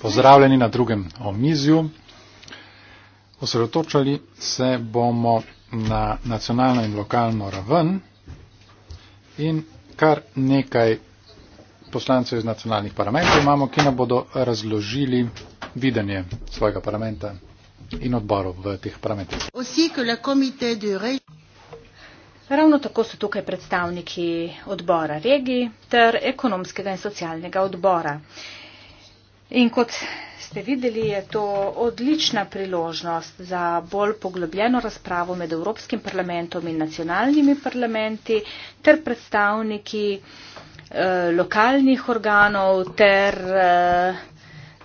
Pozdravljeni na drugem omizju. Osredotočali se bomo na nacionalno in lokalno raven in kar nekaj poslancev iz nacionalnih parlamentov imamo, ki nam bodo razložili videnje svojega parlamenta in odborov v teh parlamentih. Ravno tako so tukaj predstavniki odbora regij ter ekonomskega in socialnega odbora. In kot ste videli, je to odlična priložnost za bolj poglobljeno razpravo med Evropskim parlamentom in nacionalnimi parlamenti ter predstavniki eh, lokalnih organov ter eh,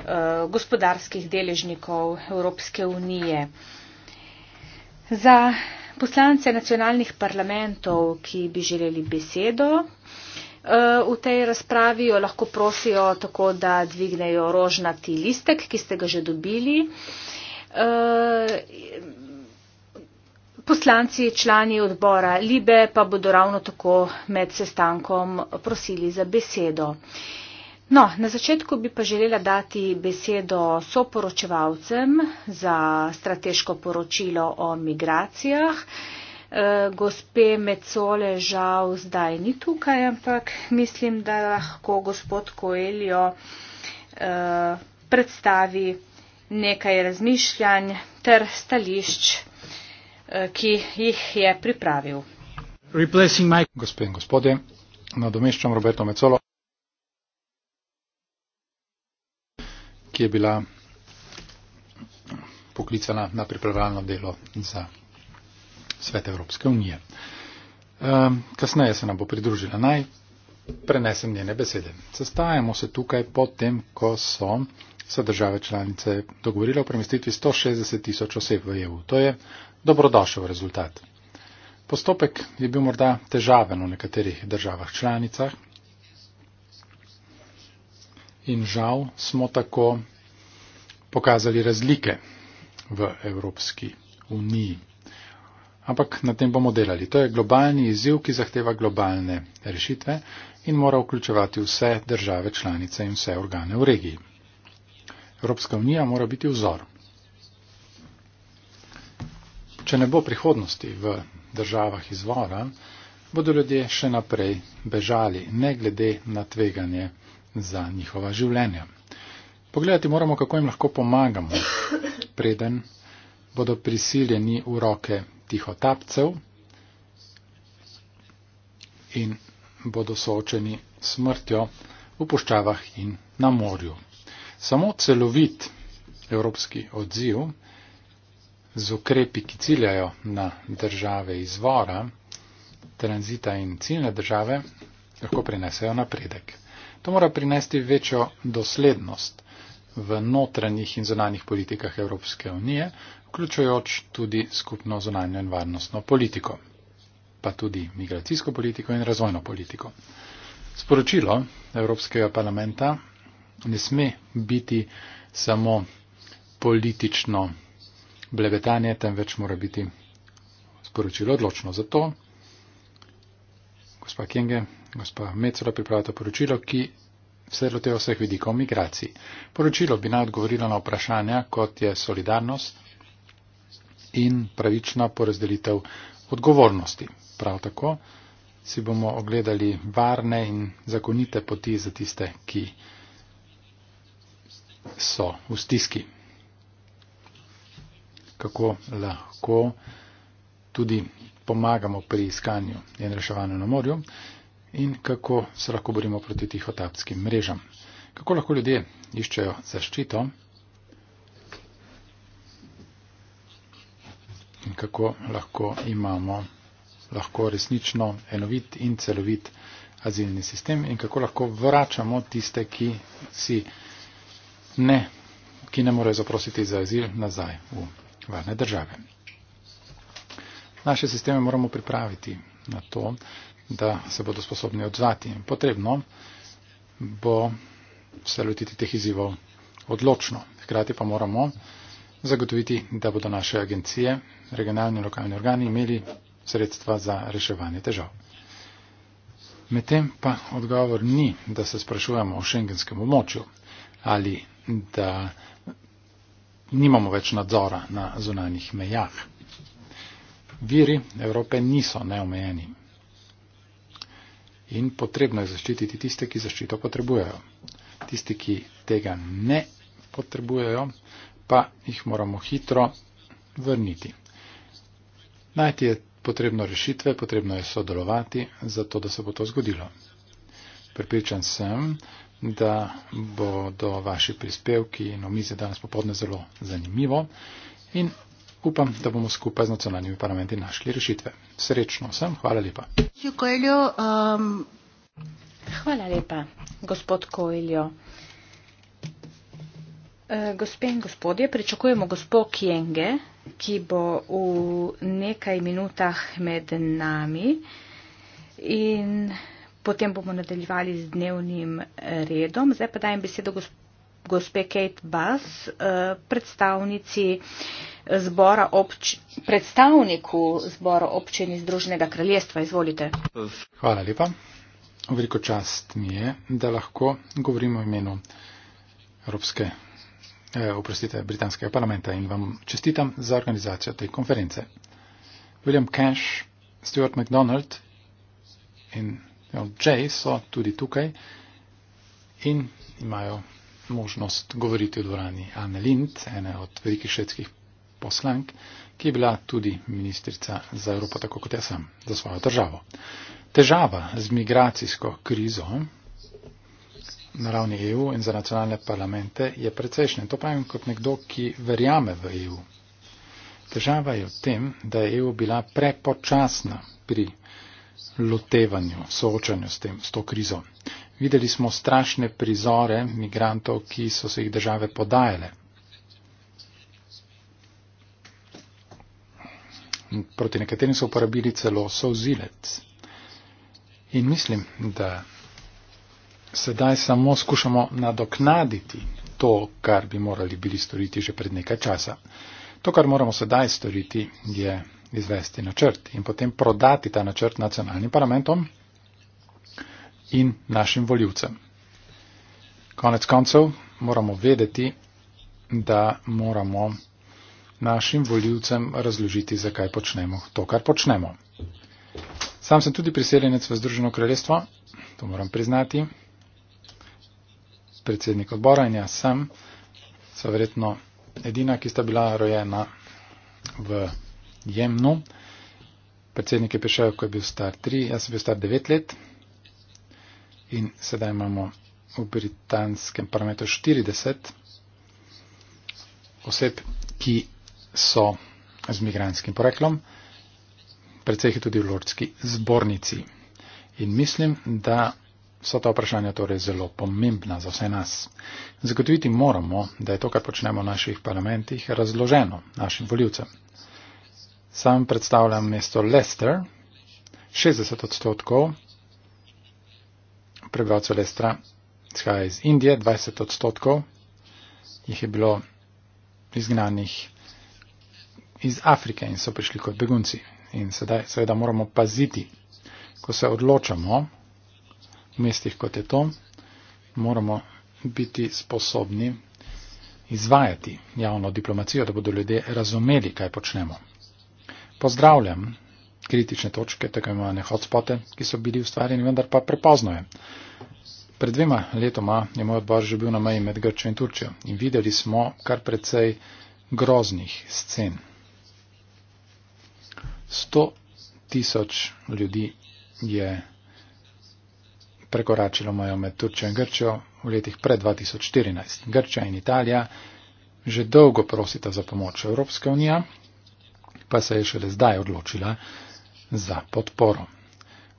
eh, gospodarskih deležnikov Evropske unije. Za poslance nacionalnih parlamentov, ki bi želeli besedo eh, v tej razpravi, jo lahko prosijo tako, da dvignejo rožnati listek, ki ste ga že dobili. Eh, poslanci, člani odbora Libe pa bodo ravno tako med sestankom prosili za besedo. No, na začetku bi pa želela dati besedo soporočevalcem za strateško poročilo o migracijah. Eh, gospe Mecole žal zdaj ni tukaj, ampak mislim, da lahko gospod Koeljo eh, predstavi nekaj razmišljanj ter stališč, eh, ki jih je pripravil. Replacing my... Gospe in gospodje, nadomeščam Roberto Mecolo. ki je bila poklicana na pripravljalno delo za Svet Evropske unije. Ehm, kasneje se nam bo pridružila naj, prenesem njene besede. Sestajamo se tukaj potem, ko so se države članice dogovorile o premestitvi 160 tisoč oseb v EU. To je dobrodošel rezultat. Postopek je bil morda težaven v nekaterih državah članicah in žal smo tako pokazali razlike v Evropski uniji. Ampak na tem bomo delali. To je globalni izziv, ki zahteva globalne rešitve in mora vključevati vse države članice in vse organe v regiji. Evropska unija mora biti vzor. Če ne bo prihodnosti v državah izvora, bodo ljudje še naprej bežali, ne glede na tveganje za njihova življenja. Pogledati moramo, kako jim lahko pomagamo, preden bodo prisiljeni v roke tihotapcev in bodo soočeni s smrtjo v puščavah in na morju. Samo celovit evropski odziv z ukrepi, ki ciljajo na države izvora, tranzita in ciljne države, lahko prinesejo napredek. To mora prinesti večjo doslednost v notranjih in zunanjih politikah Evropske unije, vključujoč tudi skupno zunanjo in varnostno politiko, pa tudi migracijsko politiko in razvojno politiko. Sporočilo Evropskega parlamenta ne sme biti samo politično blebetanje, temveč mora biti sporočilo odločno. Zato, gospa Kenge, gospa Mecola pripravlja to poročilo, ki vse do tega vseh vidikov migracij. Poročilo bi naj odgovorilo na vprašanja, kot je solidarnost in pravična porazdelitev odgovornosti. Prav tako si bomo ogledali varne in zakonite poti za tiste, ki so v stiski. Kako lahko tudi pomagamo pri iskanju in reševanju na morju in kako se lahko borimo proti tihotapskim mrežam. Kako lahko ljudje iščejo zaščito in kako lahko imamo lahko resnično enovit in celovit azilni sistem in kako lahko vračamo tiste, ki si ne, ki ne morejo zaprositi za azil nazaj v varne države. Naše sisteme moramo pripraviti na to, da se bodo sposobni odzvati. Potrebno bo se lotiti teh izzivov odločno. Hkrati pa moramo zagotoviti, da bodo naše agencije, regionalni in lokalni organi imeli sredstva za reševanje težav. Medtem pa odgovor ni, da se sprašujemo o šengenskem območju ali da nimamo več nadzora na zunanjih mejah. Viri Evrope niso neomejeni in potrebno je zaščititi tiste, ki zaščito potrebujejo. Tisti, ki tega ne potrebujejo, pa jih moramo hitro vrniti. Najti je potrebno rešitve, potrebno je sodelovati, zato da se bo to zgodilo. Pripričan sem, da bodo vaši prispevki in omize danes popodne zelo zanimivo in upam, da bomo skupaj z nacionalnimi parlamenti našli rešitve. Srečno vsem, hvala lepa. Koeljo, um... Hvala lepa, gospod Koeljo. Eh, gospe in gospodje, pričakujemo gospo Kjenge, ki bo v nekaj minutah med nami in potem bomo nadaljevali z dnevnim redom. Zdaj pa dajem besedo gospodinu gospe Kate Bass, eh, predstavnici zbora obč... predstavniku zbora občin iz Združenega kraljestva. Izvolite. Hvala lepa. Veliko čast mi je, da lahko govorimo o imenu Evropske, eh, oprostite, Britanskega parlamenta in vam čestitam za organizacijo te konference. William Cash, Stuart MacDonald in Jay so tudi tukaj in imajo možnost govoriti v dvorani Anne Lind, ene od velikih švedskih poslank, ki je bila tudi ministrica za Evropo, tako kot jaz sam, za svojo državo. Težava z migracijsko krizo na ravni EU in za nacionalne parlamente je precejšnja. To pravim kot nekdo, ki verjame v EU. Težava je v tem, da je EU bila prepočasna pri lotevanju, soočanju s, tem, s to krizo. Videli smo strašne prizore migrantov, ki so se jih države podajale. Proti nekaterim so uporabili celo sozilec. In mislim, da sedaj samo skušamo nadoknaditi to, kar bi morali bili storiti že pred nekaj časa. To, kar moramo sedaj storiti, je izvesti načrt in potem prodati ta načrt nacionalnim parlamentom in našim voljivcem. Konec koncev moramo vedeti, da moramo našim voljivcem razložiti, zakaj počnemo to, kar počnemo. Sam sem tudi priseljenec v Združeno kraljestvo, to moram priznati, predsednik odbora in jaz sem, so verjetno edina, ki sta bila rojena v Jemnu. Predsednik je prišel, ko je bil star tri, jaz sem bil star devet let, in sedaj imamo v britanskem parlamentu 40 oseb, ki so z migranskim poreklom, predvsej jih je tudi v lordski zbornici. In mislim, da so ta vprašanja torej zelo pomembna za vse nas. Zagotoviti moramo, da je to, kar počnemo v naših parlamentih, razloženo našim voljivcem. Sam predstavljam mesto Leicester, 60 odstotkov prebivalcev Lestra izhaja iz Indije, 20 odstotkov jih je bilo izgnanih iz Afrike in so prišli kot begunci. In sedaj seveda moramo paziti, ko se odločamo v mestih kot je to, moramo biti sposobni izvajati javno diplomacijo, da bodo ljudje razumeli, kaj počnemo. Pozdravljam kritične točke, tako imenovane hotspote, ki so bili ustvarjeni, vendar pa prepozno je. Pred dvema letoma je moj odbor že bil na meji med Grčijo in Turčijo in videli smo kar precej groznih scen. 100 tisoč ljudi je prekoračilo mojo med Turčijo in Grčijo v letih pred 2014. Grčija in Italija že dolgo prosita za pomoč Evropske unije, pa se je šele zdaj odločila, za podporo.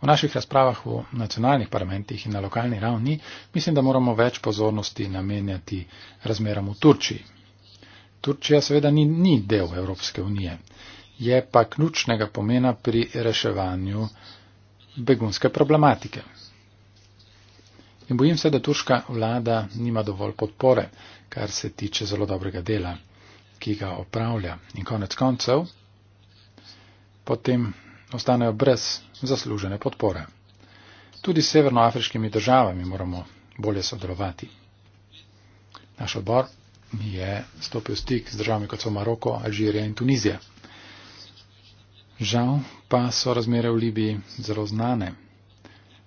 V naših razpravah v nacionalnih parlamentih in na lokalni ravni mislim, da moramo več pozornosti namenjati razmeram v Turčiji. Turčija seveda ni, ni del Evropske unije, je pa ključnega pomena pri reševanju begunske problematike. In bojim se, da turška vlada nima dovolj podpore, kar se tiče zelo dobrega dela, ki ga opravlja. In konec koncev, potem ostanejo brez zaslužene podpore. Tudi s severnoafriškimi državami moramo bolje sodelovati. Naš odbor je stopil stik z državami, kot so Maroko, Alžirija in Tunizija. Žal pa so razmere v Libiji zelo znane.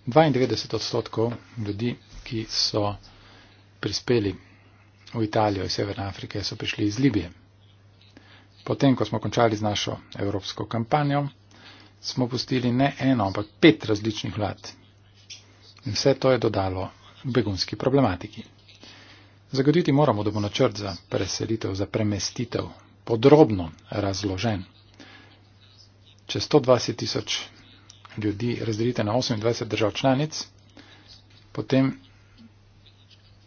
92 odstotkov ljudi, ki so prispeli v Italijo iz Severne Afrike, so prišli iz Libije. Potem, ko smo končali z našo evropsko kampanjo, smo pustili ne eno, ampak pet različnih vlad. In vse to je dodalo begunski problematiki. Zagoditi moramo, da bo načrt za preselitev, za premestitev podrobno razložen. Če 120 tisoč ljudi razdelite na 28 držav članic, potem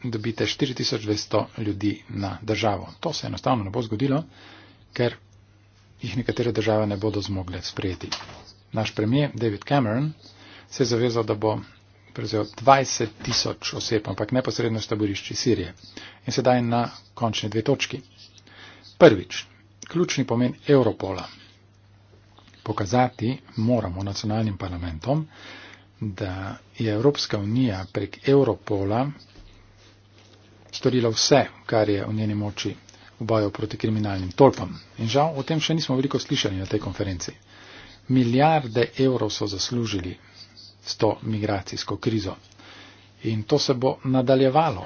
dobite 4200 ljudi na državo. To se enostavno ne bo zgodilo, ker jih nekatere države ne bodo zmogle sprejeti. Naš premijer David Cameron se je zavezal, da bo prevzel 20 tisoč oseb, ampak neposredno s taborišči Sirije. In sedaj na končni dve točki. Prvič, ključni pomen Europola. Pokazati moramo nacionalnim parlamentom, da je Evropska unija prek Europola storila vse, kar je v njeni moči v boju proti kriminalnim tolpam. In žal o tem še nismo veliko slišali na tej konferenci. Milijarde evrov so zaslužili s to migracijsko krizo. In to se bo nadaljevalo.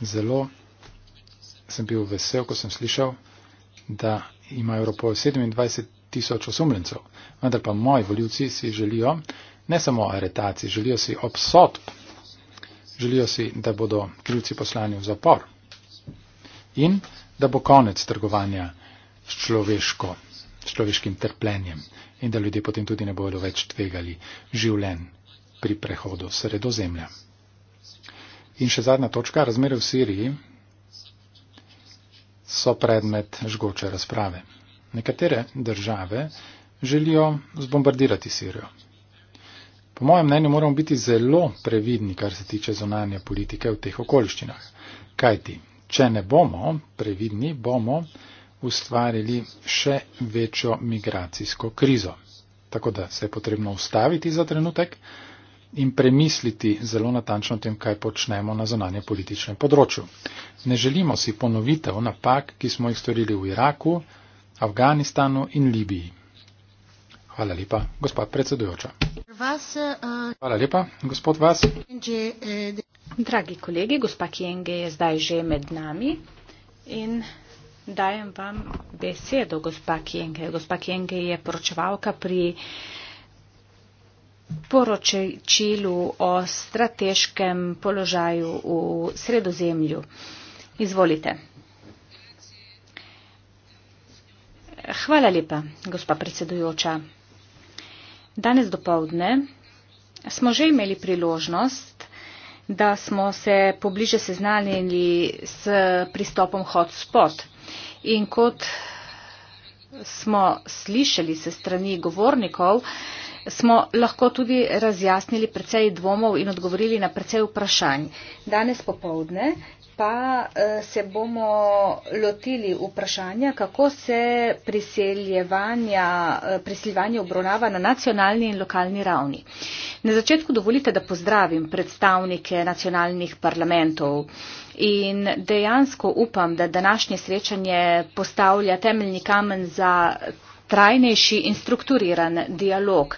Zelo sem bil vesel, ko sem slišal, da ima Evropol 27 tisoč osumljencev. Vendar pa moji voljivci si želijo ne samo aretacij, želijo si obsodb, želijo si, da bodo krivci poslani v zapor in da bo konec trgovanja s človeško, s človeškim trpljenjem in da ljudje potem tudi ne bodo več tvegali življenj pri prehodu sredozemlja. In še zadnja točka, razmere v Siriji so predmet žgoče razprave. Nekatere države želijo zbombardirati Sirijo. Po mojem mnenju moramo biti zelo previdni, kar se tiče zonanja politike v teh okoliščinah. Kaj ti? če ne bomo previdni, bomo ustvarili še večjo migracijsko krizo. Tako da se je potrebno ustaviti za trenutek in premisliti zelo natančno o tem, kaj počnemo na zonanje političnem področju. Ne želimo si ponovitev napak, ki smo jih storili v Iraku, Afganistanu in Libiji. Hvala lepa, gospod predsedujoča. Vas, uh, Hvala lepa, gospod Vas. Eh, Dragi kolegi, gospa Kienge je zdaj že med nami in dajem vam besedo, gospa Kienge. Gospa Kienge je poročevalka pri poročilu o strateškem položaju v sredozemlju. Izvolite. Hvala lepa, gospa predsedujoča. Danes dopoldne smo že imeli priložnost, da smo se pobliže seznanili s pristopom hotspot. In kot smo slišali se strani govornikov, smo lahko tudi razjasnili precej dvomov in odgovorili na precej vprašanj. Danes popovdne pa eh, se bomo lotili vprašanja, kako se eh, priseljevanje obravnava na nacionalni in lokalni ravni. Na začetku dovolite, da pozdravim predstavnike nacionalnih parlamentov in dejansko upam, da današnje srečanje postavlja temeljni kamen za trajnejši in strukturiran dialog.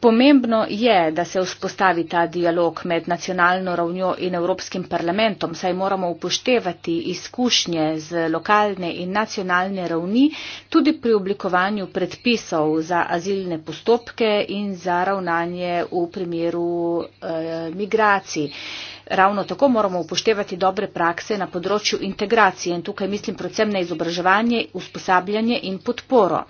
Pomembno je, da se vzpostavi ta dialog med nacionalno ravnjo in Evropskim parlamentom, saj moramo upoštevati izkušnje z lokalne in nacionalne ravni tudi pri oblikovanju predpisov za azilne postopke in za ravnanje v primeru e, migracij. Ravno tako moramo upoštevati dobre prakse na področju integracije in tukaj mislim predvsem na izobraževanje, usposabljanje in podporo.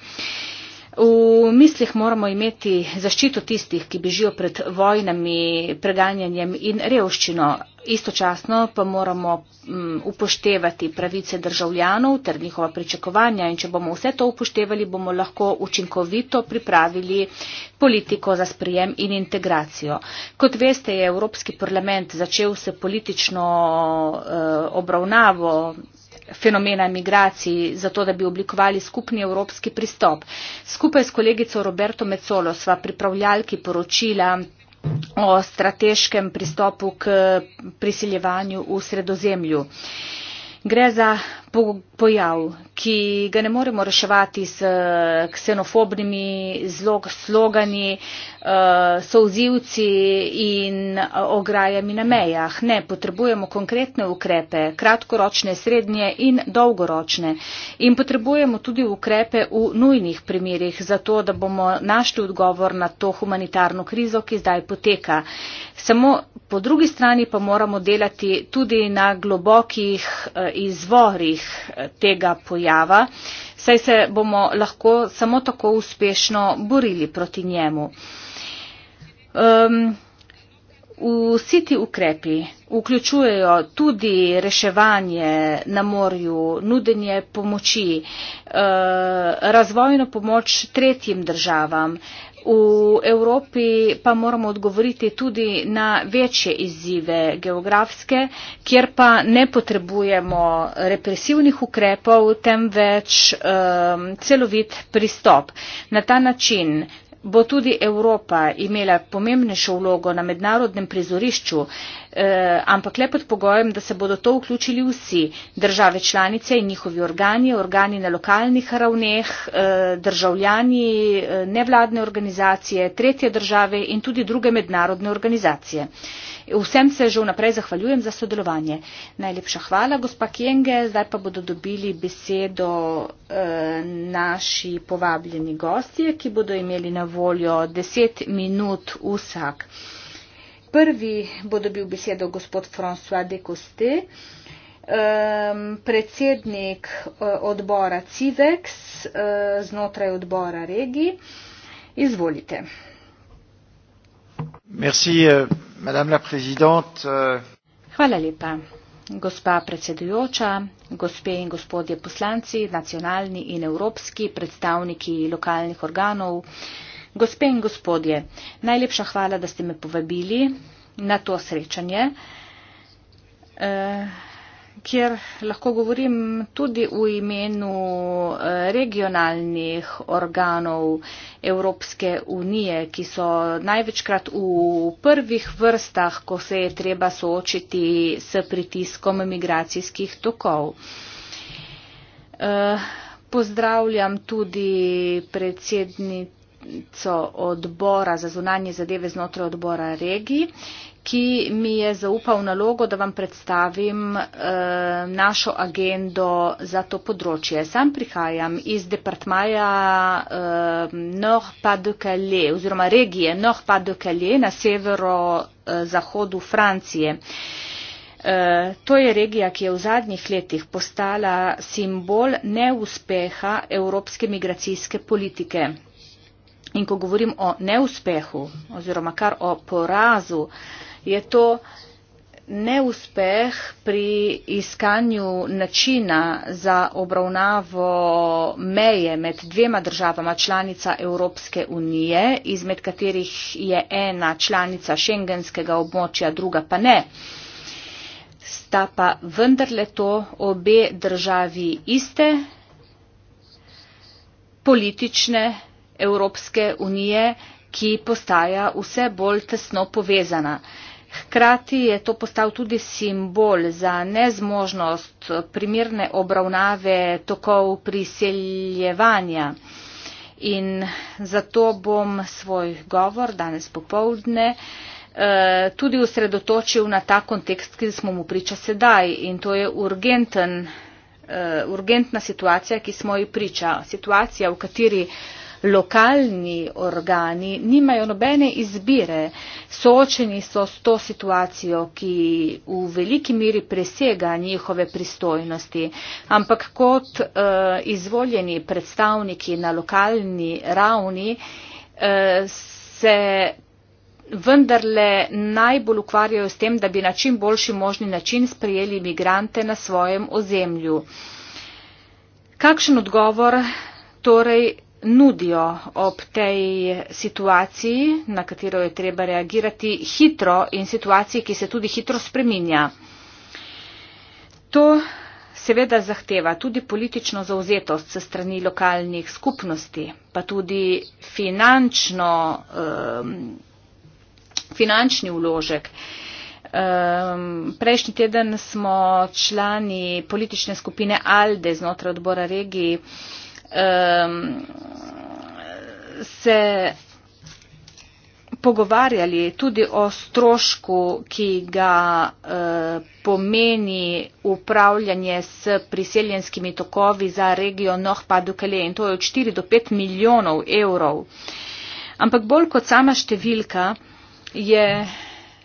V mislih moramo imeti zaščito tistih, ki bežijo pred vojnami, preganjanjem in revščino. Istočasno pa moramo mm, upoštevati pravice državljanov ter njihova pričakovanja in če bomo vse to upoštevali, bomo lahko učinkovito pripravili politiko za sprijem in integracijo. Kot veste, je Evropski parlament začel se politično uh, obravnavo fenomena migracij, zato da bi oblikovali skupni evropski pristop. Skupaj s kolegico Roberto Mecolo sva pripravljalki poročila o strateškem pristopu k prisiljevanju v sredozemlju. Gre za po pojav, ki ga ne moremo reševati s eh, ksenofobnimi zlog, slogani, uh, eh, souzivci in eh, ograjami na mejah. Ne, potrebujemo konkretne ukrepe, kratkoročne, srednje in dolgoročne. In potrebujemo tudi ukrepe v nujnih primerjih, zato da bomo našli odgovor na to humanitarno krizo, ki zdaj poteka. Samo po drugi strani pa moramo delati tudi na globokih izvorih dneh tega pojava saj se bomo lahko samo tako uspešno borili proti njemu. Um, vsi ti ukrepi vključujejo tudi reševanje na morju, nudenje pomoči, uh, razvojno pomoč tretjim državam, uh, V Evropi pa moramo odgovoriti tudi na večje izzive geografske, kjer pa ne potrebujemo represivnih ukrepov, temveč um, celovit pristop. Na ta način bo tudi Evropa imela pomembnejšo vlogo na mednarodnem prizorišču, Eh, ampak le pod pogojem, da se bodo to vključili vsi države članice in njihovi organi, organi na lokalnih ravneh, eh, državljani, eh, nevladne organizacije, tretje države in tudi druge mednarodne organizacije. Vsem se že vnaprej zahvaljujem za sodelovanje. Najlepša hvala, gospa Kjenge. Zdaj pa bodo dobili besedo naši povabljeni gostje, ki bodo imeli na voljo 10 minut vsak. Prvi bo dobil besedo gospod François de Coste, predsednik e, odbora CIVEX e, znotraj odbora Regi. Izvolite. Merci, e, madame la présidente. Hvala lepa. Gospa predsedujoča, gospe in gospodje poslanci, nacionalni in evropski predstavniki lokalnih organov, Gospe in gospodje, najlepša hvala, da ste me povabili na to srečanje, eh, kjer lahko govorim tudi v imenu eh, regionalnih organov Evropske unije, ki so največkrat v prvih vrstah, ko se je treba soočiti s pritiskom migracijskih tokov. Eh, pozdravljam tudi predsednik predsednico odbora za zunanje zadeve znotraj odbora regiji, ki mi je zaupal nalogo, da vam predstavim eh, našo agendo za to področje. Sam prihajam iz departmaja eh, Nord-Pas-de-Calais oziroma regije Nord-Pas-de-Calais na severo-zahodu eh, Francije. Eh, to je regija, ki je v zadnjih letih postala simbol neuspeha evropske migracijske politike. In ko govorim o neuspehu oziroma kar o porazu, je to neuspeh pri iskanju načina za obravnavo meje med dvema državama članica Evropske unije, izmed katerih je ena članica šengenskega območja, druga pa ne. Sta pa vendarle to obe državi iste politične evropske unije, ki postaja vse bolj tesno povezana. Hkrati je to postal tudi simbol za nezmožnost primirne obravnave tokov priseljevanja. In zato bom svoj govor danes popovdne eh, tudi usredotočil na ta kontekst, ki smo mu priča sedaj. In to je urgenten, eh, urgentna situacija, ki smo ji priča. Situacija, v kateri lokalni organi nimajo nobene izbire, soočeni so s to situacijo, ki v veliki miri presega njihove pristojnosti, ampak kot uh, izvoljeni predstavniki na lokalni ravni uh, se vendarle najbolj ukvarjajo s tem, da bi na čim boljši možni način sprejeli imigrante na svojem ozemlju. Kakšen odgovor torej nudijo ob tej situaciji, na katero je treba reagirati hitro in situaciji, ki se tudi hitro spreminja. To seveda zahteva tudi politično zauzetost se strani lokalnih skupnosti, pa tudi finančno, um, finančni uložek. Um, prejšnji teden smo člani politične skupine ALDE znotraj odbora regiji uh, um, se pogovarjali tudi o strošku, ki ga uh, pomeni upravljanje s priseljenskimi tokovi za regijo Nohpadukele in to je od 4 do 5 milijonov evrov. Ampak bolj kot sama številka je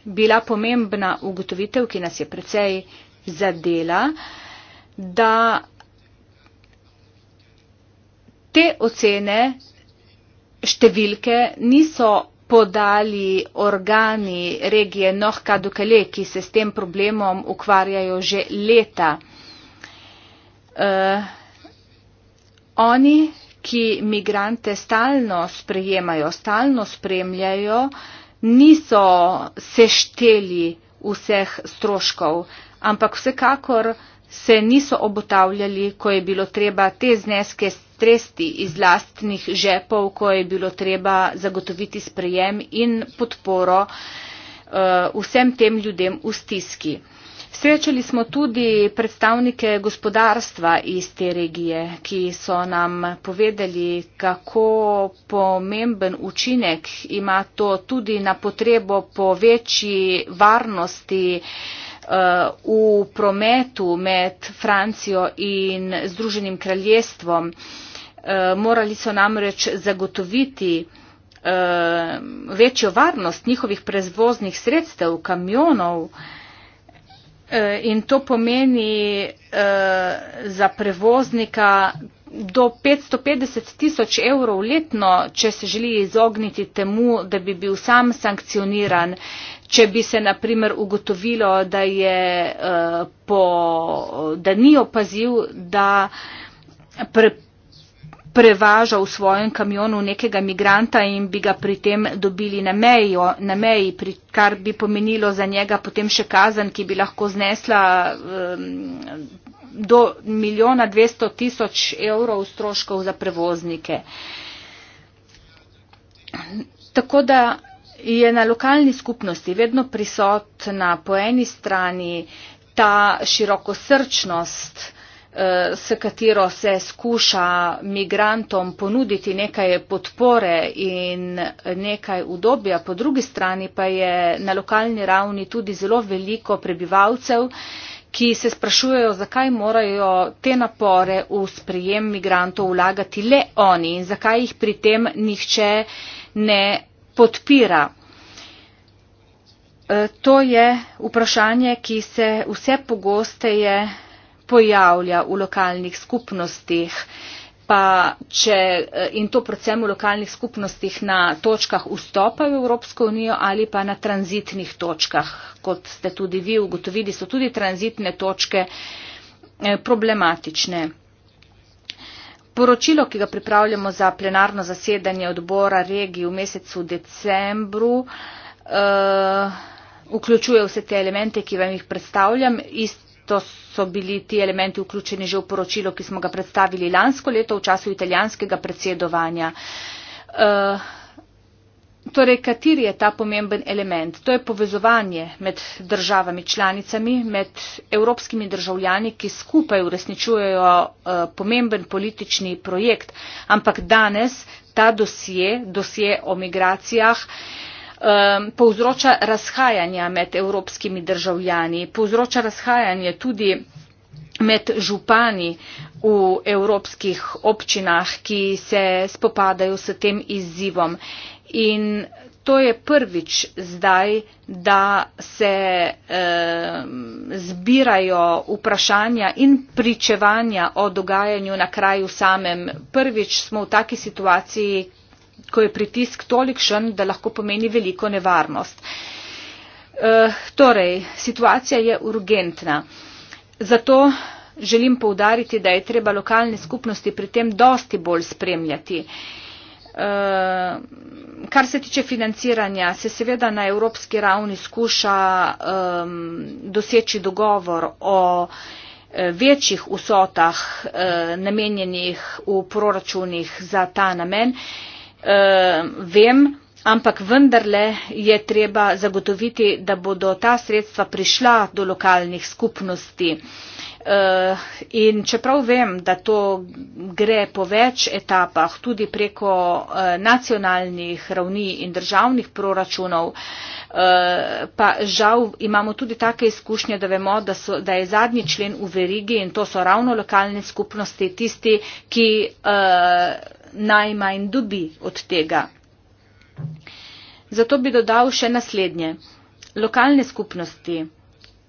bila pomembna ugotovitev, ki nas je precej zadela, da Te ocene številke niso podali organi regije Nohkadukele, ki se s tem problemom ukvarjajo že leta. Uh, oni, ki migrante stalno sprejemajo, stalno spremljajo, niso sešteli vseh stroškov, ampak vsekakor se niso obotavljali, ko je bilo treba te zneske stresti iz lastnih žepov, ko je bilo treba zagotoviti sprejem in podporo eh, vsem tem ljudem v stiski. Srečali smo tudi predstavnike gospodarstva iz te regije, ki so nam povedali, kako pomemben učinek ima to tudi na potrebo po večji varnosti eh, Uh, v prometu med Francijo in Združenim kraljestvom. Uh, morali so namreč zagotoviti uh, večjo varnost njihovih prezvoznih sredstev, kamionov in to pomeni za prevoznika do 550 tisoč evrov letno, če se želi izogniti temu, da bi bil sam sankcioniran če bi se na primer ugotovilo, da, je, uh, po, da ni opazil, da pre, prevaža v svojem kamionu nekega migranta in bi ga pri tem dobili na meji, na meji pri, kar bi pomenilo za njega potem še kazen, ki bi lahko znesla um, do milijona dvesto tisoč evrov stroškov za prevoznike. Tako da je na lokalni skupnosti vedno prisotna po eni strani ta širokosrčnost, eh, s katero se skuša migrantom ponuditi nekaj podpore in nekaj udobja, po drugi strani pa je na lokalni ravni tudi zelo veliko prebivalcev, ki se sprašujejo, zakaj morajo te napore v sprejem migrantov vlagati le oni in zakaj jih pri tem nihče ne podpira. Eh, to je vprašanje, ki se vse pogosteje pojavlja v lokalnih skupnostih. Pa če eh, in to predvsem v lokalnih skupnostih na točkah vstopa v Evropsko unijo ali pa na tranzitnih točkah, kot ste tudi vi ugotovili, so tudi tranzitne točke eh, problematične. Poročilo, ki ga pripravljamo za plenarno zasedanje odbora regij v mesecu decembru, uh, vključuje vse te elemente, ki vam jih predstavljam. Isto so bili ti elementi vključeni že v poročilo, ki smo ga predstavili lansko leto v času italijanskega predsedovanja. Uh, torej, kateri je ta pomemben element? To je povezovanje med državami članicami, med evropskimi državljani, ki skupaj uresničujejo uh, pomemben politični projekt. Ampak danes ta dosje, dosje o migracijah, uh, um, povzroča razhajanja med evropskimi državljani, povzroča razhajanje tudi med župani v evropskih občinah, ki se spopadajo s tem izzivom. In To je prvič zdaj, da se e, zbirajo vprašanja in pričevanja o dogajanju na kraju samem. Prvič smo v taki situaciji, ko je pritisk tolikšen, da lahko pomeni veliko nevarnost. E, torej, situacija je urgentna. Zato želim povdariti, da je treba lokalne skupnosti pri tem dosti bolj spremljati. E, kar se tiče financiranja, se seveda na evropski ravni skuša e, doseči dogovor o e, večjih vsotah e, namenjenih v proračunih za ta namen. E, Ehm, vem ampak vendarle je treba zagotoviti da bodo ta sredstva prišla do lokalnih skupnosti ehm, in čeprav vem da to gre po več etapah tudi preko eh, nacionalnih ravni in državnih proračunov eh, pa žal imamo tudi take izkušnje, da vemo, da, so, da je zadnji člen v verigi in to so ravno lokalne skupnosti tisti, ki uh, najmanj dobi od tega. Zato bi dodal še naslednje. Lokalne skupnosti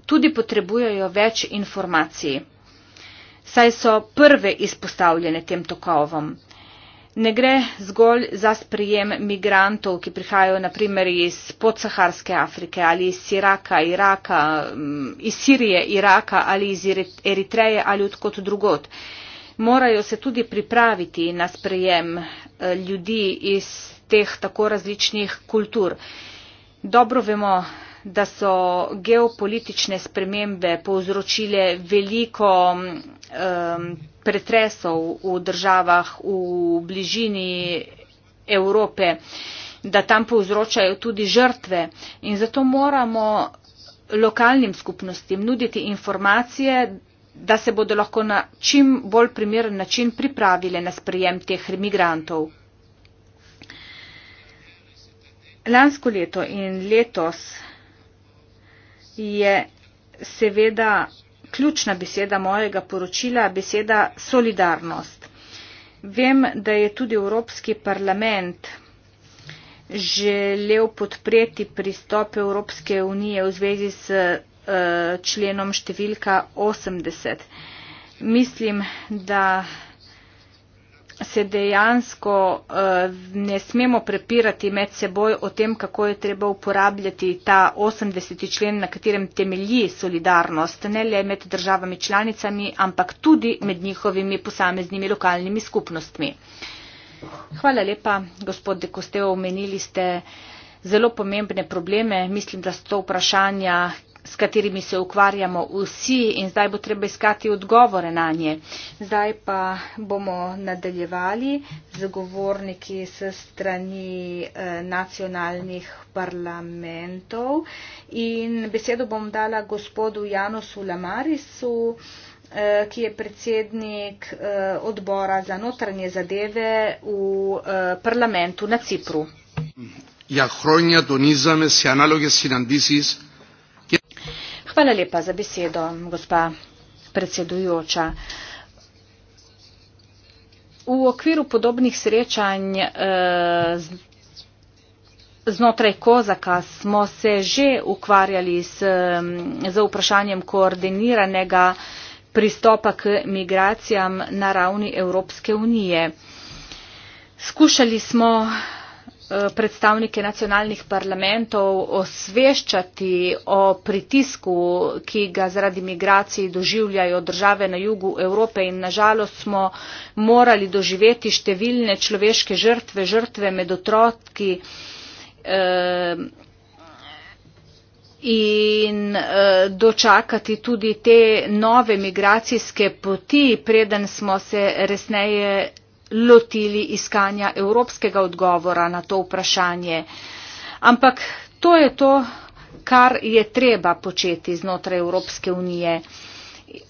tudi potrebujejo več informacij, saj so prve izpostavljene tem tokovom. Ne gre zgolj za sprejem migrantov, ki prihajajo naprimer iz podsaharske Afrike ali iz Siraka, Iraka, mm, iz Sirije, Iraka ali iz Eritreje ali odkot drugot morajo se tudi pripraviti na sprejem eh, ljudi iz teh tako različnih kultur. Dobro vemo, da so geopolitične spremembe povzročile veliko um, pretresov v državah v bližini Evrope, da tam povzročajo tudi žrtve in zato moramo lokalnim skupnostim nuditi informacije, da se bodo lahko na čim bolj primeren način pripravile na sprejem teh imigrantov. Lansko leto in letos je seveda ključna beseda mojega poročila, beseda solidarnost. Vem, da je tudi Evropski parlament želel podpreti pristop Evropske unije v zvezi s Eh, členom številka 80. Mislim, da se dejansko eh, ne smemo prepirati med seboj o tem, kako je treba uporabljati ta 80. člen, na katerem temelji solidarnost, ne le med državami članicami, ampak tudi med njihovimi posameznimi lokalnimi skupnostmi. Hvala lepa, gospod Dekostev, omenili ste zelo pomembne probleme. Mislim, da so to vprašanja, s katerimi se ukvarjamo vsi in zdaj bo treba iskati odgovore na nje. Zdaj pa bomo nadaljevali z govorniki s strani eh, nacionalnih parlamentov in besedo bom dala gospodu Janosu Lamarisu eh, ki je predsednik eh, odbora za notranje zadeve v parlamentu na Cipru. Ja, hronja, donizame, si analoge, si nandisis, Hvala lepa za besedo, gospa predsedujoča. V okviru podobnih srečanj eh, znotraj Kozaka smo se že ukvarjali z, z vprašanjem koordiniranega pristopa k migracijam na ravni Evropske unije. Skušali smo Eh, predstavnike nacionalnih parlamentov osveščati o pritisku, ki ga zaradi migracij doživljajo države na jugu Evrope in nažalost smo morali doživeti številne človeške žrtve, žrtve med otroki eh, in eh, dočakati tudi te nove migracijske poti, preden smo se resneje lotili iskanja evropskega odgovora na to vprašanje. Ampak to je to, kar je treba početi znotraj Evropske unije.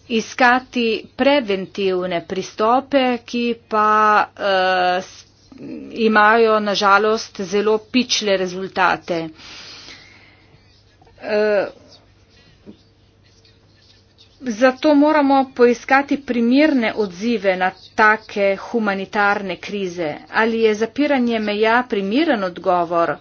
Iskati preventivne pristope, ki pa uh, imajo nažalost zelo pične rezultate. Uh, Zato moramo poiskati primirne odzive na take humanitarne krize. Ali je zapiranje meja primiren odgovor?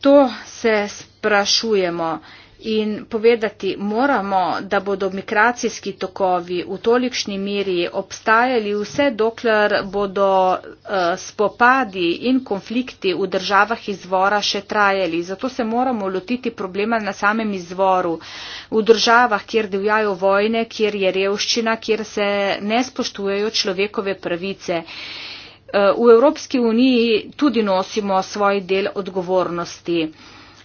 To se sprašujemo in povedati moramo, da bodo migracijski tokovi v tolikšni miri obstajali vse dokler bodo eh, spopadi in konflikti v državah izvora še trajali. Zato se moramo lotiti problema na samem izvoru. V državah, kjer divjajo vojne, kjer je revščina, kjer se ne spoštujejo človekove pravice. Eh, v Evropski uniji tudi nosimo svoj del odgovornosti.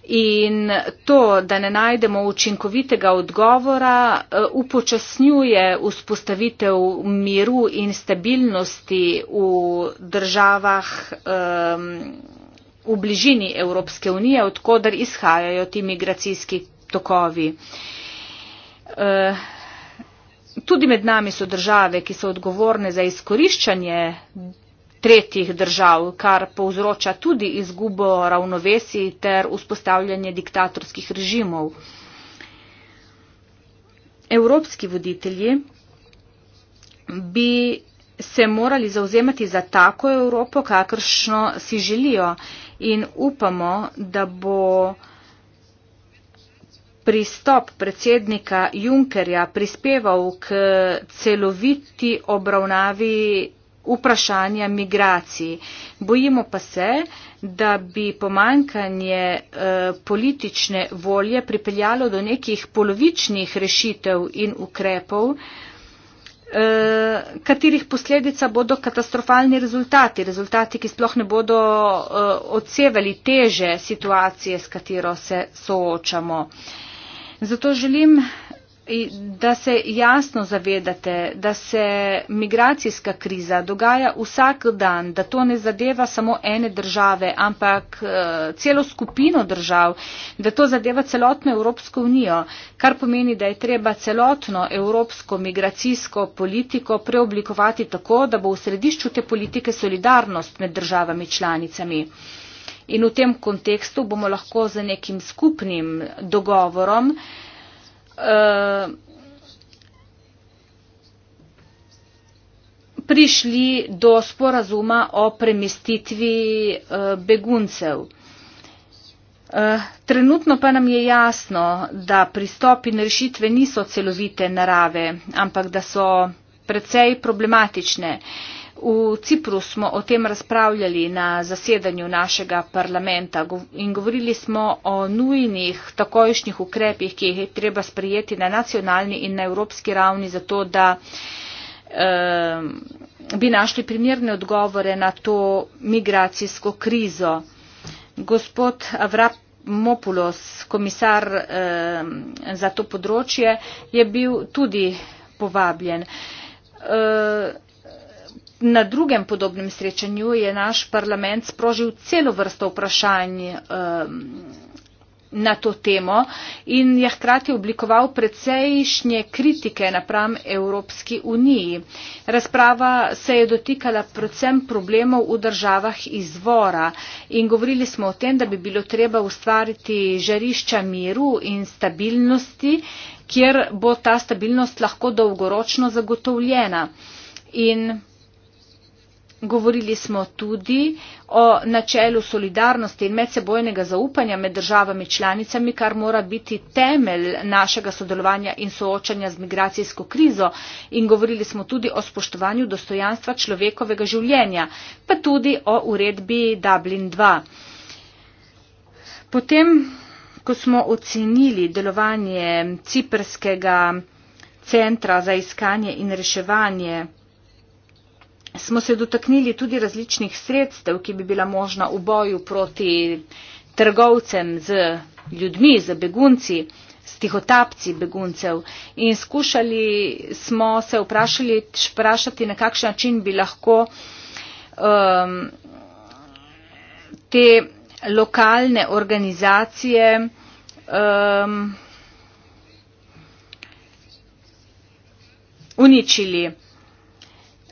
In to, da ne najdemo učinkovitega odgovora, eh, upočasnjuje vzpostavitev miru in stabilnosti v državah ehm, v bližini Evropske unije, odkudar izhajajo ti migracijski tokovi. Eh, tudi med nami so države, ki so odgovorne za izkoriščanje tretjih držav, kar povzroča tudi izgubo ravnovesij ter vzpostavljanje diktatorskih režimov. Evropski voditelji bi se morali zauzemati za tako Evropo, kakršno si želijo in upamo, da bo pristop predsednika Junkerja prispeval k celoviti obravnavi vprašanja migracij. Bojimo pa se, da bi pomankanje e, politične volje pripeljalo do nekih polovičnih rešitev in ukrepov, e, katerih posledica bodo katastrofalni rezultati, rezultati, ki sploh ne bodo e, odsevali teže situacije, s katero se soočamo. Zato želim da se jasno zavedate, da se migracijska kriza dogaja vsak dan, da to ne zadeva samo ene države, ampak eh, celo skupino držav, da to zadeva celotno Evropsko unijo, kar pomeni, da je treba celotno evropsko migracijsko politiko preoblikovati tako, da bo v središču te politike solidarnost med državami članicami. In v tem kontekstu bomo lahko z nekim skupnim dogovorom, Eh, prišli do sporazuma o premestitvi eh, beguncev. Eh, trenutno pa nam je jasno, da pristop in rešitve niso celovite narave, ampak da so precej problematične. V Cipru smo o tem razpravljali na zasedanju našega parlamenta in govorili smo o nujnih takojšnjih ukrepih, ki jih je treba sprejeti na nacionalni in na evropski ravni, zato da ehm, bi našli primerne odgovore na to migracijsko krizo. Gospod Avramopoulos, komisar ehm, za to področje, je bil tudi povabljen. Ehm, na drugem podobnem srečanju je naš parlament sprožil celo vrsto vprašanj um, na to temo in je hkrati oblikoval precejšnje kritike napram Evropski uniji. Razprava se je dotikala predvsem problemov v državah izvora in govorili smo o tem, da bi bilo treba ustvariti žarišča miru in stabilnosti, kjer bo ta stabilnost lahko dolgoročno zagotovljena. In Govorili smo tudi o načelu solidarnosti in medsebojnega zaupanja med državami članicami, kar mora biti temelj našega sodelovanja in soočanja z migracijsko krizo. In govorili smo tudi o spoštovanju dostojanstva človekovega življenja, pa tudi o uredbi Dublin II. Potem, ko smo ocenili delovanje ciprskega centra za iskanje in reševanje, smo se dotaknili tudi različnih sredstev, ki bi bila možna v boju proti trgovcem z ljudmi, z begunci, s tihotapci beguncev. In skušali smo se vprašali, vprašati, na kakšen način bi lahko um, te lokalne organizacije um, uničili.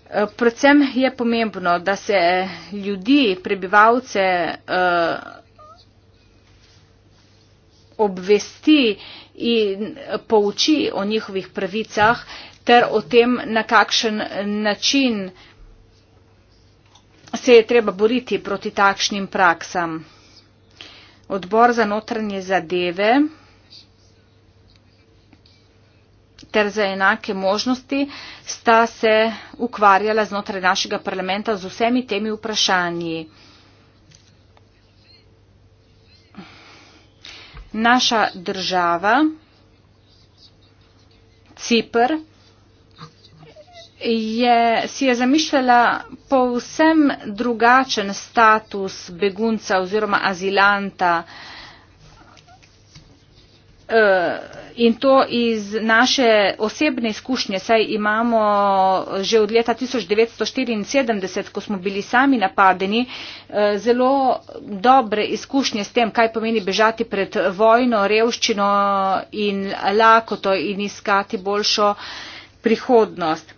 Eh, predvsem je pomembno, da se ljudi, prebivalce eh, obvesti in pouči o njihovih pravicah ter o tem, na kakšen način se je treba boriti proti takšnim praksam. Odbor za notranje zadeve ter za enake možnosti sta se ukvarjala znotraj našega parlamenta z vsemi temi vprašanji. Naša država, Cipr, je, si je zamišljala povsem drugačen status begunca oziroma azilanta. Uh, in to iz naše osebne izkušnje, saj imamo že od leta 1974, ko smo bili sami napadeni, eh, zelo dobre izkušnje s tem, kaj pomeni bežati pred vojno, revščino in lakoto in iskati boljšo prihodnost.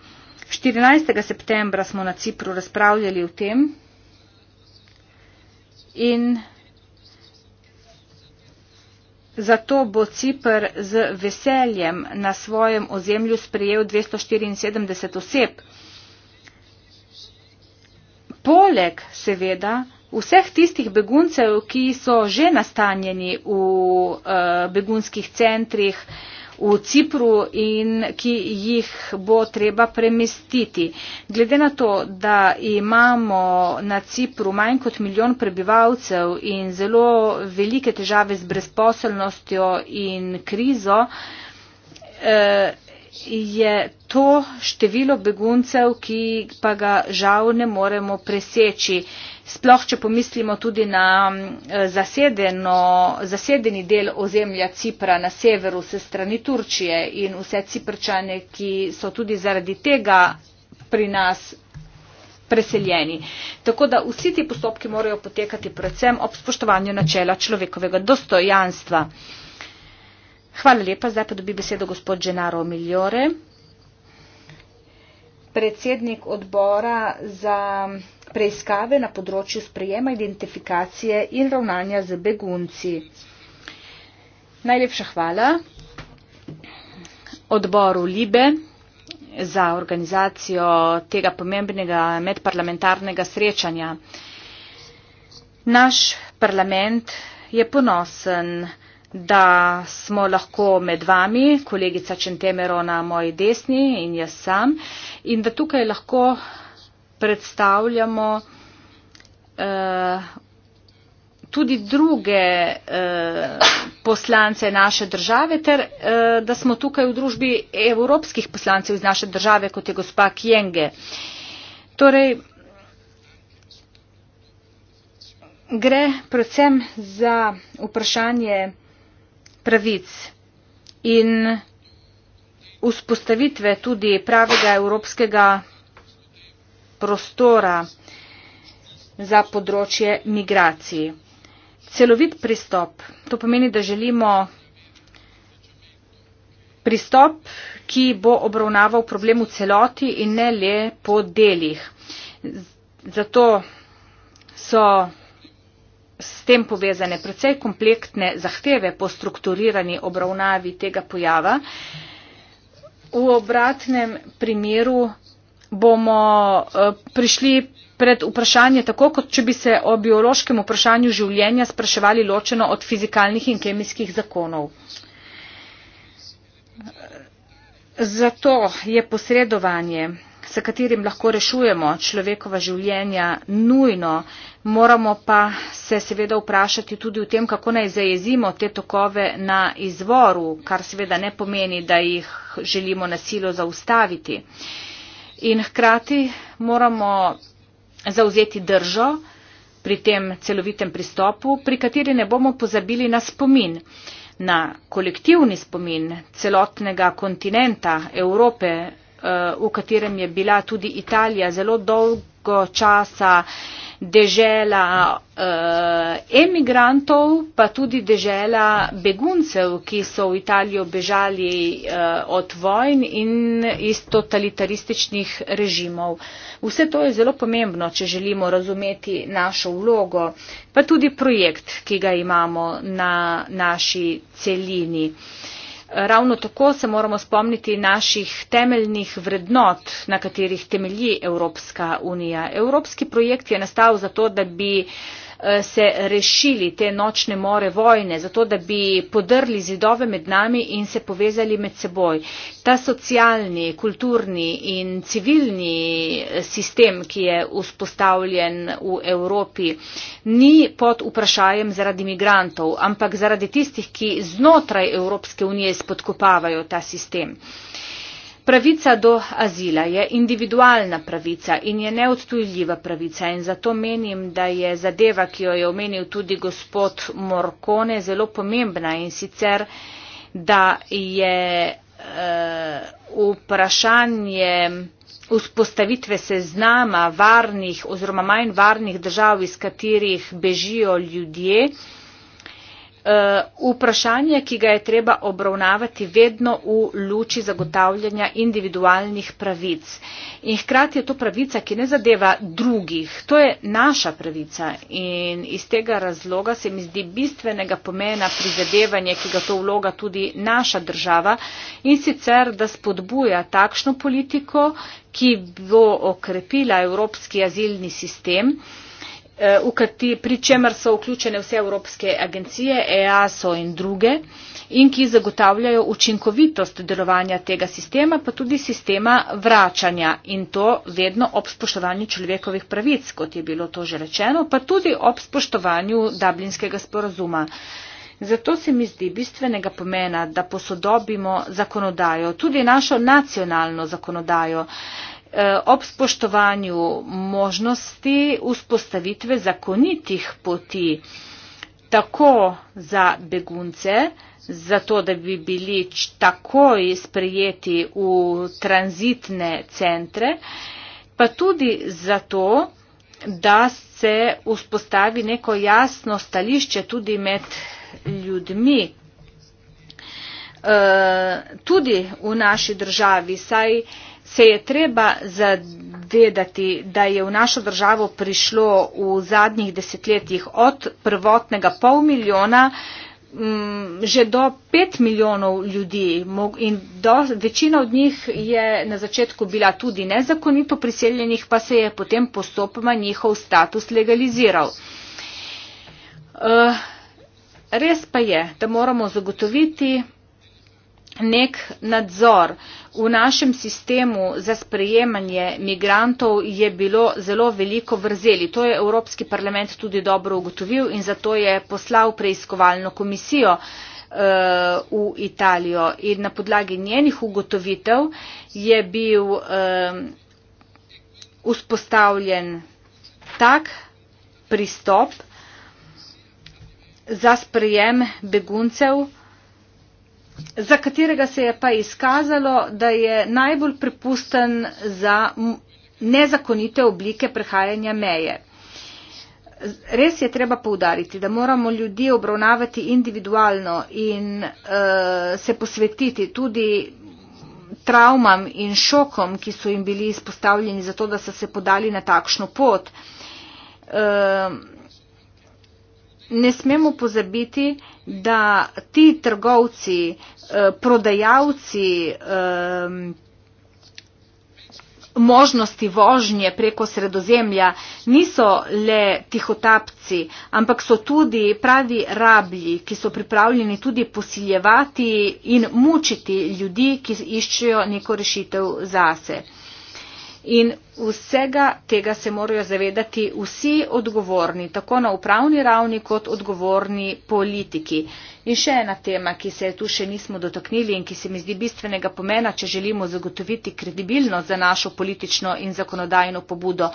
14. septembra smo na Cipru razpravljali o tem. In Zato bo Cipr z veseljem na svojem ozemlju sprejel 274 oseb. Poleg seveda vseh tistih beguncev, ki so že nastanjeni v uh, begunskih centrih, uh, v Cipru in ki jih bo treba premestiti. Glede na to, da imamo na Cipru manj kot milijon prebivalcev in zelo velike težave z brezposelnostjo in krizo, eh, je to število beguncev, ki pa ga žal ne moremo preseči. Sploh, če pomislimo tudi na mm, zasedeno, zasedeni del ozemlja Cipra na severu se strani Turčije in vse ciprčane, ki so tudi zaradi tega pri nas preseljeni. Tako da vsi ti postopki morajo potekati predvsem ob spoštovanju načela človekovega dostojanstva. Hvala lepa. Zdaj pa dobi besedo gospod Genaro Miljore, predsednik odbora za preiskave na področju sprejema identifikacije in ravnanja z begunci. Najlepša hvala odboru Libe za organizacijo tega pomembnega medparlamentarnega srečanja. Naš parlament je ponosen, da smo lahko med vami, kolegica Čentemero na moji desni in jaz sam, in da tukaj lahko predstavljamo uh, tudi druge uh, poslance naše države, ter uh, da smo tukaj v družbi evropskih poslancev iz naše države, kot je gospa Kjenge. Torej, gre predvsem za vprašanje, pravic in vzpostavitve tudi pravega evropskega prostora za področje migracij. Celovit pristop, to pomeni, da želimo pristop, ki bo obravnaval problem v celoti in ne le po delih. Zato so s tem povezane precej kompleksne zahteve po strukturirani obravnavi tega pojava. V obratnem primeru bomo eh, prišli pred vprašanje tako, kot če bi se o biološkem vprašanju življenja spraševali ločeno od fizikalnih in kemijskih zakonov. Zato je posredovanje s katerim lahko rešujemo človekova življenja, nujno. Moramo pa se seveda vprašati tudi o tem, kako naj zajezimo te tokove na izvoru, kar seveda ne pomeni, da jih želimo na silo zaustaviti. In hkrati moramo zauzeti držo pri tem celovitem pristopu, pri kateri ne bomo pozabili na spomin, na kolektivni spomin celotnega kontinenta Evrope, Eh, v katerem je bila tudi Italija zelo dolgo časa dežela eh, emigrantov, pa tudi dežela beguncev, ki so v Italijo bežali eh, od vojn in iz totalitarističnih režimov. Vse to je zelo pomembno, če želimo razumeti našo vlogo, pa tudi projekt, ki ga imamo na naši celini. Uh, ravno tako se moramo spomniti naših temeljnih vrednot, na katerih temelji Evropska unija. Evropski projekt je nastal zato, da bi Eh, se rešili te nočne more vojne, zato da bi podrli zidove med nami in se povezali med seboj. Ta socialni, kulturni in civilni eh, sistem, ki je vzpostavljen v Evropi, ni pod vprašanjem zaradi migrantov, ampak zaradi tistih, ki znotraj Evropske unije spodkopavajo ta sistem. Pravica do azila je individualna pravica in je neodtujljiva pravica in zato menim, da je zadeva, ki jo je omenil tudi gospod Morkone, zelo pomembna in sicer, da je eh, vprašanje vzpostavitve seznama varnih oziroma manj varnih držav, iz katerih bežijo ljudje, eh, Eh, vprašanje ki ga je treba obravnavati vedno v luči zagotavljanja individualnih pravic. In hkrati je to pravica, ki ne zadeva drugih, to je naša pravica in iz tega razloga se mi zdi bistvenega pomena prizadevanje, ki ga to vloga tudi naša država in sicer, da spodbuja takšno politiko, ki bo okrepila evropski azilni sistem. UKT, eh, pri čemer so vključene vse evropske agencije, EASO in druge, in ki zagotavljajo učinkovitost delovanja tega sistema, pa tudi sistema vračanja in to vedno ob spoštovanju človekovih pravic, kot je bilo to že rečeno, pa tudi ob spoštovanju Dublinskega sporazuma. Zato se mi zdi bistvenega pomena, da posodobimo zakonodajo, tudi našo nacionalno zakonodajo, Eh, ob spoštovanju možnosti vzpostavitve zakonitih poti tako za begunce, zato da bi bili takoj sprejeti v tranzitne centre, pa tudi zato, da se vzpostavi neko jasno stališče tudi med ljudmi. E, tudi v naši državi, saj se je treba zavedati, da je v našo državo prišlo v zadnjih desetletjih od prvotnega pol milijona mm, že do pet milijonov ljudi in do, večina od njih je na začetku bila tudi nezakonito priseljenih, pa se je potem postopoma njihov status legaliziral. Eh, res pa je, da moramo zagotoviti nek nadzor v našem sistemu za sprejemanje migrantov je bilo zelo veliko vrzeli. To je Evropski parlament tudi dobro ugotovil in zato je poslal preiskovalno komisijo uh, v Italijo. In na podlagi njenih ugotovitev je bil uh, vzpostavljen tak pristop za sprejem beguncev, za katerega se je pa izkazalo, da je najbolj pripusten za nezakonite oblike prehajanja meje. Res je treba poudariti, da moramo ljudi obravnavati individualno in uh, se posvetiti tudi traumam in šokom, ki so jim bili izpostavljeni zato, da so se podali na takšno pot. Uh, ne smemo pozabiti, da ti trgovci, eh, prodajalci eh, možnosti vožnje preko sredozemlja niso le tihotapci, ampak so tudi pravi rablji, ki so pripravljeni tudi posiljevati in mučiti ljudi, ki iščejo neko rešitev zase. In vsega tega se morajo zavedati vsi odgovorni, tako na upravni ravni kot odgovorni politiki. In še ena tema, ki se tu še nismo dotaknili in ki se mi zdi bistvenega pomena, če želimo zagotoviti kredibilnost za našo politično in zakonodajno pobudo.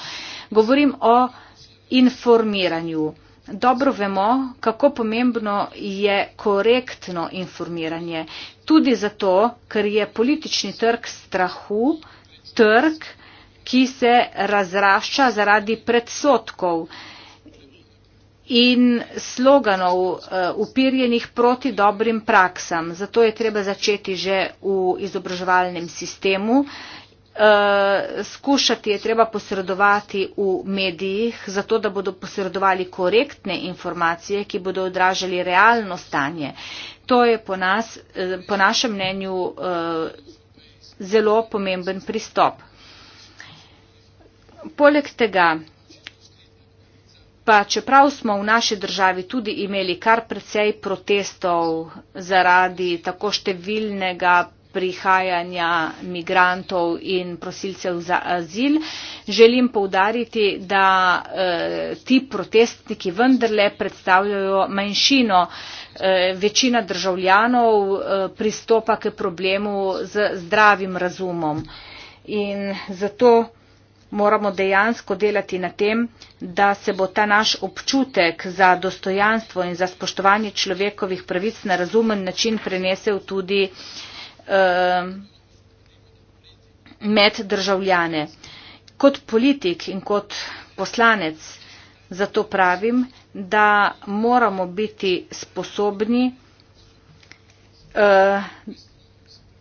Govorim o informiranju. Dobro vemo, kako pomembno je korektno informiranje. Tudi zato, ker je politični trg strahu, trg, ki se razrašča zaradi predsotkov in sloganov eh, upirjenih proti dobrim praksam. Zato je treba začeti že v izobraževalnem sistemu. Eh, skušati je treba posredovati v medijih, zato da bodo posredovali korektne informacije, ki bodo odražali realno stanje. To je po, nas, eh, po našem mnenju zelo pomemben pristop. Poleg tega, pa čeprav smo v naši državi tudi imeli kar precej protestov zaradi tako številnega prihajanja migrantov in prosilcev za azil, želim povdariti, da eh, ti protestniki vendarle predstavljajo manjšino. Eh, večina državljanov eh, pristopa k problemu z zdravim razumom. In zato moramo dejansko delati na tem, da se bo ta naš občutek za dostojanstvo in za spoštovanje človekovih pravic na razumen način prenesel tudi eh, med državljane. Kot politik in kot poslanec zato pravim, da moramo biti sposobni eh,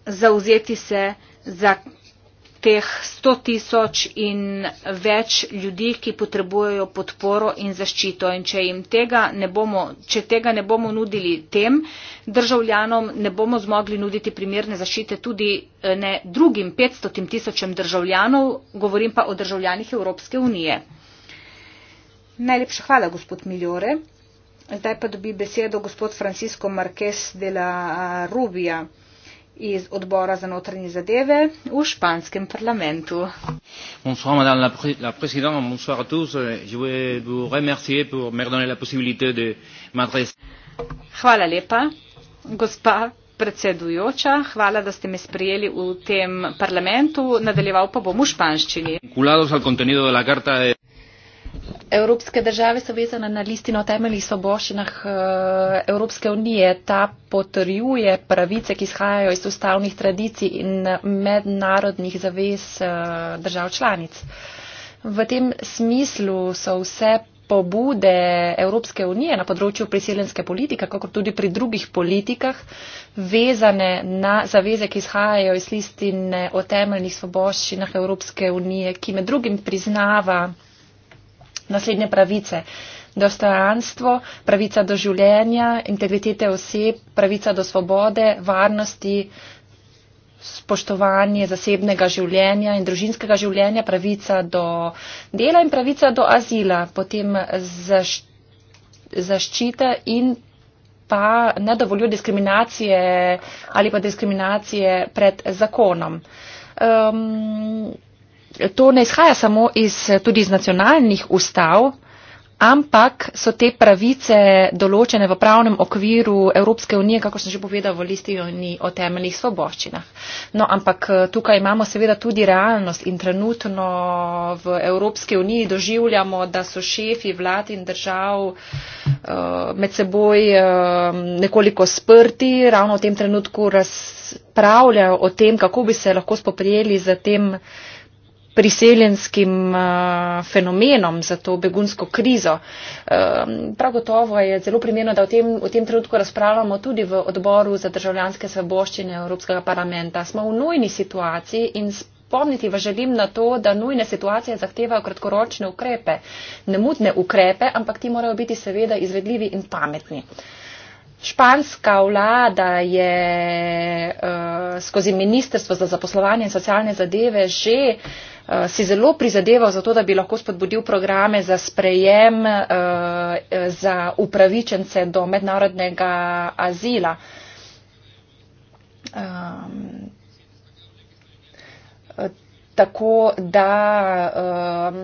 zauzeti se za teh 100 tisoč in več ljudi, ki potrebujejo podporo in zaščito. In če, tega bomo, če tega ne bomo nudili tem državljanom, ne bomo zmogli nuditi primerne zaščite tudi eh, ne drugim 500 tisočem državljanov, govorim pa o državljanih Evropske unije. Najlepša hvala, gospod Miljore. Zdaj pa dobi besedo gospod Francisco Marquez de la Rubia iz odbora za notranje zadeve v španskem parlamentu. Bonsoir, madame la, la présidente, bonsoir à tous. Je vous remercie pour me donner la possibilité de m'adresser. Hvala lepa, gospa predsedujoča. Hvala, da ste me sprijeli v tem parlamentu. Nadaljeval pa bom v španščini. Vinculados al contenido de la carta de Evropske države so vezane na listino temeljih svoboščinah eh, Evropske unije. Ta potrjuje pravice, ki izhajajo iz ustavnih tradicij in mednarodnih zavez eh, držav članic. V tem smislu so vse pobude Evropske unije na področju priseljenske politike, kako tudi pri drugih politikah, vezane na zaveze, ki izhajajo iz listine o temeljnih svoboščinah Evropske unije, ki med drugim priznava naslednje pravice. Dostojanstvo, pravica do življenja, integritete oseb, pravica do svobode, varnosti, spoštovanje zasebnega življenja in družinskega življenja, pravica do dela in pravica do azila, potem zaš, zaščita in pa ne dovoljuje diskriminacije ali pa diskriminacije pred zakonom. Um, to ne izhaja samo iz, tudi iz nacionalnih ustav, ampak so te pravice določene v pravnem okviru Evropske unije, kako sem že povedal, v listini o temeljnih svoboščinah. No, ampak eh, tukaj imamo seveda tudi realnost in trenutno v Evropske uniji doživljamo, da so šefi vlad in držav eh, med seboj eh, nekoliko sprti, ravno v tem trenutku razpravljajo o tem, kako bi se lahko spoprijeli z tem, priseljenskim uh, fenomenom, za to begunsko krizo. Um, prav gotovo je zelo primerno, da v tem, v tem trenutku razpravljamo tudi v odboru za državljanske svoboščine Evropskega parlamenta. Smo v nujni situaciji in spomniti vas želim na to, da nujne situacije zahtevajo kratkoročne ukrepe, nemudne ukrepe, ampak ti morajo biti seveda izvedljivi in pametni. Uh, Španska vlada je uh, skozi Ministrstvo za zaposlovanje in socialne zadeve že uh, si zelo prizadeval za to, da bi lahko spodbudil programe za sprejem uh, za upravičence do mednarodnega azila. Um, Tako da ehm,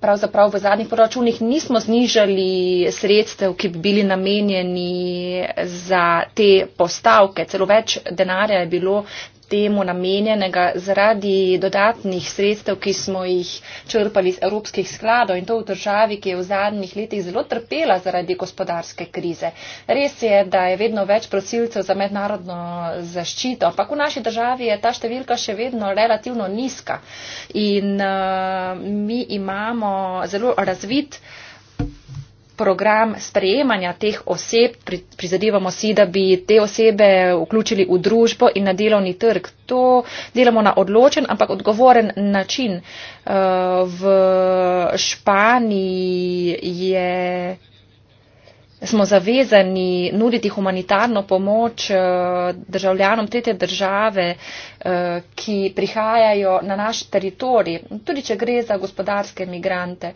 pravzaprav v zadnjih proračunih nismo znižali sredstev, ki bi bili namenjeni za te postavke. Celo več denarja je bilo temu namenjenega zaradi dodatnih sredstev, ki smo jih črpali iz evropskih skladov in to v državi, ki je v zadnjih letih zelo trpela zaradi gospodarske krize. Res je, da je vedno več prosilcev za mednarodno zaščito, ampak v naši državi je ta številka še vedno relativno nizka in uh, mi imamo zelo razvit uh, program sprejemanja teh oseb, prizadevamo si, da bi te osebe vključili v družbo in na delovni trg. To delamo na odločen, ampak odgovoren način. Eh, v Španiji je, smo zavezani nuditi humanitarno pomoč eh, državljanom tete države, eh, ki prihajajo na naš teritorij, tudi če gre za gospodarske migrante.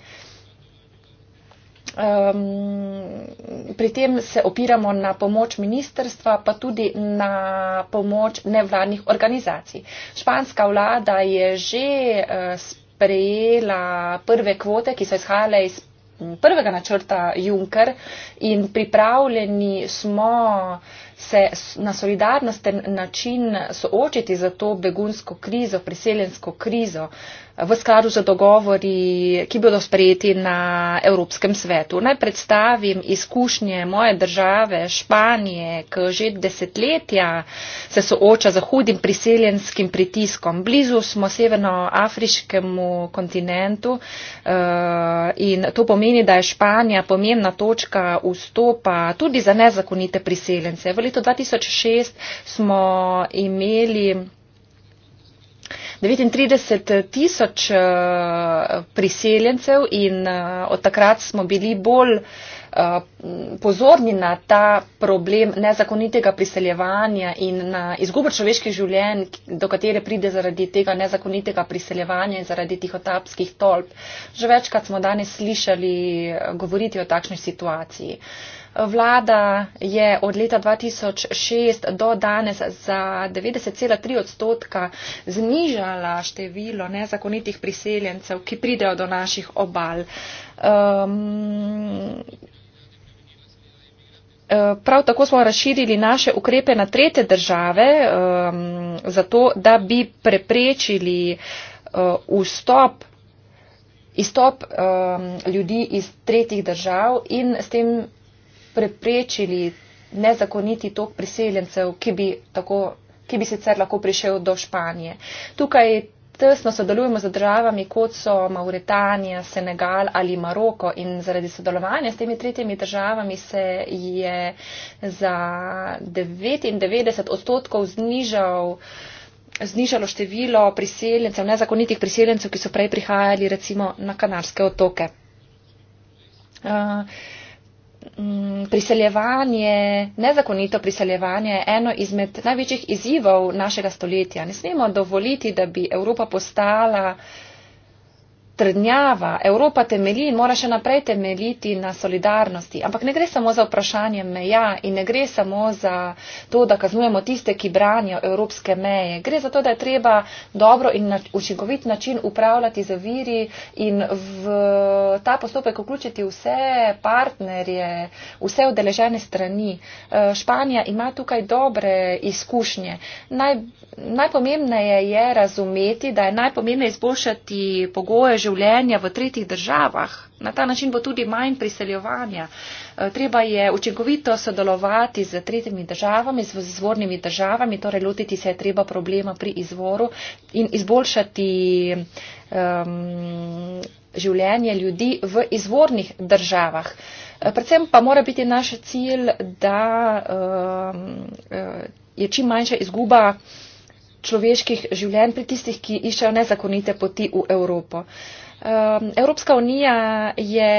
Um, pri tem se opiramo na pomoč ministerstva, pa tudi na pomoč nevladnih organizacij. Španska vlada je že uh, sprejela prve kvote, ki so izhajale iz prvega načrta Juncker in pripravljeni smo se na solidarnosten način soočiti za to begunsko krizo, priseljensko krizo. Uh, v skladu z dogovori, ki bodo sprejeti na Evropskem svetu. Naj predstavim izkušnje moje države Španije, ki že desetletja se sooča z hudim priseljenskim pritiskom. Blizu smo severnoafriškemu kontinentu eh, in to pomeni, da je Španija pomembna točka vstopa tudi za nezakonite priseljence. V letu 2006 smo imeli 39 tisoč eh, priseljencev in eh, od takrat smo bili bolj eh, pozorni na ta problem nezakonitega priseljevanja in na izgubo človeških življenj, do katere pride zaradi tega nezakonitega priseljevanja in zaradi tih otapskih tolp. Že večkrat smo danes slišali govoriti o takšni situaciji. Uh, Vlada je od leta 2006 do danes za 90,3 odstotka znižala število nezakonitih priseljencev, ki pridejo do naših obal. Um, Prav tako smo razširili naše ukrepe na trete države, um, zato da bi preprečili e, vstop, uh, izstop um, ljudi iz tretjih držav in s tem preprečili nezakoniti tok priseljencev, ki bi, tako, ki bi sicer lahko prišel do Španije. Tukaj tesno sodelujemo z državami, kot so Mauretanija, Senegal ali Maroko in zaradi sodelovanja s temi tretjimi državami se je za 99 odstotkov znižal znižalo število priseljencev, nezakonitih priseljencev, ki so prej prihajali recimo na Kanarske otoke. Uh, Mm, priseljevanje, nezakonito priseljevanje je eno izmed največjih izzivov našega stoletja. Ne smemo dovoliti, da bi Evropa postala uh, trdnjava, Evropa temelji in mora še naprej temeljiti na solidarnosti. Ampak ne gre samo za vprašanje meja in ne gre samo za to, da kaznujemo tiste, ki branijo evropske meje. Gre za to, da je treba dobro in na učinkovit način upravljati za viri in v ta postopek vključiti vse partnerje, vse odeležene strani. Eh, Španija ima tukaj dobre izkušnje. Naj, najpomembneje je razumeti, da je najpomembneje izboljšati pogoje življenja življenja v tretjih državah. Na ta način bo tudi manj priseljevanja. Eh, treba je učinkovito sodelovati z tretjimi državami, z izvornimi državami, torej lotiti se je treba problema pri izvoru in izboljšati um, življenje ljudi v izvornih državah. Eh, predvsem pa mora biti naš cilj, da um, je čim manjša izguba človeških življenj pri tistih, ki iščejo nezakonite poti v Evropo. Ehm, Evropska unija je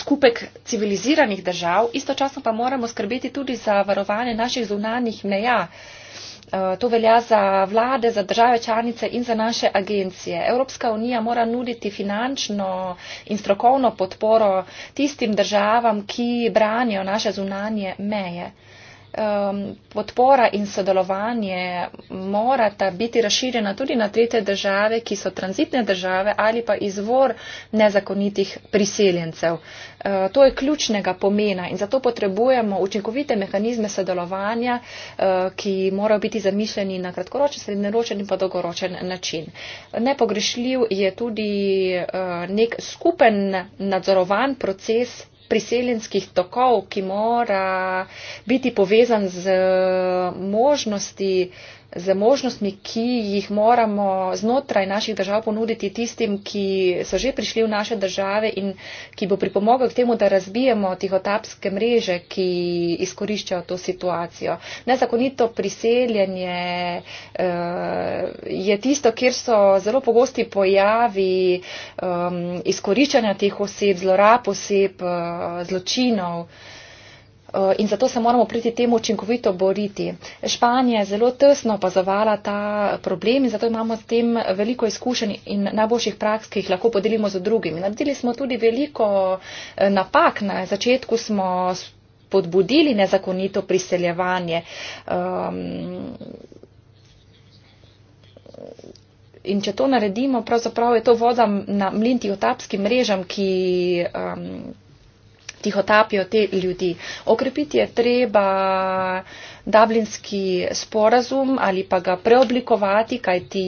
skupek civiliziranih držav, istočasno pa moramo skrbeti tudi za varovanje naših zunanjih meja. Ehm, to velja za vlade, za države članice in za naše agencije. Evropska unija mora nuditi finančno in strokovno podporo tistim državam, ki branijo naše zunanje meje um, podpora in sodelovanje morata biti razširjena tudi na tretje države, ki so tranzitne države ali pa izvor nezakonitih priseljencev. Uh, to je ključnega pomena in zato potrebujemo učinkovite mehanizme sodelovanja, uh, ki morajo biti zamišljeni na kratkoročen, srednjeročen in pa dolgoročen način. Nepogrešljiv je tudi uh, nek skupen nadzorovan proces priseljenskih tokov, ki mora biti povezan z možnosti uh, z možnostmi, ki jih moramo znotraj naših držav ponuditi tistim, ki so že prišli v naše države in ki bo pripomogel k temu, da razbijemo tihotapske mreže, ki izkoriščajo to situacijo. Nezakonito priseljenje eh, je tisto, kjer so zelo pogosti pojavi eh, izkoriščanja teh oseb, zlorab oseb, eh, zločinov. Eh, in zato se moramo priti temu učinkovito boriti. Španija je zelo tesno opazovala ta problem in zato imamo s tem veliko izkušenj in najboljših praks, ki jih lahko podelimo z drugimi. Naredili smo tudi veliko eh, napak. Na začetku smo podbudili nezakonito priseljevanje. Um, In če to naredimo, pravzaprav je to voda na mlinti otapskim mrežam, ki, um, tihotapijo te ljudi. Okrepiti je treba Dublinski sporazum ali pa ga preoblikovati, kaj ti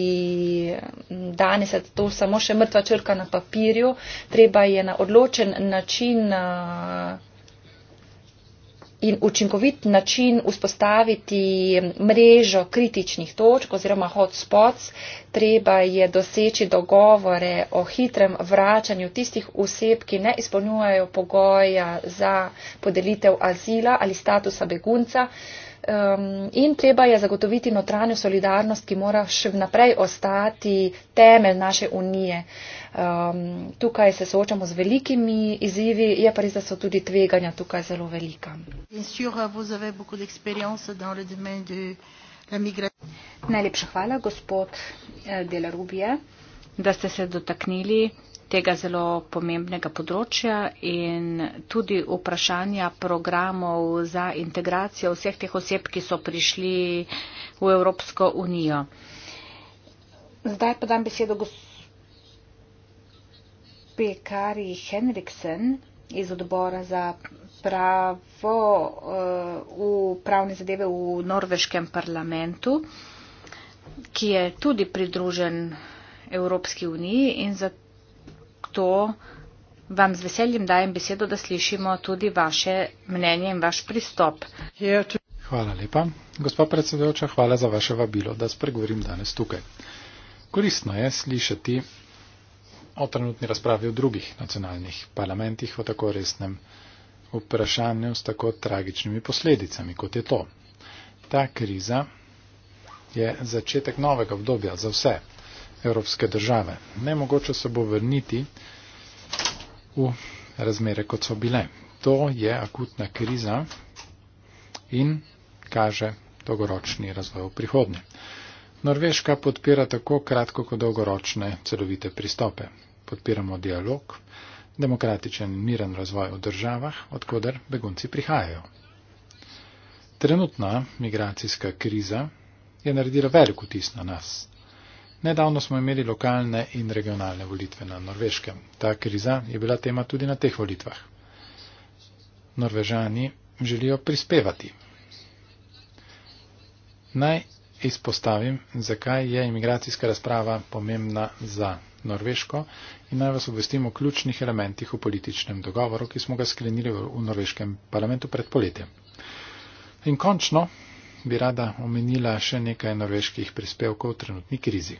danes je to samo še mrtva črka na papirju. Treba je na odločen način. Uh, in učinkovit način vzpostaviti mrežo kritičnih točk oziroma hotspots, treba je doseči dogovore o hitrem vračanju tistih oseb, ki ne izpolnjujejo pogoja za podelitev azila ali statusa begunca um, in treba je zagotoviti notranjo solidarnost, ki mora še naprej ostati temelj naše unije. Um, tukaj se soočamo z velikimi izzivi, je pa res, da so tudi tveganja tukaj zelo velika. Najlepša hvala, gospod eh, Delarubije, da ste se dotaknili tega zelo pomembnega področja in tudi vprašanja programov za integracijo vseh teh oseb, ki so prišli v Evropsko unijo. Zdaj pa dam besedo gospe Kari Henriksen iz odbora za pravo eh, v pravne zadeve v norveškem parlamentu, ki je tudi pridružen Evropski uniji in zato to vam z veseljem dajem besedo, da slišimo tudi vaše mnenje in vaš pristop. Hvala lepa. Gospa predsedujoča, hvala za vaše vabilo, da spregovorim danes tukaj. Koristno je slišati o trenutni razpravi v drugih nacionalnih parlamentih o tako resnem vprašanju s tako tragičnimi posledicami, kot je to. Ta kriza je začetek novega obdobja za vse evropske države. Nemogoče se bo vrniti v razmere, kot so bile. To je akutna kriza in kaže dolgoročni razvoj v prihodnje. Norveška podpira tako kratko kot dolgoročne celovite pristope. Podpiramo dialog, demokratičen in miren razvoj v državah, odkuder begunci prihajajo. Trenutna migracijska kriza je naredila veliko tis na nas, Nedavno smo imeli lokalne in regionalne volitve na Norveškem. Ta kriza je bila tema tudi na teh volitvah. Norvežani želijo prispevati. Naj izpostavim, zakaj je imigracijska razprava pomembna za Norveško in naj vas obvestim o ključnih elementih v političnem dogovoru, ki smo ga sklenili v norveškem parlamentu pred poletjem. In končno, bi rada omenila še nekaj norveških prispevkov v trenutni krizi.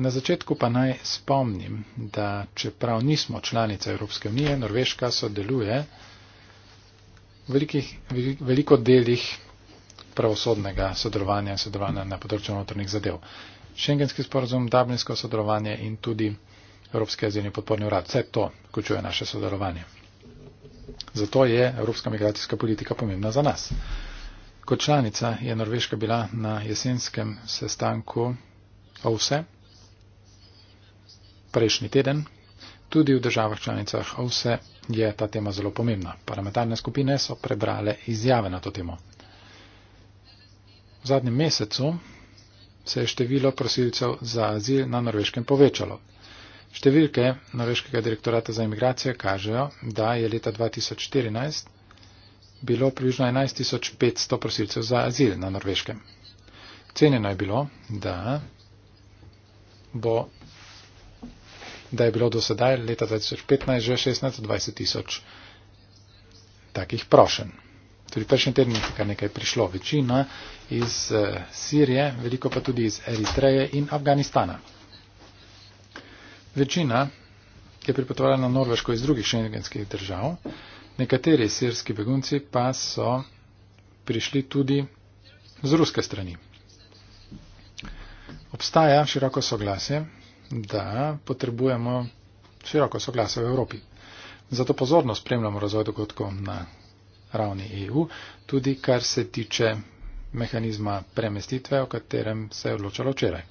Na začetku pa naj spomnim, da čeprav nismo članica Evropske unije, Norveška sodeluje v velikih, veliko delih pravosodnega sodelovanja in sodelovanja na področju notrnih zadev. Šengenski sporozum, dablinsko sodelovanje in tudi Evropski azilni podporni urad. Vse to vključuje naše sodelovanje. Zato je evropska migracijska politika pomembna za nas. Kot članica je Norveška bila na jesenskem sestanku OVSE prejšnji teden. Tudi v državah članicah OVSE je ta tema zelo pomembna. Parlamentarne skupine so prebrale izjave na to temo. V zadnjem mesecu se je število prosilcev za azil na Norveškem povečalo. Številke Norveškega direktorata za imigracijo kažejo, da je leta 2014 bilo približno 11500 prosilcev za azil na norveškem. Cenjeno je bilo, da, bo, da je bilo do sedaj leta 2015 že 16-20 tisoč takih prošen. Tudi prejšnji teden je kar nekaj prišlo, večina iz eh, Sirije, veliko pa tudi iz Eritreje in Afganistana. Večina je pripotovala na Norveško iz drugih šengenskih držav. Nekateri sirski begunci pa so prišli tudi z ruske strani. Obstaja široko soglasje, da potrebujemo široko soglasje v Evropi. Zato pozorno spremljamo razvoj dogodkov na ravni EU, tudi kar se tiče mehanizma premestitve, o katerem se je odločalo včeraj.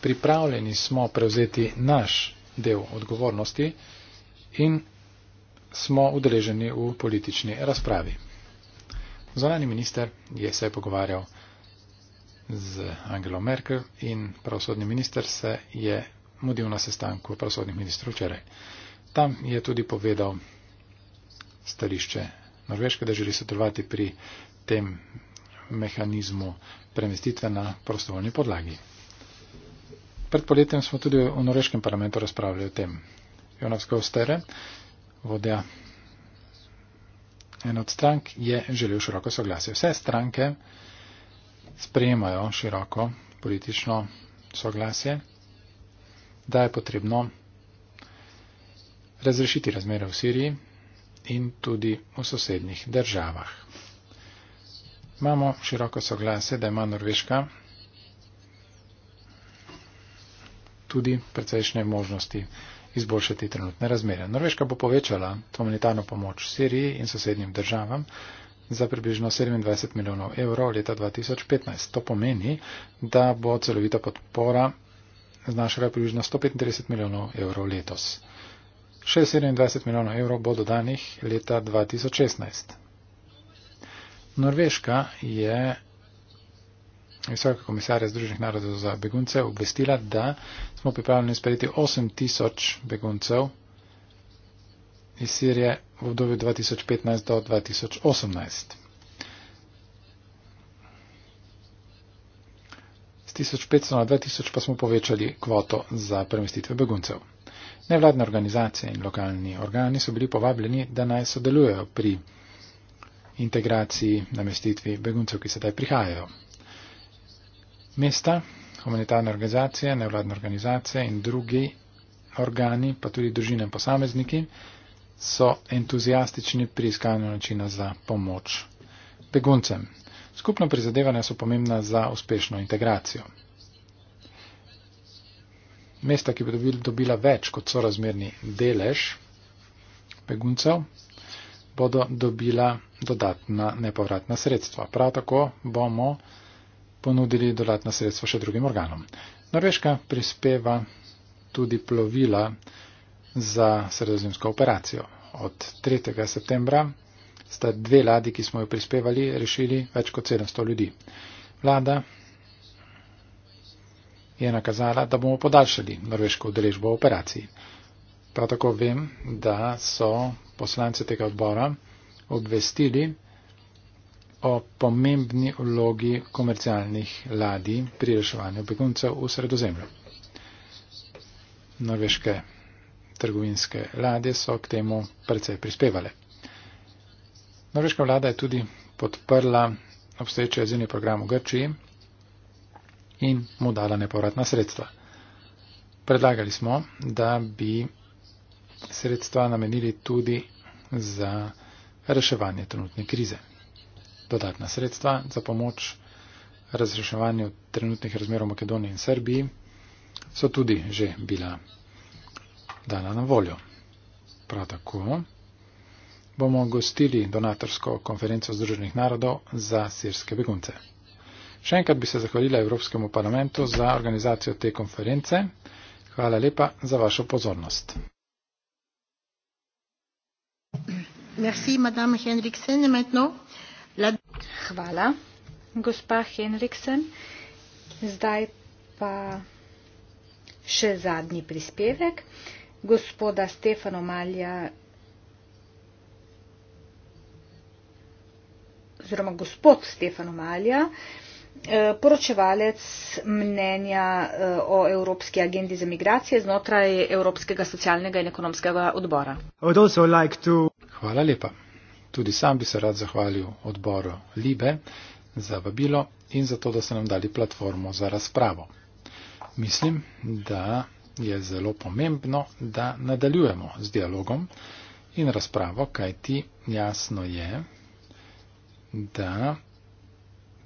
Pripravljeni smo prevzeti naš del odgovornosti in smo udeleženi v politični razpravi. Zonani minister je se pogovarjal z Angelo Merkel in pravosodni minister se je mudil na sestanku pravosodnih ministrov včeraj. Tam je tudi povedal stališče Norveške, da želi sodelovati pri tem mehanizmu premestitve na prostovoljni podlagi. Pred poletjem smo tudi v Norveškem parlamentu razpravljali o tem. Jonas Kostere vodja. En od strank je želel široko soglasje. Vse stranke sprejemajo široko politično soglasje, da je potrebno razrešiti razmere v Siriji in tudi v sosednjih državah. Imamo široko soglasje, da ima Norveška tudi precejšnje možnosti izboljšati trenutne razmere. Norveška bo povečala humanitarno pomoč Siriji in sosednjim državam za približno 27 milijonov evrov leta 2015. To pomeni, da bo celovita podpora znašala približno 135 milijonov evrov letos. Še 27 milijonov evrov bo dodanih leta 2016. Norveška je visoka komisarja Združenih narodov za begunce obvestila, da smo pripravljeni sprejeti 8000 beguncev iz Sirije v obdobju 2015 do 2018. Z 1500 na 2000 pa smo povečali kvoto za premestitve beguncev. Nevladne organizacije in lokalni organi so bili povabljeni, da naj sodelujejo pri integraciji, namestitvi beguncev, ki sedaj prihajajo mesta, humanitarne organizacije, nevladne organizacije in drugi organi, pa tudi družine posamezniki, so entuzijastični pri iskanju načina za pomoč beguncem. Skupno prizadevanja so pomembna za uspešno integracijo. Mesta, ki bi dobila več kot sorazmerni delež beguncev, bodo dobila dodatna nepovratna sredstva. Prav tako bomo ponudili dodatna sredstva še drugim organom. Norveška prispeva tudi plovila za sredozemsko operacijo. Od 3. septembra sta dve ladi, ki smo jo prispevali, rešili več kot 700 ljudi. Vlada je nakazala, da bomo podaljšali norveško udeležbo v operaciji. Prav tako vem, da so poslance tega odbora obvestili, o pomembni vlogi komercialnih ladij pri reševanju beguncev v sredozemlju. Norveške trgovinske ladje so k temu precej prispevale. Norveška vlada je tudi podprla obstoječe azilni program v Grčiji in mu dala nepovratna sredstva. Predlagali smo, da bi sredstva namenili tudi za reševanje trenutne krize dodatna sredstva za pomoč razreševanju trenutnih razmer v Makedoniji in Srbiji so tudi že bila dana na voljo. Prav tako bomo gostili donatorsko konferenco Združenih narodov za sirske begunce. Še enkrat bi se zahvalila Evropskemu parlamentu za organizacijo te konference. Hvala lepa za vašo pozornost. Merci, madame Henriksen, maintenant hvala, gospa Henriksen. Zdaj pa še zadnji prispevek gospoda Stefano Malja oziroma gospod Stefano Malja, eh, poročevalec mnenja eh, o Evropski agendi za migracije znotraj Evropskega socialnega in ekonomskega odbora. Hvala lepa. Tudi sam bi se rad zahvalil odboru Libe za vabilo in za to, da so nam dali platformo za razpravo. Mislim, da je zelo pomembno, da nadaljujemo z dialogom in razpravo, kaj ti jasno je, da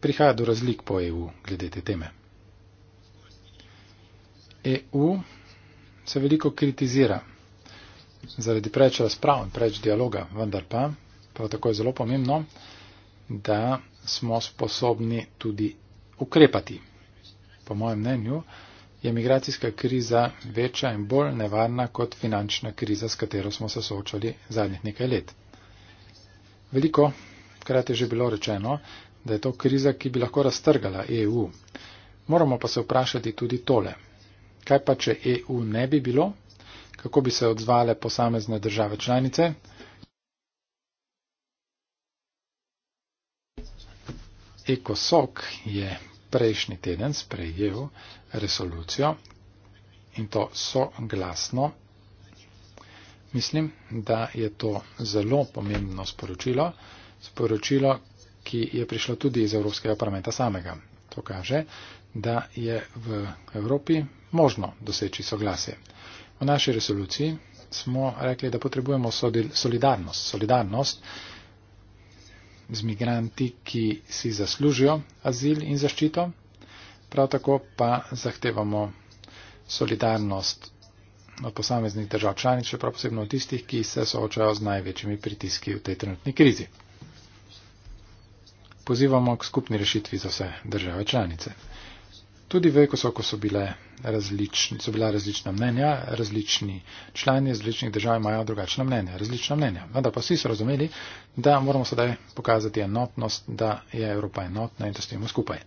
prihaja do razlik po EU glede te teme. EU se veliko kritizira zaradi preč razprav in preč dialoga, vendar pa Prav tako je zelo pomembno, da smo sposobni tudi ukrepati. Po mojem mnenju je migracijska kriza večja in bolj nevarna kot finančna kriza, s katero smo se soočali zadnjih nekaj let. Veliko krat je že bilo rečeno, da je to kriza, ki bi lahko raztrgala EU. Moramo pa se vprašati tudi tole. Kaj pa, če EU ne bi bilo? Kako bi se odzvale posamezne države članice? Ekosok je prejšnji teden sprejel resolucijo in to soglasno. Mislim, da je to zelo pomembno sporočilo, sporočilo, ki je prišlo tudi iz Evropskega parlamenta samega. To kaže, da je v Evropi možno doseči soglasje. V naši resoluciji smo rekli, da potrebujemo solidarnost. Solidarnost z migranti, ki si zaslužijo azil in zaščito. Prav tako pa zahtevamo solidarnost od posameznih držav članic, še prav posebno od tistih, ki se soočajo z največjimi pritiski v tej trenutni krizi. Pozivamo k skupni rešitvi za vse države članice tudi v Ekosoku so, so bila različna mnenja, različni člani iz različnih držav imajo drugačna mnenja, različna mnenja. Vendar pa vsi so razumeli, da moramo sedaj pokazati enotnost, da je Evropa enotna in da stojimo skupaj.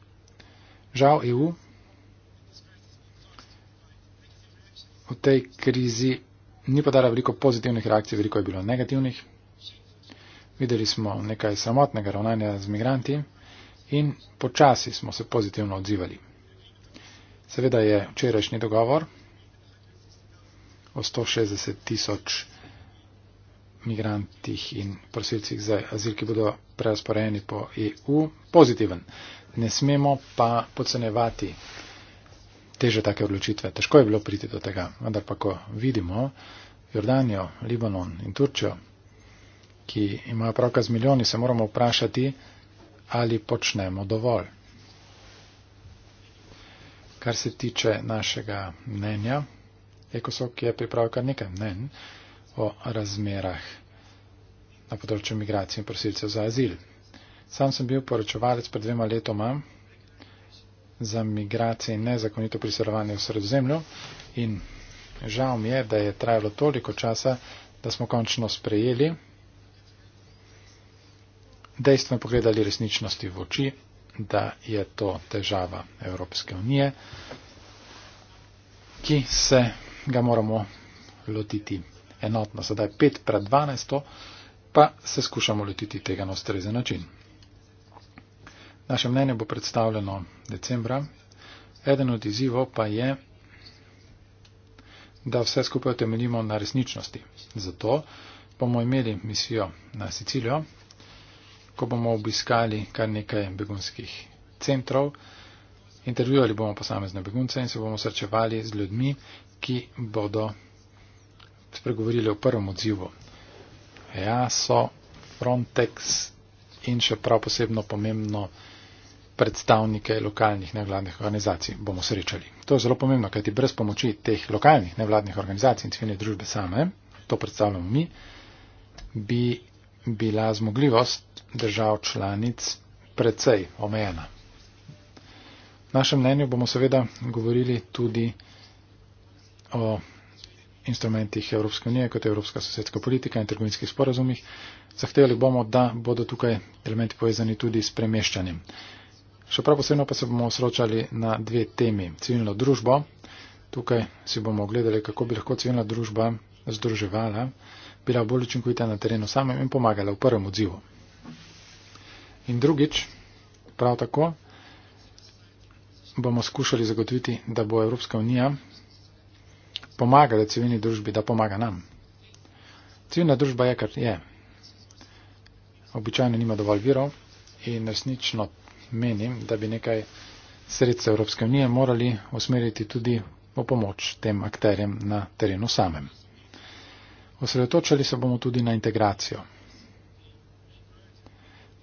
Žal EU v tej krizi ni podala veliko pozitivnih reakcij, veliko je bilo negativnih. Videli smo nekaj samotnega ravnanja z migranti in počasi smo se pozitivno odzivali. Seveda je včerajšnji dogovor o 160 tisoč migrantih in prosilcih za azil, ki bodo preosporeni po EU, pozitiven. Ne smemo pa podcenevati teže take odločitve. Težko je bilo priti do tega, vendar pa ko vidimo Jordanijo, Libanon in Turčjo, ki imajo pravka z milijoni, se moramo vprašati, ali počnemo dovolj kar se tiče našega mnenja. Ekosok je pripravil kar nekaj mnen o razmerah na področju migracij in prosilcev za azil. Sam sem bil poročevalec pred dvema letoma za migracije in nezakonito priseljevanje v sredozemlju in žal mi je, da je trajalo toliko časa, da smo končno sprejeli dejstvo in pogledali resničnosti v oči da je to težava Evropske unije, ki se ga moramo lotiti enotno. Sedaj 5 pred 12, pa se skušamo lotiti tega na ustrezen način. Naše mnenje bo predstavljeno decembra. Eden od izzivov pa je, da vse skupaj temeljimo na resničnosti. Zato bomo imeli misijo na Sicilijo, ko bomo obiskali kar nekaj begunskih centrov. Intervjuvali bomo posamezne begunce in se bomo srečevali z ljudmi, ki bodo spregovorili o prvem odzivu. Ja, so Frontex in še prav posebno pomembno predstavnike lokalnih nevladnih organizacij bomo srečali. To je zelo pomembno, kajti brez pomoči teh lokalnih nevladnih organizacij in civilne družbe same, to predstavljamo mi, bi bila zmogljivost držav članic precej omejena. V našem mnenju bomo seveda govorili tudi o instrumentih Evropske unije, kot je Evropska sosedska politika in trgovinskih sporazumih. Zahtevali bomo, da bodo tukaj elementi povezani tudi s premeščanjem. Še prav posebno pa se bomo osročali na dve temi. Civilno družbo. Tukaj si bomo ogledali, kako bi lahko civilna družba združevala, bila bolj učinkovita na terenu samem in pomagala v prvem odzivu. In drugič, prav tako, bomo skušali zagotoviti, da bo Evropska unija pomagala civilni družbi, da pomaga nam. Civilna družba je, kar je. Običajno nima dovolj virov in resnično menim, da bi nekaj sredstva Evropske unije morali usmeriti tudi v pomoč tem akterjem na terenu samem. Osredotočali se bomo tudi na integracijo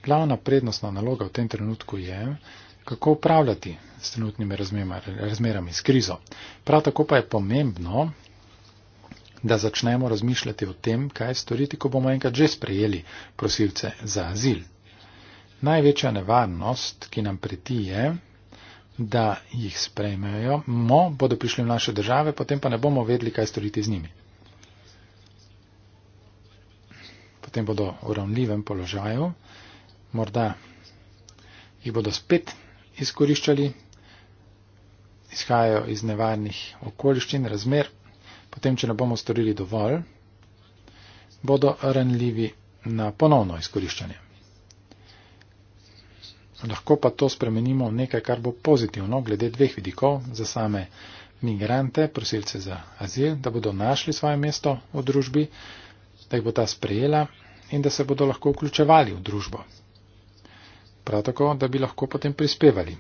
glavna prednostna naloga v tem trenutku je, kako upravljati s trenutnimi razmerami, s krizo. Prav tako pa je pomembno, da začnemo razmišljati o tem, kaj storiti, ko bomo enkrat že sprejeli prosilce za azil. Največja nevarnost, ki nam preti je, da jih sprejmejo, mo bodo prišli v naše države, potem pa ne bomo vedli, kaj storiti z njimi. Potem bodo v ravnljivem položaju, morda jih bodo spet izkoriščali, izhajajo iz nevarnih okoliščin, razmer, potem, če ne bomo storili dovolj, bodo ranljivi na ponovno izkoriščanje. Lahko pa to spremenimo v nekaj, kar bo pozitivno glede dveh vidikov za same migrante, prosilce za azil, da bodo našli svoje mesto v družbi, da jih bo ta sprejela in da se bodo lahko vključevali v družbo prav tako, da bi lahko potem prispevali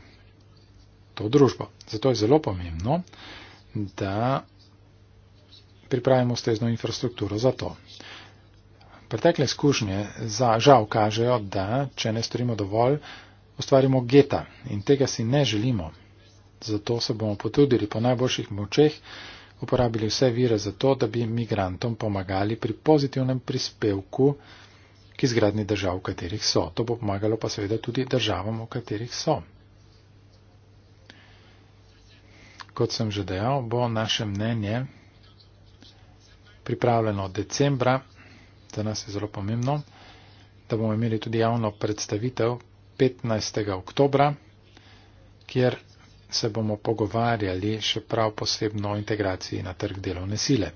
to družbo. Zato je zelo pomembno, da pripravimo ustrezno infrastrukturo za to. Pretekle izkušnje za, žal kažejo, da če ne storimo dovolj, ustvarimo geta in tega si ne želimo. Zato se bomo potrudili po najboljših močeh uporabili vse vire za to, da bi migrantom pomagali pri pozitivnem prispevku k izgradni držav, v katerih so. To bo pomagalo pa seveda tudi državam, v katerih so. Kot sem že dejal, bo naše mnenje pripravljeno od decembra, za nas je zelo pomembno, da bomo imeli tudi javno predstavitev 15. oktobra, kjer se bomo pogovarjali še prav posebno o integraciji na trg delovne sile.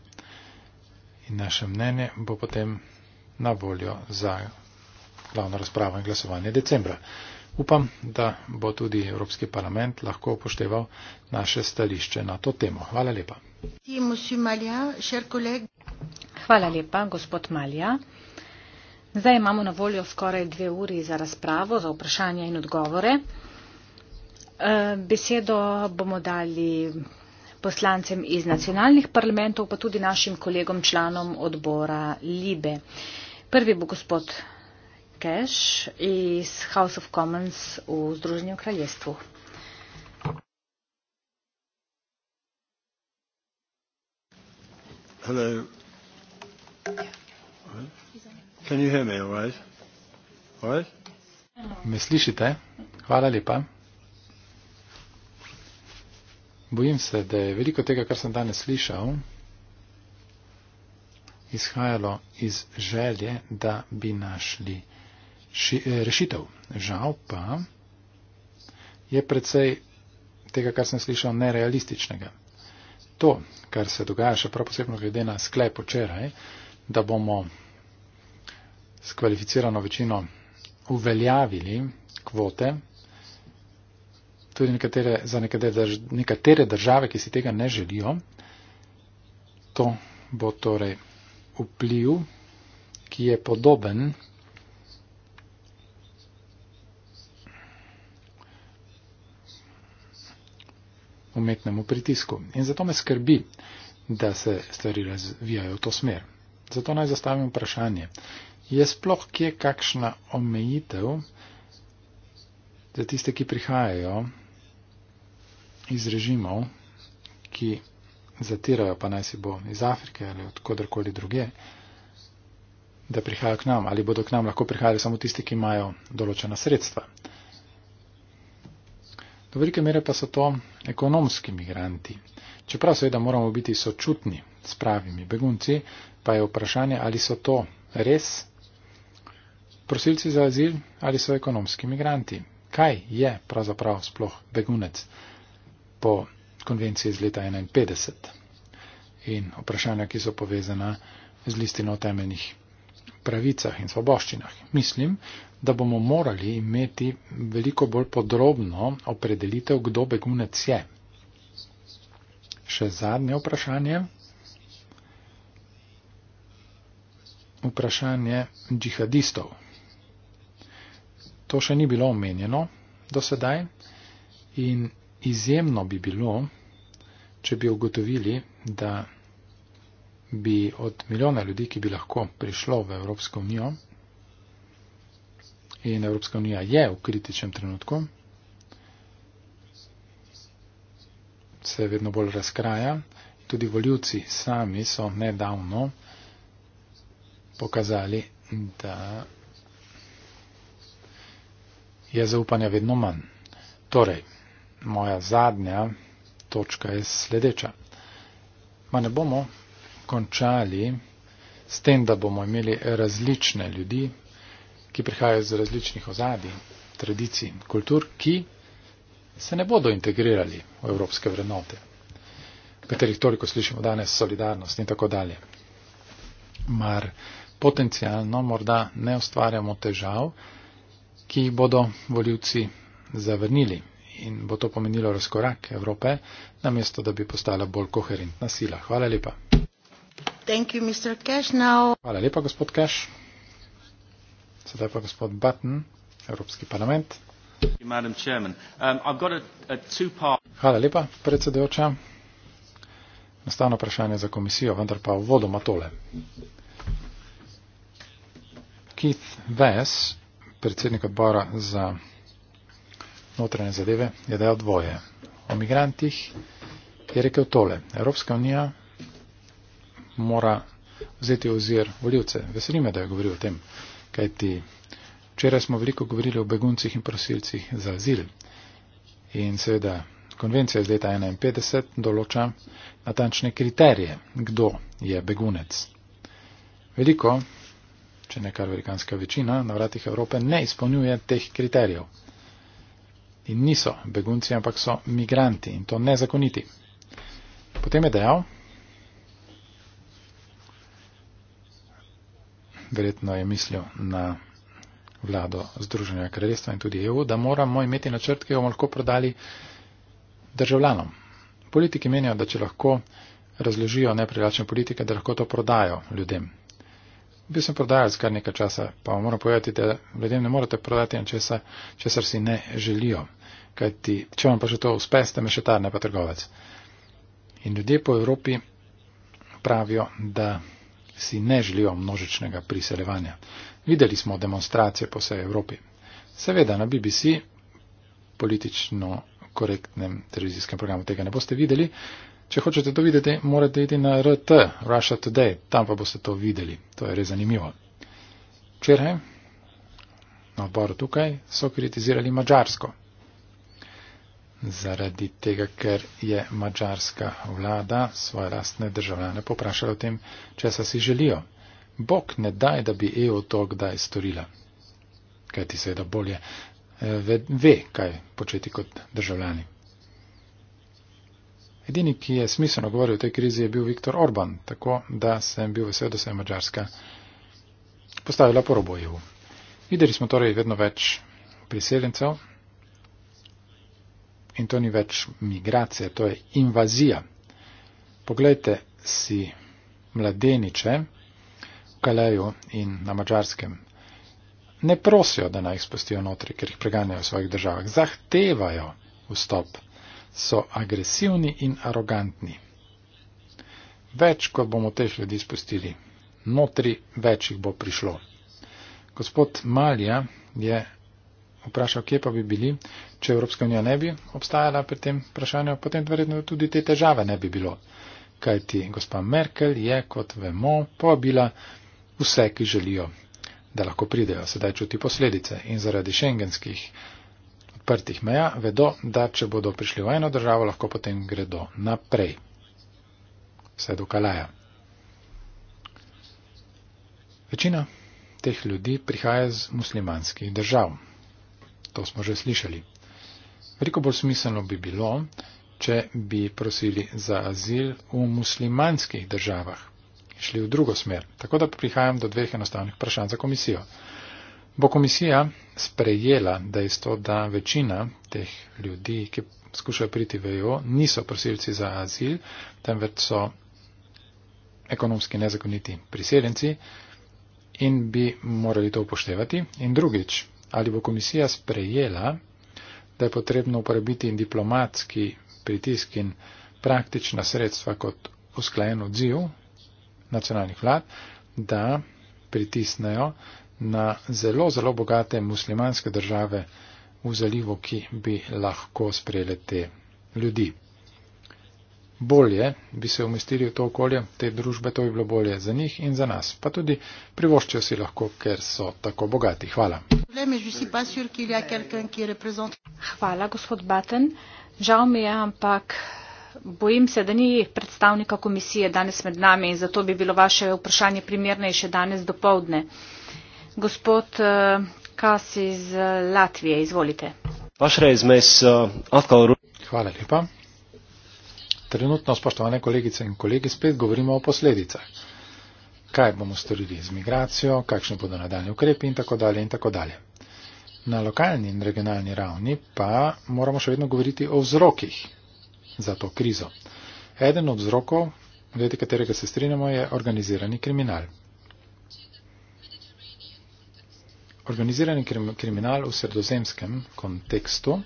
In naše mnenje bo potem na voljo za glavno razpravo in glasovanje decembra. Upam, da bo tudi Evropski parlament lahko upošteval naše stališče na to temo. Hvala lepa. Hvala lepa, gospod Malja. Zdaj imamo na voljo skoraj dve uri za razpravo, za vprašanja in odgovore. Eh, besedo bomo dali poslancem iz nacionalnih parlamentov, pa tudi našim kolegom članom odbora Libe. Prvi bo gospod Cash iz House of Commons v Združenju kraljestvu. Hello. Can you hear me all right? All right? Me slišite? Hvala lepa. Bojim se, da je veliko tega, kar sem danes slišal, izhajalo iz želje, da bi našli ši, eh, rešitev. Žal pa je precej tega, kar sem slišal, nerealističnega. To, kar se dogaja še prav posebno glede na sklep včeraj, da bomo s kvalificirano večino uveljavili kvote, tudi nekatere, za nekatere, drž, nekatere države, ki si tega ne želijo, to bo torej vpliv, ki je podoben umetnemu pritisku. In zato me skrbi, da se stvari razvijajo v to smer. Zato naj zastavim vprašanje, je sploh kje kakšna omejitev za tiste, ki prihajajo iz režimov, ki zatirajo, pa naj si bo iz Afrike ali odkudorkoli druge, da prihajajo k nam ali bodo k nam lahko prihajali samo tisti, ki imajo določena sredstva. Do velike mere pa so to ekonomski migranti. Čeprav seveda moramo biti sočutni s pravimi begunci, pa je vprašanje, ali so to res prosilci za azil ali so ekonomski migranti. Kaj je pravzaprav sploh begunec? Po konvencije iz leta 1951 in vprašanja, ki so povezana z listino o temeljnih pravicah in svoboščinah. Mislim, da bomo morali imeti veliko bolj podrobno opredelitev, kdo begunec je. Še zadnje vprašanje. Vprašanje džihadistov. To še ni bilo omenjeno do sedaj in Izjemno bi bilo, če bi ugotovili, da bi od milijona ljudi, ki bi lahko prišlo v Evropsko unijo, in Evropska unija je v kritičnem trenutku, se vedno bolj razkraja, tudi voljivci sami so nedavno pokazali, da je zaupanja vedno manj. Torej, moja zadnja točka je sledeča. Ma ne bomo končali s tem, da bomo imeli različne ljudi, ki prihajajo iz različnih ozadij, tradicij in kultur, ki se ne bodo integrirali v evropske vrednote, katerih toliko slišimo danes, solidarnost in tako dalje. Mar potencijalno morda ne ustvarjamo težav, ki jih bodo voljivci zavrnili in bo to pomenilo razkorak Evrope, namesto da bi postala bolj koherentna sila. Hvala lepa. You, Cash, now... Hvala lepa, gospod Keš. Sedaj pa gospod Button, Evropski parlament. Um, Hvala lepa, predsedujoča. Nastavno vprašanje za komisijo, vendar pa vodoma tole. Keith Vess, predsednik odbora za notranje zadeve je dejal dvoje. O migrantih je rekel tole. Evropska unija mora vzeti ozir voljivce. Veselime, da je govoril o tem, kajti včeraj smo veliko govorili o beguncih in prosilcih za azil. In seveda, konvencija iz leta 1951 določa natančne kriterije, kdo je begunec. Veliko, če ne kar velikanska večina, na vratih Evrope ne izpolnjuje teh kriterijev in niso begunci, ampak so migranti in to nezakoniti. Potem je dejal, verjetno je mislil na vlado Združenja kraljestva in tudi EU, da moramo imeti načrt, ki ga bomo lahko prodali državljanom. Politiki menijo, da če lahko razložijo neprivlačne politike, da lahko to prodajo ljudem bi sem prodajalec kar nekaj časa, pa vam moram povedati, da ljudem ne morete prodati nečesa, česar si ne želijo. Kajti, če vam pa še to uspe, ste mešetar, ne pa trgovec. In ljudje po Evropi pravijo, da si ne želijo množičnega priseljevanja. Videli smo demonstracije po vsej Evropi. Seveda na BBC, politično korektnem televizijskem programu, tega ne boste videli, Če hočete to videti, morate iti na RT, Russia Today, tam pa boste to videli. To je res zanimivo. Včeraj na odboru tukaj so kritizirali Mačarsko. Zaradi tega, ker je mačarska vlada svoje lastne državljane poprašala o tem, če se si želijo. Bog ne daj, da bi EU to kdaj storila. Kaj ti seveda bolje eh, ve, kaj početi kot državljani. Edini, ki je smiselno govoril o tej krizi, je bil Viktor Orban, tako da sem bil vesel, da se je Mačarska postavila po robojevu. E Videli smo torej vedno več priseljencev in to ni več migracija, to je invazija. Poglejte si mladeniče v Kaleju in na Mačarskem. Ne prosijo, da naj jih spustijo notri, ker jih preganjajo v svojih državah. Zahtevajo vstop so agresivni in arogantni. Več, kot bomo teh ljudi spustili, notri več jih bo prišlo. Gospod Malja je vprašal, kje pa bi bili, če Evropska unija ne bi obstajala pri tem vprašanju, potem verjetno tudi te težave ne bi bilo. Kajti gospa Merkel je, kot vemo, povabila vse, ki želijo, da lahko pridejo, sedaj čuti posledice in zaradi šengenskih odprtih meja, vedo, da če bodo prišli v eno državo, lahko potem gredo naprej. Vse do Kalaja. Večina teh ljudi prihaja iz muslimanskih držav. To smo že slišali. Veliko bolj smiselno bi bilo, če bi prosili za azil v muslimanskih državah. Šli v drugo smer. Tako da prihajam do dveh enostavnih vprašanj za komisijo bo komisija sprejela dejstvo, da večina teh ljudi, ki skušajo priti v EU, niso prosilci za azil, temveč so ekonomski nezakoniti priseljenci in bi morali to upoštevati. In drugič, ali bo komisija sprejela, da je potrebno uporabiti diplomatski pritisk in praktična sredstva kot usklajen odziv nacionalnih vlad, da pritisnejo na zelo, zelo bogate muslimanske države v zalivu, ki bi lahko sprejele te ljudi. Bolje bi se umestili v to okolje, te družbe, to bi bilo bolje za njih in za nas. Pa tudi privoščijo si lahko, ker so tako bogati. Hvala. Hvala, gospod Baten. Žal mi je, ampak bojim se, da ni predstavnika komisije danes med nami in zato bi bilo vaše vprašanje primernejše danes do povdne gospod eh, kas iz eh, latvije izvolite eh, hvala lepa trenutno spoštovane kolegice in kolegi spet govorimo o posledicah kaj bomo storili z migracijo kakšni bodo nadaljni ukrepi in tako dalje in tako dalje na lokalni in regionalni ravni pa moramo še vedno govoriti o vzrokih za to krizo eden od vzrokov glede katerega se strinjamo je organizirani kriminal organizirani kriminal v sredozemskem kontekstu,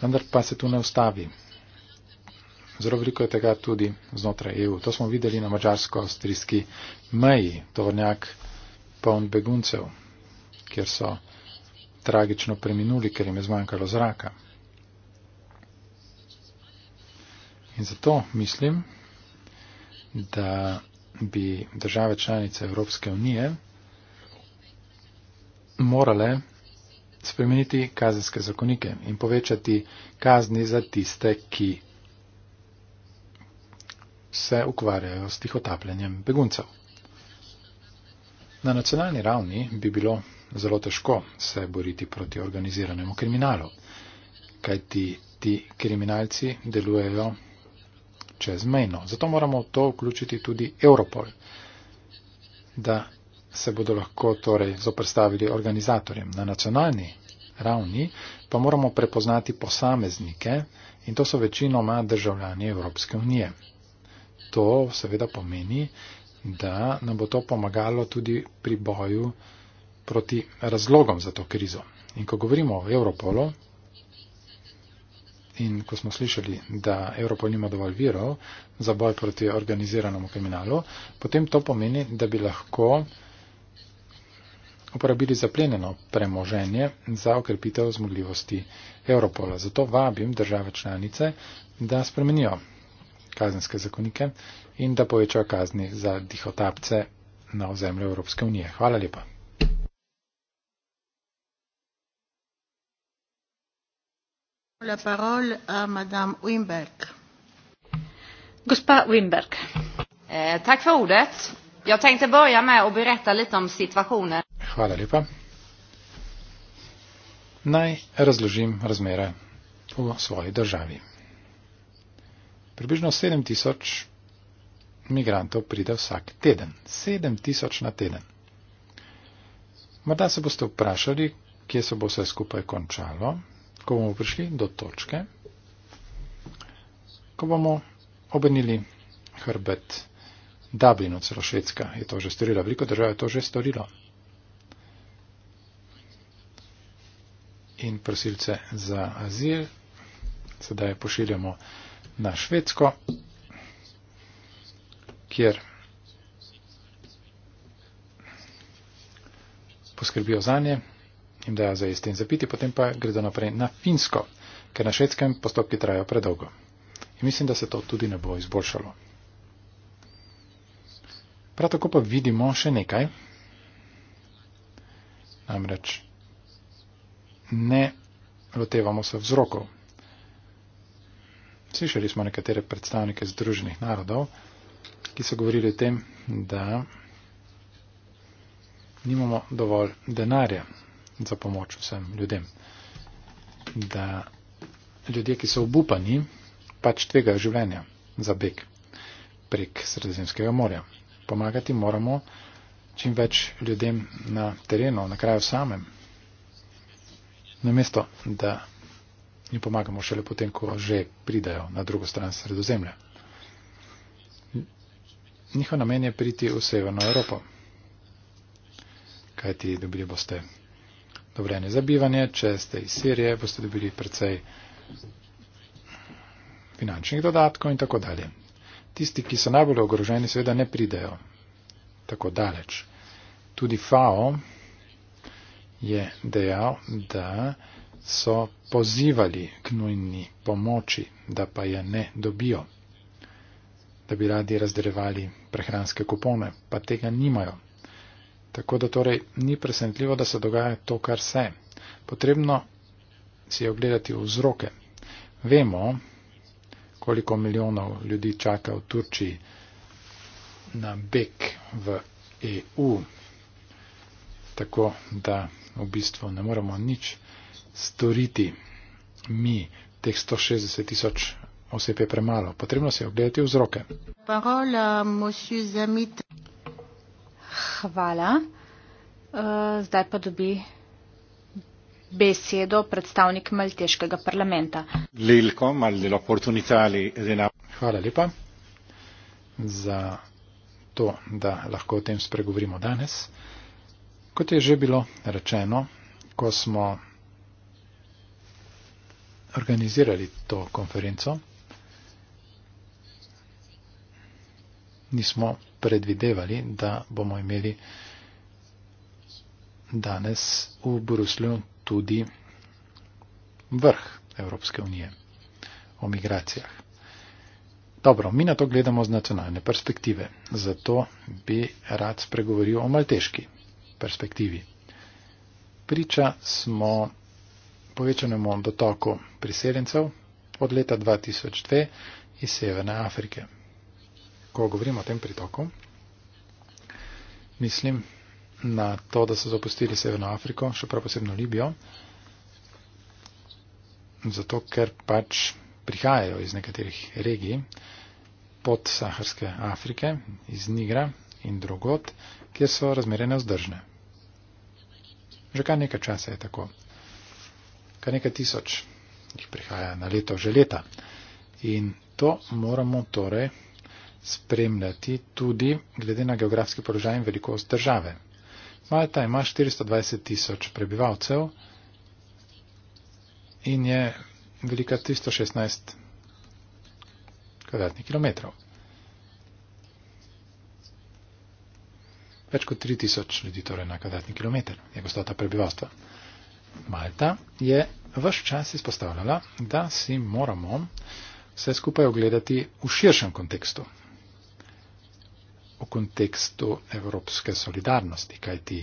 vendar pa se tu ne ustavi. Zelo veliko je tega tudi znotraj EU. To smo videli na mačarsko-avstrijski meji, tovornjak poln beguncev, kjer so tragično preminuli, ker jim je zmanjkalo zraka. In zato mislim, da bi države članice Evropske unije morale spremeniti kazenske zakonike in povečati kazni za tiste, ki se ukvarjajo s tihotapljenjem beguncev. Na nacionalni ravni bi bilo zelo težko se boriti proti organiziranemu kriminalu, kajti ti kriminalci delujejo čezmejno. Zato moramo to vključiti tudi Europol, da se bodo lahko torej zoprstavili organizatorjem. Na nacionalni ravni pa moramo prepoznati posameznike in to so večinoma državljani Evropske unije. To seveda pomeni, da nam bo to pomagalo tudi pri boju proti razlogom za to krizo. In ko govorimo o Europolu in ko smo slišali, da Europol nima dovolj virov za boj proti organiziranemu kriminalu, potem to pomeni, da bi lahko uporabili zaplenjeno premoženje za okrepitev zmogljivosti Europola. Zato vabim države članice, da spremenijo kazenske zakonike in da povečajo kazni za dihotapce na ozemlju Evropske unije. Hvala lepa. Gospa Wimberg. Eh, tak for ordet. Jeg tenkte begynne med å berette litt om situasjonen. Hvala lepa. Naj razložim razmere v svoji državi. Približno 7000 migrantov pride vsak teden. 7000 na teden. Morda se boste vprašali, kje se bo vse skupaj končalo, ko bomo prišli do točke, ko bomo obrnili hrbet Dublinu, celo Švedska je to že storila, veliko držav je to že storilo. in prosilce za azil. Sedaj pošiljamo na Švedsko, kjer poskrbijo za nje in dajo za jesti in zapiti, potem pa gredo naprej na Finsko, ker na Švedskem postopki trajajo predolgo. In mislim, da se to tudi ne bo izboljšalo. Prav tako pa vidimo še nekaj. Namreč ne lotevamo se vzrokov. Slišali smo nekatere predstavnike Združenih narodov, ki so govorili o tem, da nimamo dovolj denarja za pomoč vsem ljudem. Da ljudje, ki so obupani, pač tvegajo življenja za beg prek Sredozemskega morja. Pomagati moramo čim več ljudem na terenu, na kraju samem, namesto da jim pomagamo šele potem, ko že pridajo na drugo stran sredozemlja. Njihov namen je priti v Severno Evropo, kaj ti dobili boste dovoljenje za bivanje, če ste iz Sirije, boste dobili precej finančnih dodatkov in tako dalje. Tisti, ki so najbolj ogroženi, seveda ne pridajo tako daleč. Tudi FAO je dejal, da so pozivali k nujni pomoči, da pa je ne dobijo, da bi radi razdelevali prehranske kupone, pa tega nimajo. Tako da torej ni presenetljivo, da se dogaja to, kar se. Potrebno si je ogledati vzroke. Vemo, koliko milijonov ljudi čaka v Turčiji na beg v EU. Tako da v bistvu ne moremo nič storiti. Mi teh 160 tisoč oseb je premalo. Potrebno se je ogledati vzroke. Parola, Hvala. Uh, zdaj pa dobi besedo predstavnik Malteškega parlamenta. Hvala lepa za to, da lahko o tem spregovorimo danes. Uh, Kot je že bilo rečeno, ko smo organizirali to konferenco, nismo predvidevali, da bomo imeli danes v Bruslju tudi vrh Evropske unije o migracijah. Dobro, mi na to gledamo z nacionalne perspektive, zato bi rad spregovoril o Malteški perspektivi. Priča smo povečanemu dotoku priseljencev od leta 2002 iz Severne Afrike. Ko govorimo o tem pritoku, mislim na to, da so zapustili Severno Afriko, še prav posebno Libijo, zato ker pač prihajajo iz nekaterih regij pod Saharske Afrike, iz Nigra in drugot, kjer so razmerene vzdržne. Že kar nekaj časa je tako. Kar nekaj tisoč jih prihaja na leto, že leta. In to moramo torej spremljati tudi glede na geografski položaj in velikost države. Malta ima 420 tisoč prebivalcev in je velika 316 km. več kot 3000 ljudi, torej na kvadratni kilometr, je gostota prebivalstva. Malta je vaš čas izpostavljala, da si moramo vse skupaj ogledati v širšem kontekstu, v kontekstu evropske solidarnosti, kajti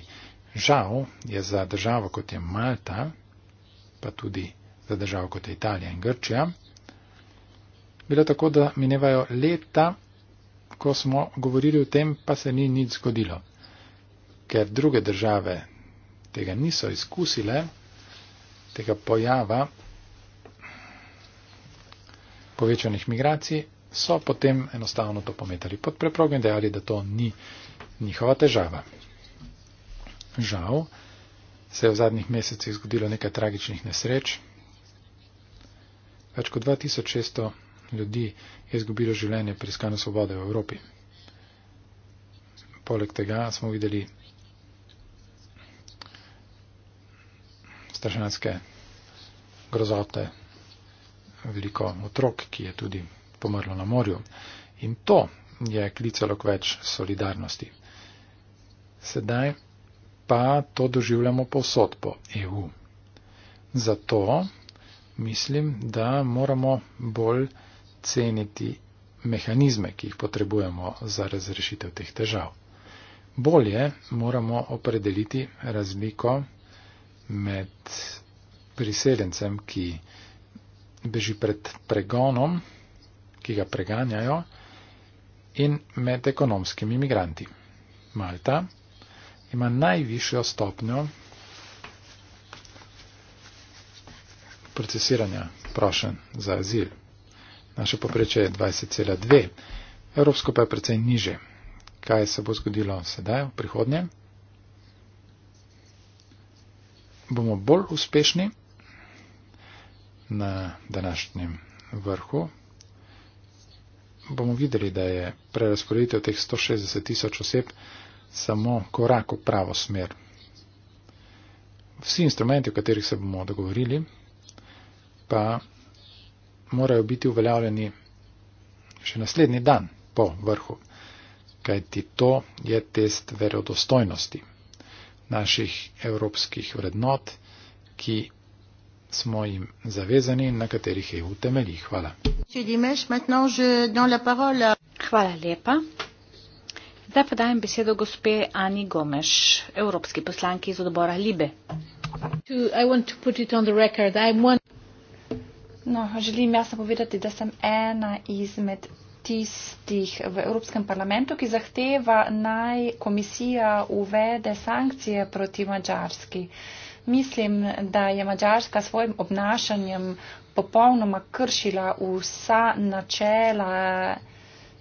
žal je za državo kot je Malta, pa tudi za državo kot je Italija in Grčija, bilo tako, da minevajo leta, ko smo govorili o tem, pa se ni nič zgodilo ker druge države tega niso izkusile, tega pojava povečanih migracij, so potem enostavno to pometali pod preprogo in dejali, da to ni njihova težava. Žal se je v zadnjih mesecih zgodilo nekaj tragičnih nesreč. Več kot 2600 ljudi je izgubilo življenje pri iskanju svobode v Evropi. Poleg tega smo videli strašanske grozote, veliko otrok, ki je tudi pomrlo na morju. In to je klicalo k več solidarnosti. Sedaj pa to doživljamo povsod po EU. Zato mislim, da moramo bolj ceniti mehanizme, ki jih potrebujemo za razrešitev teh težav. Bolje moramo opredeliti razliko med priseljencem, ki beži pred pregonom, ki ga preganjajo, in med ekonomskimi imigranti. Malta ima najvišjo stopnjo procesiranja prošen za azil. Naše poprečje je 20,2, evropsko pa je precej niže. Kaj se bo zgodilo sedaj, v prihodnje? bomo bolj uspešni na današnjem vrhu, bomo videli, da je prerasporeditev teh 160 tisoč oseb samo korak v pravo smer. Vsi instrumenti, o katerih se bomo dogovorili, pa morajo biti uveljavljeni še naslednji dan po vrhu, kajti to je test verodostojnosti naših evropskih vrednot, ki smo jim zavezani in na katerih EU temelji. Hvala. Hvala lepa. Zdaj pa dajem besedo gospe Ani Gomeš, evropski poslanki iz odbora Libe. No, želim jasno povedati, da sem ena izmed tistih v Evropskem parlamentu, ki zahteva naj komisija uvede sankcije proti Mačarski. Mislim, da je Mačarska svojim obnašanjem popolnoma kršila vsa načela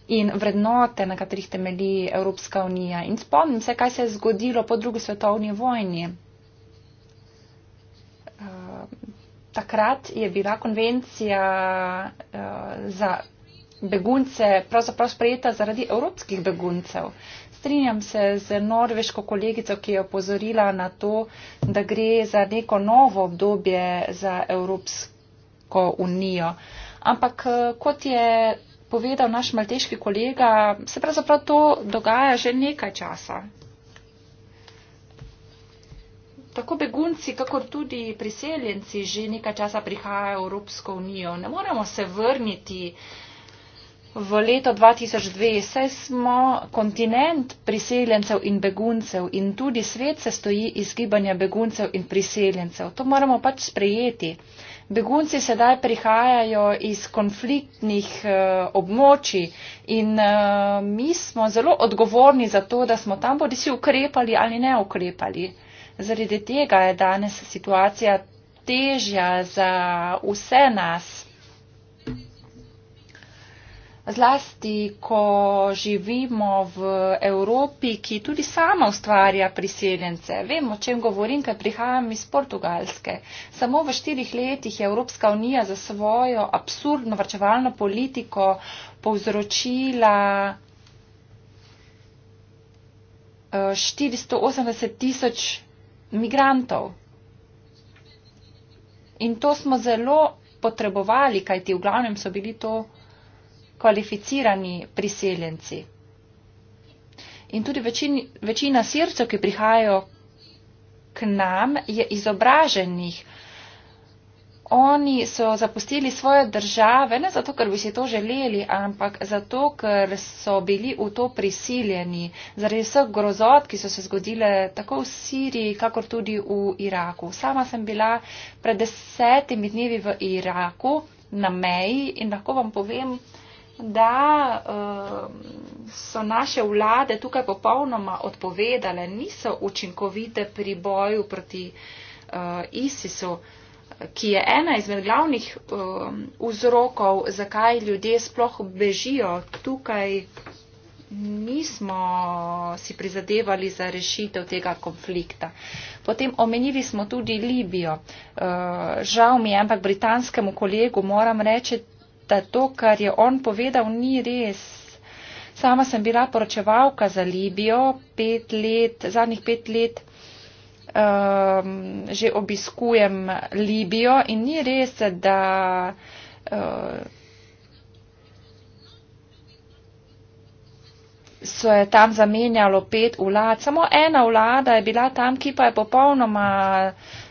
in vrednote, na katerih temelji Evropska unija. In spomnim se, kaj se je zgodilo po drugi svetovni vojni. Ehm, takrat je bila konvencija eh, za begunce pravzaprav sprejeta zaradi evropskih beguncev. Strinjam se z norveško kolegico, ki je opozorila na to, da gre za neko novo obdobje za Evropsko unijo. Ampak eh, kot je povedal naš malteški kolega, se pravzaprav to dogaja že nekaj časa. Tako begunci, kakor tudi priseljenci že nekaj časa prihajajo v Evropsko unijo. Ne moremo se vrniti uh, V leto 2002 smo kontinent priseljencev in beguncev in tudi svet se stoji iz gibanja beguncev in priseljencev. To moramo pač sprejeti. Begunci sedaj prihajajo iz konfliktnih eh, območij in eh, mi smo zelo odgovorni za to, da smo tam bodi si ukrepali ali ne ukrepali. Zaradi tega je danes situacija težja za vse nas zlasti ko živimo v Evropi, ki tudi sama ustvarja priseljence. Vem, o čem govorim, ker prihajam iz Portugalske. Samo v štirih letih je Evropska unija za svojo absurdno vrčevalno politiko povzročila 480 eh, tisoč migrantov. In to smo zelo potrebovali, kajti v glavnem so bili to kvalificirani priseljenci. In tudi večini, večina sircev, ki prihajajo k nam, je izobraženih. Oni so zapustili svoje države, ne zato, ker bi si to želeli, ampak zato, ker so bili v to prisiljeni zaradi vseh grozot, ki so se zgodile tako v Siriji, kakor tudi v Iraku. Sama sem bila pred desetimi dnevi v Iraku na meji in lahko vam povem, da uh, so naše vlade tukaj popolnoma odpovedale, niso učinkovite pri boju proti uh, ISIS-u, ki je ena izmed glavnih uh, vzrokov, zakaj ljudje sploh bežijo. Tukaj nismo si prizadevali za rešitev tega konflikta. Potem omenili smo tudi Libijo. Uh, žal mi je, ampak britanskemu kolegu moram reči, da to, kar je on povedal, ni res. Sama sem bila poročevalka za Libijo pet let, zadnjih pet let um, že obiskujem Libijo in ni res, da. Uh, so je tam zamenjalo pet vlad. Samo ena vlada je bila tam, ki pa je popolnoma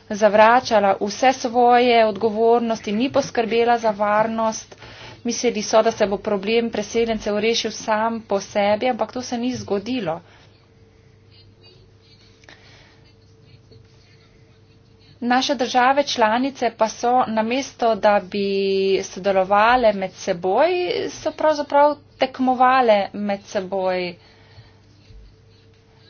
zavračala vse svoje odgovornosti, ni poskrbela za varnost. Mislili so, da se bo problem preseljencev rešil sam po sebi, ampak to se ni zgodilo. Naše države članice pa so namesto, da bi sodelovale med seboj, so pravzaprav tekmovale med seboj.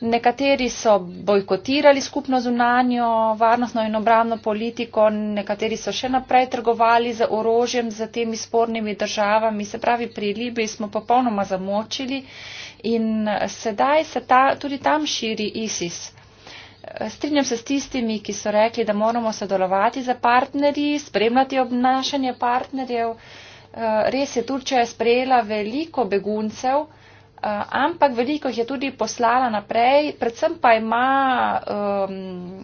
Nekateri so bojkotirali skupno zunanjo varnostno in obramno politiko, nekateri so še naprej trgovali z orožjem z temi spornimi državami. Se pravi, pri Libiji smo popolnoma zamočili in sedaj se ta, tudi tam širi ISIS. Strinjam se s tistimi, ki so rekli, da moramo sodelovati za partnerji, spremljati obnašanje partnerjev. Eh, res je, Turčija je sprejela veliko beguncev. Eh, ampak veliko jih je tudi poslala naprej, predvsem pa ima um,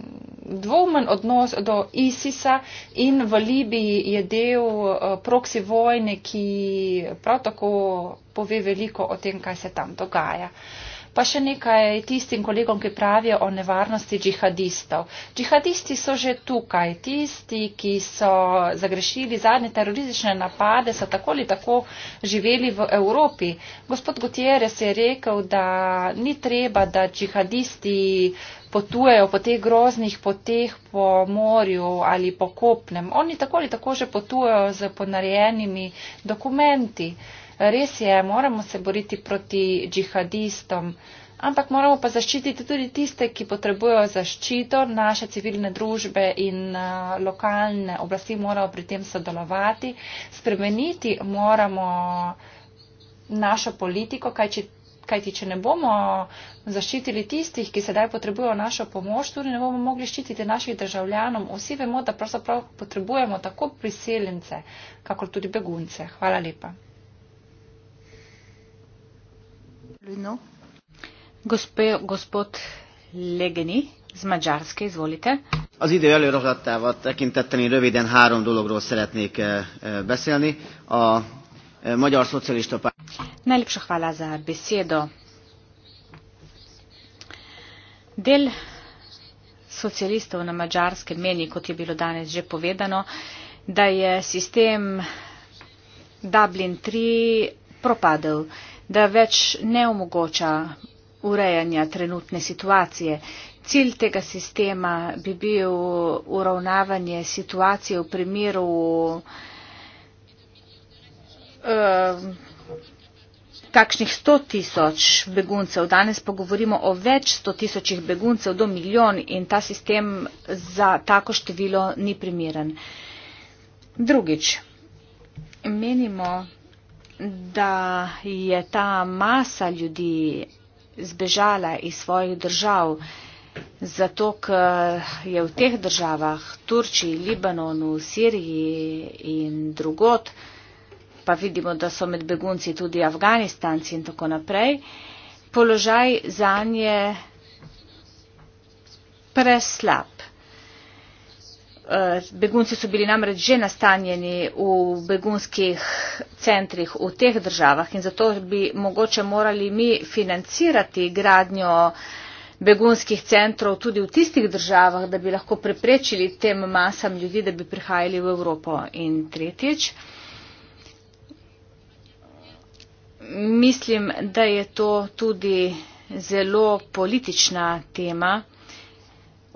dvomen odnos do ISIS-a in v Libiji je del uh, proksi vojne, ki prav tako pove veliko o tem, kaj se tam dogaja. Uh, Pa še nekaj tistim kolegom, ki pravijo o nevarnosti džihadistov. Džihadisti so že tukaj. Tisti, ki so zagrešili zadnje teroristične napade, so tako ali tako živeli v Evropi. Gospod Gutierrez je rekel, da ni treba, da džihadisti potujejo po teh groznih poteh po morju ali po kopnem. Oni tako ali tako že potujejo z ponarejenimi dokumenti res je, moramo se boriti proti džihadistom, ampak moramo pa zaščititi tudi tiste, ki potrebujejo zaščito, naše civilne družbe in lokalne oblasti morajo pri tem sodelovati. Spremeniti moramo našo politiko, kajti kaj če ne bomo zaščitili tistih, ki sedaj potrebujejo našo pomoč, tudi ne bomo mogli ščititi naših državljanov. Vsi vemo, da pravzaprav potrebujemo tako priseljence, kakor tudi begunce. Hvala lepa. Az idő előrohadtával tekintetten én röviden három dologról szeretnék eh, eh, beszélni. A eh, Magyar Szocialista Párt... Najlepša hvala za besedo. Del socialistov na Mačarske meni, kot je bilo danes že povedano, da je sistem Dublin 3 propadel da več ne omogoča urejanja trenutne situacije. Cilj tega sistema bi bil uravnavanje situacije v primeru eh, takšnih 100 tisoč beguncev. Danes pa govorimo o več 100 tisočih beguncev do milijon in ta sistem za tako število ni primeren. Drugič, menimo, da je ta masa ljudi zbežala iz svojih držav, zato ker je v teh državah, Turčiji, Libanonu, Siriji in drugot, pa vidimo, da so med begunci tudi Afganistanci in tako naprej, položaj zanje preslab. Eh, begunci so bili namreč že nastanjeni v begunskih centrih v teh državah in zato bi mogoče morali mi financirati gradnjo begunskih centrov tudi v tistih državah, da bi lahko preprečili tem masam ljudi, da bi prihajali v Evropo. In tretjič, mislim, da je to tudi zelo politična tema.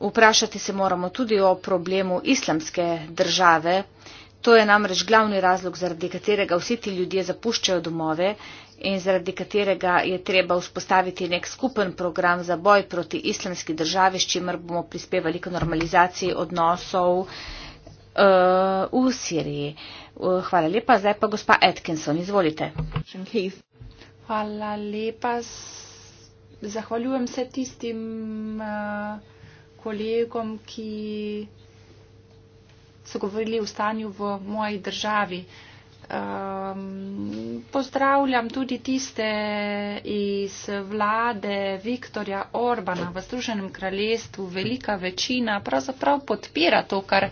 Vprašati se moramo tudi o problemu islamske države. To je namreč glavni razlog, zaradi katerega vsi ti ljudje zapuščajo domove in zaradi katerega je treba vzpostaviti nek skupen program za boj proti islamski državi, s čimer bomo prispevali k normalizaciji odnosov uh, v Siriji. Uh, hvala lepa. Zdaj pa gospa Atkinson, izvolite. Hvala lepa. Zahvaljujem se tistim. Uh, kolegom, ki so govorili o stanju v moji državi. Um, pozdravljam tudi tiste iz vlade Viktorja Orbana v Združenem kraljestvu. Velika večina pravzaprav podpira to, kar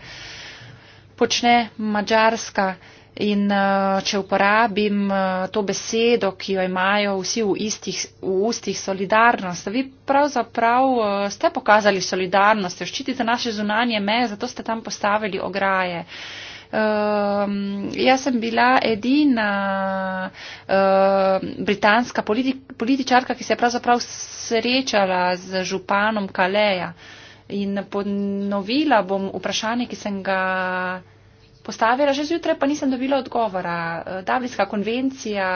počne Mačarska. Uh, In eh, če uporabim eh, to besedo, ki jo imajo vsi v, istih, v ustih, solidarnost, vi pravzaprav eh, ste pokazali solidarnost, ščitite naše zunanje meje, zato ste tam postavili ograje. Um, jaz sem bila edina uh, britanska politi političarka, ki se je pravzaprav srečala z županom Kaleja in ponovila bom vprašanje, ki sem ga postavila. Že zjutraj pa nisem dobila odgovora. E, Dablinska konvencija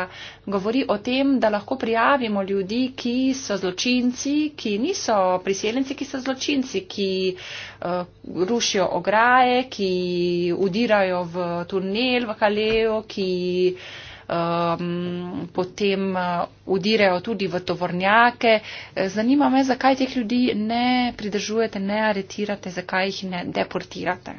govori o tem, da lahko prijavimo ljudi, ki so zločinci, ki niso priseljenci, ki so zločinci, ki uh, rušijo ograje, ki udirajo v tunel v Kalejo, ki um, potem e, udirajo tudi v tovornjake. Zanima me, zakaj teh ljudi ne pridržujete, ne aretirate, zakaj jih ne deportirate.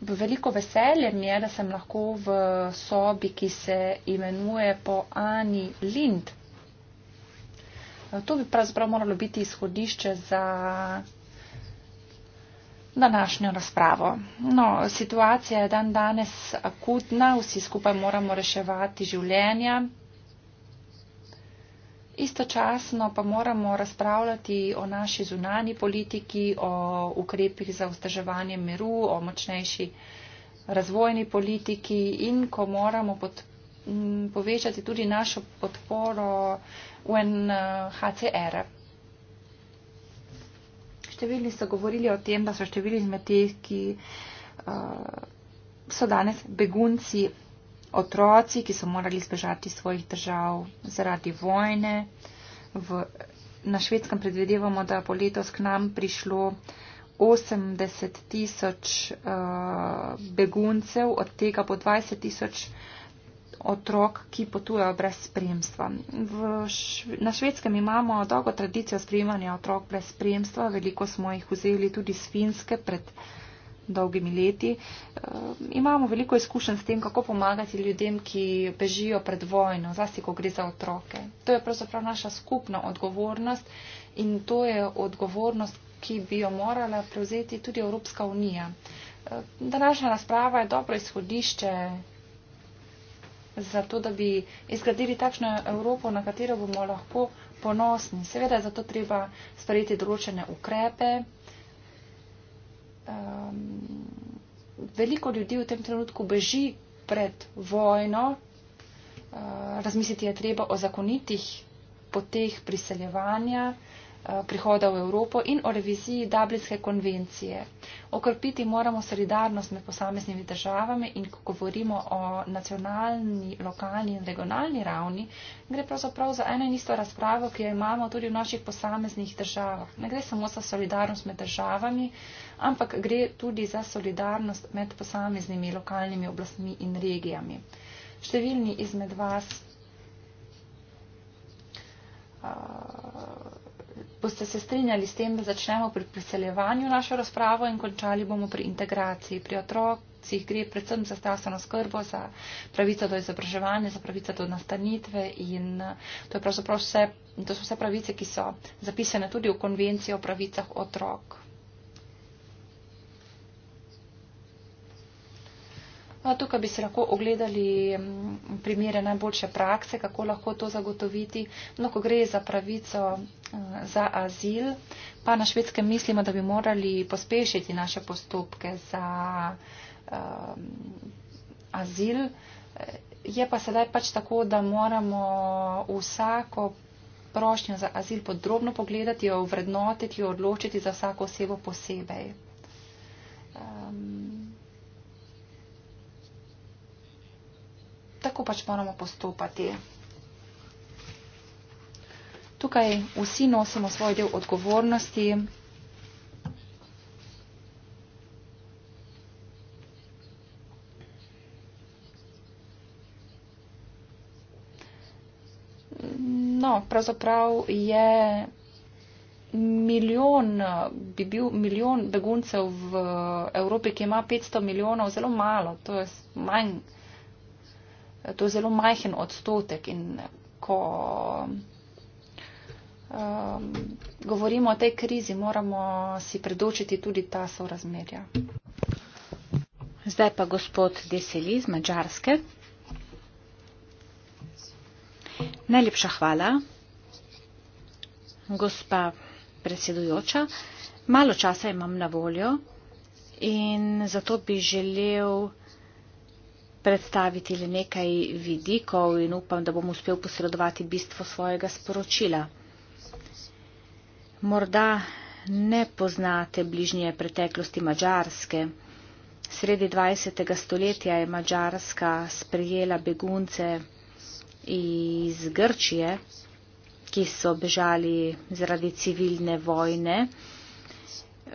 veliko veselje mi je, da sem lahko v sobi, ki se imenuje po Ani Lind. To bi pravzaprav moralo biti izhodišče za današnjo razpravo. No, situacija je dan danes akutna, vsi skupaj moramo reševati življenja istočasno pa moramo razpravljati o naši zunani politiki, o ukrepih za vzdrževanje miru, o močnejši razvojni politiki in ko moramo pod, m, povečati tudi našo podporo UNHCR. Številni so govorili o tem, da so številni izmed teh, ki uh, so danes begunci, otroci, ki so morali zbežati iz svojih držav zaradi vojne. V, na švedskem predvedevamo, da bo letos k nam prišlo 80 tisoč uh, beguncev, od tega bo 20 tisoč otrok, ki potujejo brez spremstva. V, na švedskem imamo dolgo tradicijo sprejemanja otrok brez spremstva, veliko smo jih vzeli tudi iz Finske pred dolgimi leti. Ehm, imamo veliko izkušenj s tem, kako pomagati ljudem, ki bežijo pred vojno, zasi, ko gre za otroke. To je pravzaprav naša skupna odgovornost in to je odgovornost, ki bi jo morala prevzeti tudi Evropska unija. Ehm, današnja razprava je dobro izhodišče za to, da bi izgradili takšno Evropo, na katero bomo lahko ponosni. Seveda je zato treba sprejeti določene ukrepe, um, veliko ljudi v tem trenutku beži pred vojno. Uh, razmisliti je treba o zakonitih poteh priseljevanja, uh, Eh, prihoda v Evropo in o reviziji Dublinske konvencije. Okrpiti moramo solidarnost med posameznimi državami in ko govorimo o nacionalni, lokalni in regionalni ravni, gre pravzaprav za eno in isto razpravo, ki jo imamo tudi v naših posameznih državah. Ne gre samo za solidarnost med državami, ampak gre tudi za solidarnost med posameznimi lokalnimi oblastmi in regijami. Številni izmed vas. Uh, boste se strinjali s tem, da začnemo pri priseljevanju našo razpravo in končali bomo pri integraciji. Pri otrocih gre predvsem za zdravstveno skrbo, za pravico do izobraževanja, za pravico do nastanitve in eh, to, vse, to so vse pravice, ki so zapisane tudi v konvenciji o pravicah otrok. No, tukaj bi se lahko ogledali mm, primere najboljše prakse, kako lahko to zagotoviti. No, ko gre za pravico eh, za azil, pa na švedskem mislimo, da bi morali pospešiti naše postopke za um, azil. Eh, je pa sedaj pač tako, da moramo vsako prošnjo za azil podrobno pogledati, jo vrednotiti, jo odločiti za vsako osebo posebej. Um, tako pač moramo postopati. Tukaj vsi nosimo svoj del odgovornosti. No, pravzaprav je milijon, bi bil milijon beguncev v Evropi, ki ima 500 milijonov, zelo malo, to je manj to je zelo majhen odstotek in ko um, govorimo o tej krizi, moramo si predočiti tudi ta sorazmerja. Zdaj pa gospod Deseli iz Mačarske. Najlepša hvala, gospa predsedujoča. Malo časa imam na voljo in zato bi želel predstaviti le nekaj vidikov in upam, da bom uspel posredovati bistvo svojega sporočila. Morda ne poznate bližnje preteklosti Mačarske. Sredi 20. stoletja je Mačarska sprejela begunce iz Grčije, ki so bežali zaradi civilne vojne.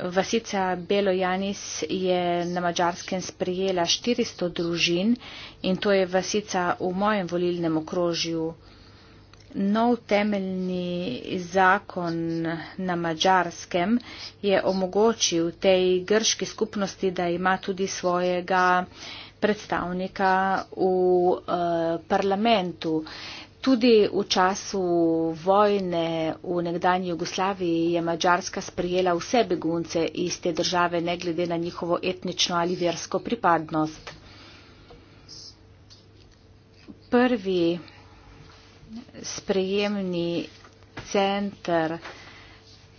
Vasica Belojanis je na Mačarskem sprijela 400 družin in to je vasica v mojem volilnem okrožju. Nov temeljni zakon na Mačarskem je omogočil tej grški skupnosti, da ima tudi svojega predstavnika v uh, parlamentu. Tudi v času vojne v nekdanji Jugoslaviji je Mačarska sprejela vse begunce iz te države, ne glede na njihovo etnično ali versko pripadnost. Prvi sprejemni center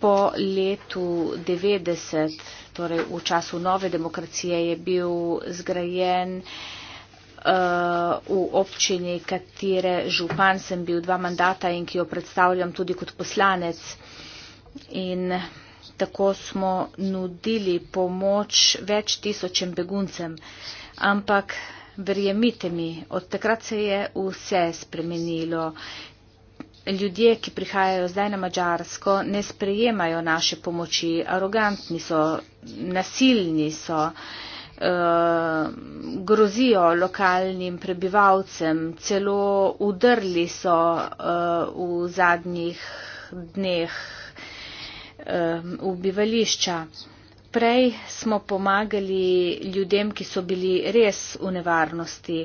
po letu 90, torej v času nove demokracije, je bil zgrajen Eh, v občini, katere župan sem bil dva mandata in ki jo predstavljam tudi kot poslanec. In tako smo nudili pomoč več tisočem beguncem. Ampak verjemite mi, od takrat se je vse spremenilo. Ljudje, ki prihajajo zdaj na Mačarsko, ne sprejemajo naše pomoči, arogantni so, nasilni so. Uh, Eh, grozijo lokalnim prebivalcem, celo udrli so uh, v zadnjih dneh uh, v bivališča. Prej smo pomagali ljudem, ki so bili res v nevarnosti.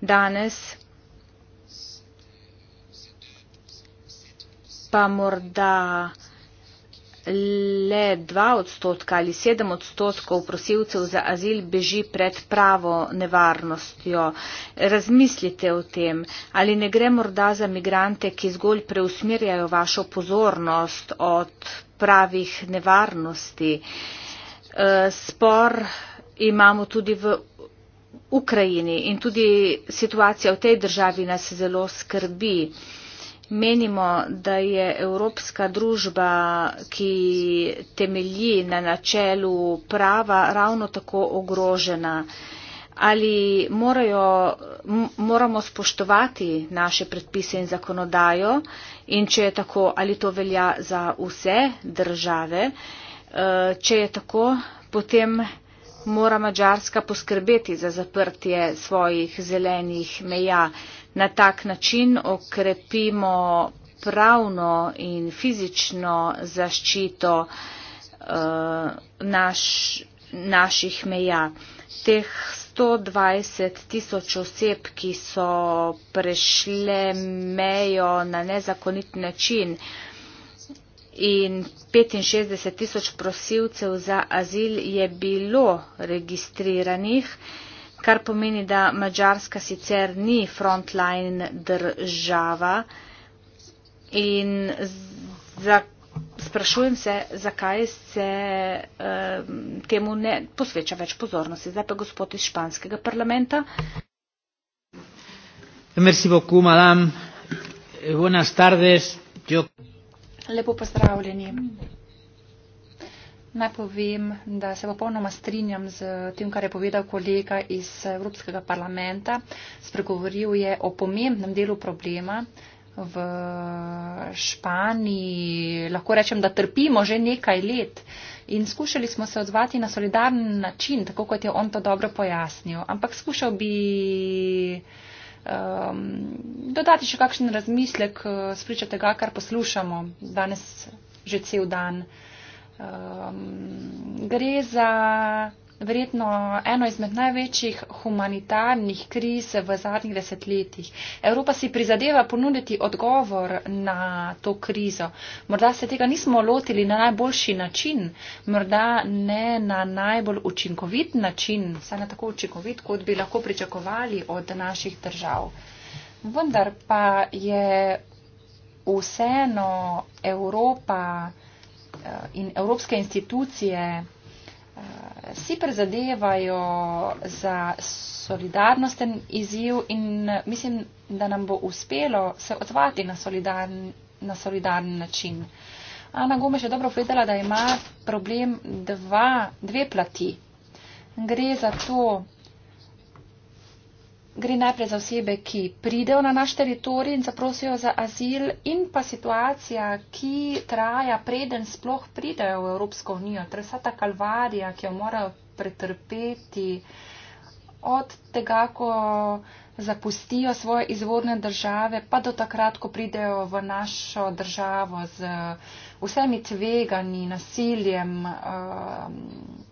Danes pa morda le dva odstotka ali sedem odstotkov prosilcev za azil beži pred pravo nevarnostjo. Razmislite o tem, ali ne gre morda za migrante, ki zgolj preusmerjajo vašo pozornost od pravih nevarnosti. E, spor imamo tudi v. Ukrajini in tudi situacija v tej državi nas zelo skrbi. Menimo, da je evropska družba, ki temelji na načelu prava, ravno tako ogrožena. Ali morajo, moramo spoštovati naše predpise in zakonodajo in če je tako, ali to velja za vse države. E, če je tako, potem mora Mačarska poskrbeti za zaprtje svojih zelenih meja na tak način okrepimo pravno in fizično zaščito eh, naš, naših meja. Teh 120 tisoč oseb, ki so prešle mejo na nezakonit način in 65 tisoč prosilcev za azil je bilo registriranih kar pomeni, da Mačarska sicer ni frontline država in za, sprašujem se, zakaj se eh, temu ne posveča več pozornosti. Zdaj pa gospod iz španskega parlamenta. Merci beaucoup, madame. Buenas tardes. Yo... Lepo pozdravljeni. Naj povem, da se popolnoma strinjam z tem, kar je povedal kolega iz Evropskega parlamenta. Spregovoril je o pomembnem delu problema v Španiji. Lahko rečem, da trpimo že nekaj let in skušali smo se odzvati na solidarn način, tako kot je on to dobro pojasnil. Ampak skušal bi. Um, dodati še kakšen razmislek uh, spričo tega, kar poslušamo danes že cel dan. Uh, Um, gre za verjetno eno izmed največjih humanitarnih kriz v zadnjih desetletjih. Evropa si prizadeva ponuditi odgovor na to krizo. Morda se tega nismo lotili na najboljši način, morda ne na najbolj učinkovit način, saj na tako učinkovit, kot bi lahko pričakovali od naših držav. Vendar pa je vseeno Evropa. Eh, in evropske institucije eh, si prizadevajo za solidarnosten izziv in eh, mislim, da nam bo uspelo se odzvati na solidarn, na solidarn način. Ana Gomeš je dobro povedala, da ima problem dva, dve plati. Gre za to, gre najprej za osebe, ki pridejo na naš teritorij in zaprosijo za azil in pa situacija, ki traja preden sploh pridejo v Evropsko unijo. Torej vsa ta kalvarija, ki jo morajo pretrpeti od tega, ko zapustijo svoje izvorne države, pa do takrat, ko pridejo v našo državo z vsemi tveganji, nasiljem. Uh,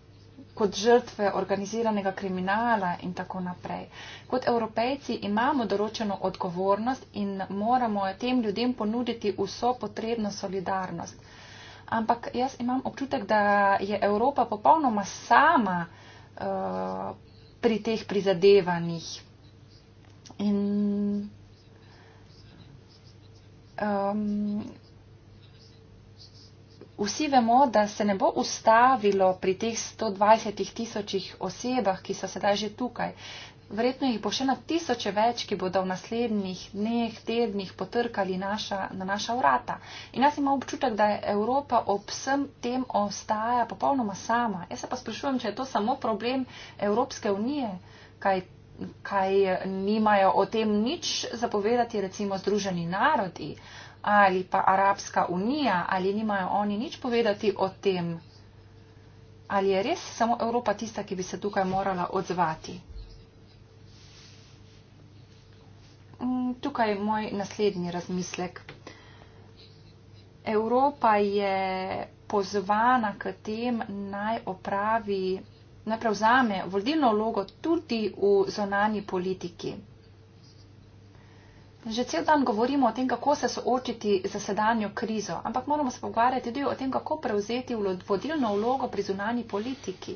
kot žrtve organiziranega kriminala in tako naprej. Kot evropejci imamo določeno odgovornost in moramo tem ljudem ponuditi vso potrebno solidarnost. Ampak jaz imam občutek, da je Evropa popolnoma sama uh, pri teh prizadevanjih. In, um, vsi vemo, da se ne bo ustavilo pri teh 120 tisočih osebah, ki so sedaj že tukaj. Verjetno jih bo še na tisoče več, ki bodo v naslednjih dneh, tednih potrkali naša, na naša vrata. In jaz imam občutek, da je Evropa ob vsem tem ostaja popolnoma sama. Jaz se pa sprašujem, če je to samo problem Evropske unije, kaj, kaj nimajo o tem nič zapovedati, recimo Združeni narodi. Uh, ali pa Arabska unija, ali nimajo oni nič povedati o tem, ali je res samo Evropa tista, ki bi se tukaj morala odzvati. Mm, tukaj je moj naslednji razmislek. Evropa je pozvana k tem naj opravi, naj prevzame vodilno vlogo tudi v zonani politiki. Že cel dan govorimo o tem, kako se soočiti z sedanjo krizo, ampak moramo se pogovarjati tudi o tem, kako prevzeti vodilno vlogo pri zunani politiki.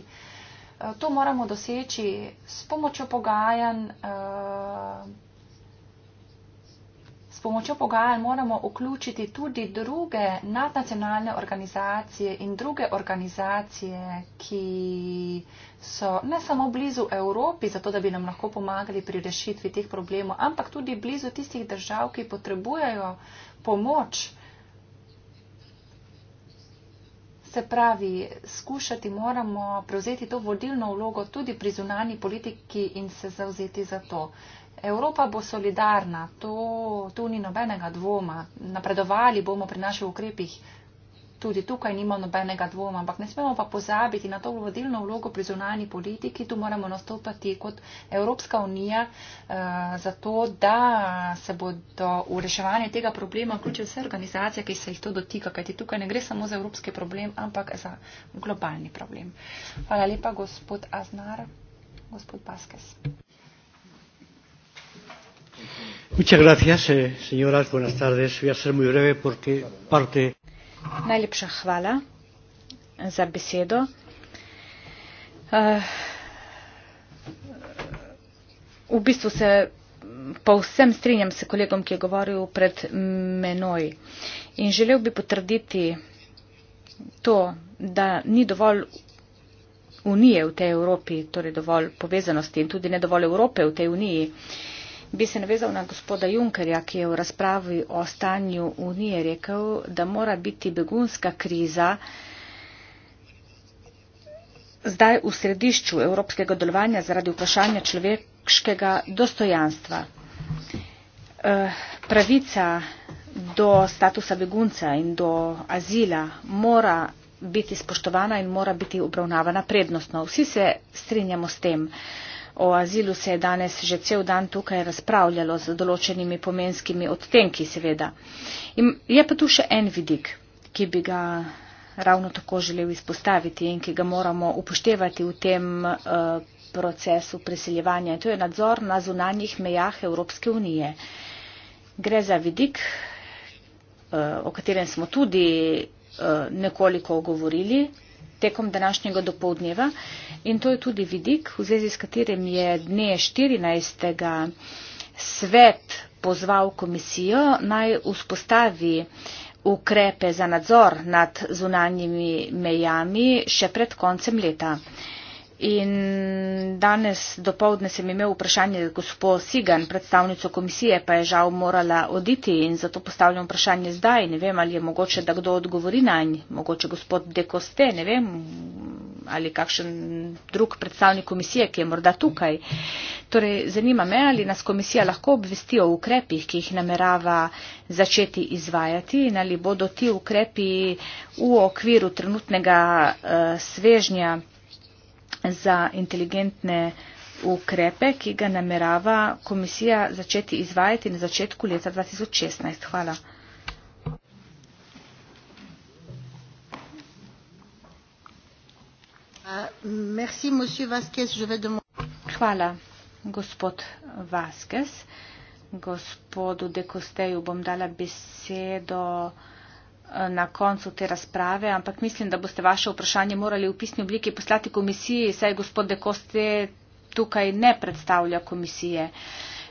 Eh, to moramo doseči s pomočjo pogajanj, eh, pomočjo pogajanj moramo vključiti tudi druge nadnacionalne organizacije in druge organizacije, ki so ne samo blizu Evropi, zato da bi nam lahko pomagali pri rešitvi teh problemov, ampak tudi blizu tistih držav, ki potrebujejo pomoč. Se pravi, skušati moramo prevzeti to vodilno vlogo tudi pri zunani politiki in se zauzeti za to. Evropa bo solidarna, to, to ni nobenega dvoma. Napredovali bomo pri naših ukrepih, tudi tukaj nima nobenega dvoma, ampak ne smemo pa pozabiti na to vodilno vlogo pri zunanji politiki. Tu moramo nastopati kot Evropska unija, eh, zato da se bodo v reševanje tega problema vključile vse organizacije, ki se jih to dotika, kajti tukaj ne gre samo za evropski problem, ampak za globalni problem. Hvala lepa, gospod Aznar, gospod Paskes. Muchas gracias, eh, señoras. Buenas tardes. Voy a ser muy breve porque parte. Najlepša hvala za besedo. Uh, v bistvu se povsem strinjam s kolegom, ki je govoril pred menoj. In želel bi potrditi to, da ni dovolj unije v tej Evropi, torej dovolj povezanosti in tudi ne dovolj Evrope v tej uniji. Uh, bi se navezal na gospoda Junkerja, ki je v razpravi o stanju Unije rekel, da mora biti begunska kriza zdaj v središču evropskega delovanja zaradi vprašanja človeškega dostojanstva. Eh, pravica do statusa begunca in do azila mora biti spoštovana in mora biti obravnavana prednostno. Vsi se strinjamo s tem o azilu se je danes že cel dan tukaj razpravljalo z določenimi pomenskimi odtenki, seveda. In je pa tu še en vidik, ki bi ga ravno tako želel izpostaviti in ki ga moramo upoštevati v tem uh, procesu preseljevanja. In to je nadzor na zunanjih mejah Evropske unije. Gre za vidik, uh, o katerem smo tudi uh, nekoliko govorili, tekom današnjega dopoldneva in to je tudi vidik, v zvezi s katerim je dne 14. svet pozval komisijo naj vzpostavi ukrepe za nadzor nad zunanjimi mejami še pred koncem leta. In danes dopovdne sem imel vprašanje gospo Sigan, predstavnico komisije, pa je žal morala oditi in zato postavljam vprašanje zdaj. Ne vem, ali je mogoče, da kdo odgovori na nj, mogoče gospod Dekoste, ne vem, ali kakšen drug predstavnik komisije, ki je morda tukaj. Torej, zanima me, ali nas komisija lahko obvesti o ukrepih, ki jih namerava začeti izvajati in ali bodo ti ukrepi v okviru trenutnega uh, svežnja za inteligentne ukrepe, ki ga namerava komisija začeti izvajati na začetku leta 2016. Hvala. Ah, Hvala, gospod Vaskes. Gospodu Dekosteju bom dala besedo na koncu te razprave, ampak mislim, da boste vaše vprašanje morali v pisni obliki poslati komisiji, saj gospod Dekoste tukaj ne predstavlja komisije.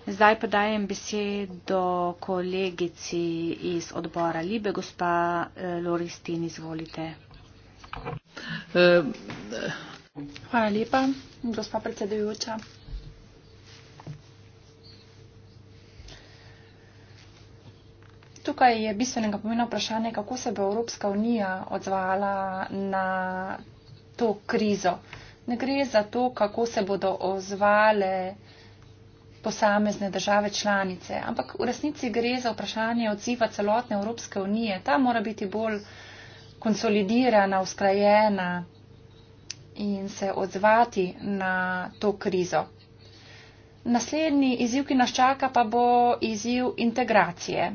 Zdaj pa dajem besedo kolegici iz odbora Libe, gospa eh, Loristin, izvolite. Eh, eh. Hvala lepa, gospa predsedujoča. tukaj je bistvenega pomena vprašanje, kako se bo Evropska unija odzvala na to krizo. Ne gre za to, kako se bodo ozvale posamezne države članice, ampak v resnici gre za vprašanje odziva celotne Evropske unije. Ta mora biti bolj konsolidirana, usklajena in se odzvati na to krizo. Naslednji izziv, ki nas čaka, pa bo izziv integracije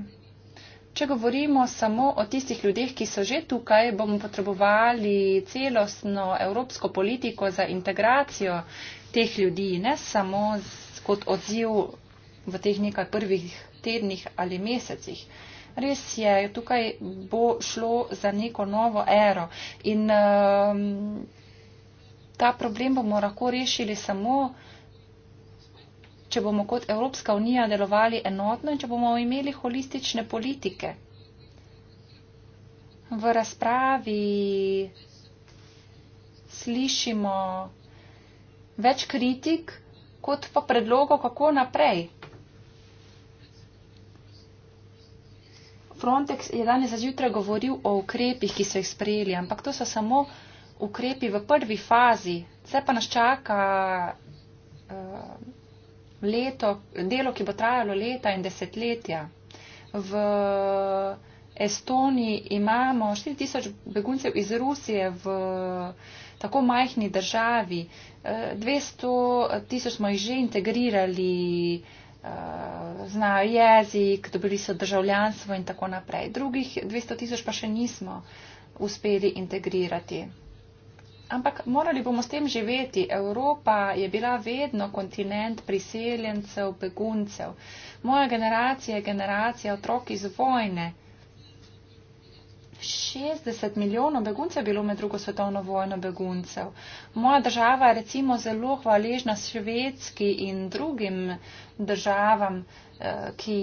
če govorimo samo o tistih ljudeh, ki so že tukaj, bomo potrebovali celostno evropsko politiko za integracijo teh ljudi, ne samo kot odziv v teh nekaj prvih tednih ali mesecih. Res je, tukaj bo šlo za neko novo ero in um, ta problem bomo lahko rešili samo, če bomo kot Evropska unija delovali enotno in če bomo imeli holistične politike. V razpravi slišimo več kritik kot pa predlogov, kako naprej. Frontex je danes zjutraj govoril o ukrepih, ki so jih sprejeli, ampak to so samo ukrepi v prvi fazi. Vse pa nas čaka. Uh, leto, delo, ki bo trajalo leta in desetletja. V Estoniji imamo 4000 beguncev iz Rusije v tako majhni državi. 200 tisoč smo jih že integrirali, eh, znajo jezik, dobili so državljanstvo in tako naprej. Drugih 200 tisoč pa še nismo uspeli integrirati ampak morali bomo s tem živeti. Evropa je bila vedno kontinent priseljencev, beguncev. Moja generacija je generacija otrok iz vojne. 60 milijonov beguncev je bilo med drugo svetovno vojno beguncev. Moja država je recimo zelo hvaležna švedski in drugim državam, eh, ki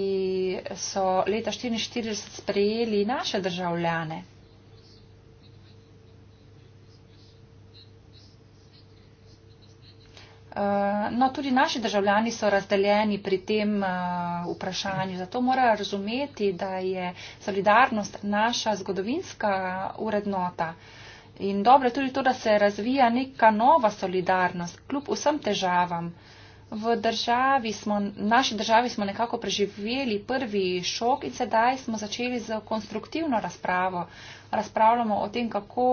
so leta 1944 sprejeli naše državljane. Eh, no, tudi naši državljani so razdeljeni pri tem eh, vprašanju, zato morajo razumeti, da je solidarnost naša zgodovinska urednota. In dobro je tudi to, da se razvija neka nova solidarnost, kljub vsem težavam. Uh, V državi smo, naši državi smo nekako preživeli prvi šok in sedaj smo začeli z konstruktivno razpravo. Razpravljamo o tem, kako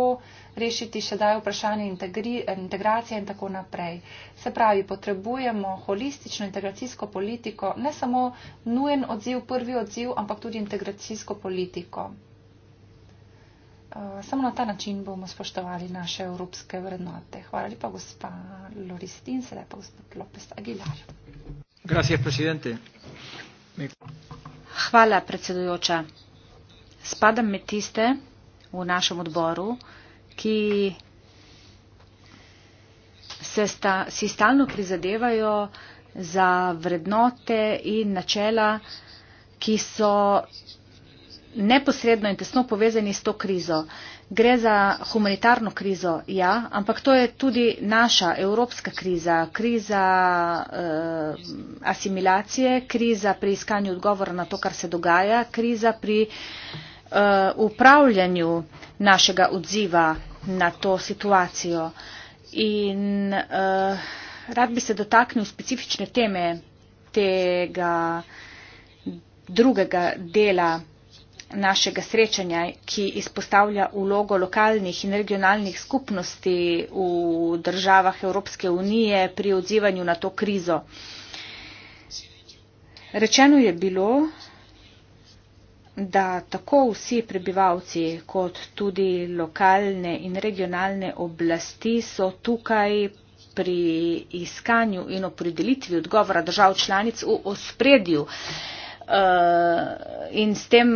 rešiti še daj vprašanje integri, integracije in tako naprej. Se pravi, potrebujemo holistično integracijsko politiko, ne samo nujen odziv, prvi odziv, ampak tudi integracijsko politiko. Eh, samo na ta način bomo spoštovali naše evropske vrednote. Hvala lepa, gospa Loristin, sedaj pa gospod Lopes Aguilar. Gracias, presidente. Hvala, predsedujoča. Spadam med tiste v našem odboru, ki se sta, si stalno prizadevajo za vrednote in načela, ki so neposredno in tesno povezani s to krizo. Gre za humanitarno krizo, ja, ampak to je tudi naša evropska kriza, kriza eh, asimilacije, kriza pri iskanju odgovora na to, kar se dogaja, kriza pri eh, upravljanju našega odziva na to situacijo. In eh, rad bi se dotaknil specifične teme tega drugega dela našega srečanja, ki izpostavlja ulogo lokalnih in regionalnih skupnosti v državah Evropske unije pri odzivanju na to krizo. Rečeno je bilo, da tako vsi prebivalci kot tudi lokalne in regionalne oblasti so tukaj pri iskanju in opredelitvi odgovora držav članic v ospredju uh, in s tem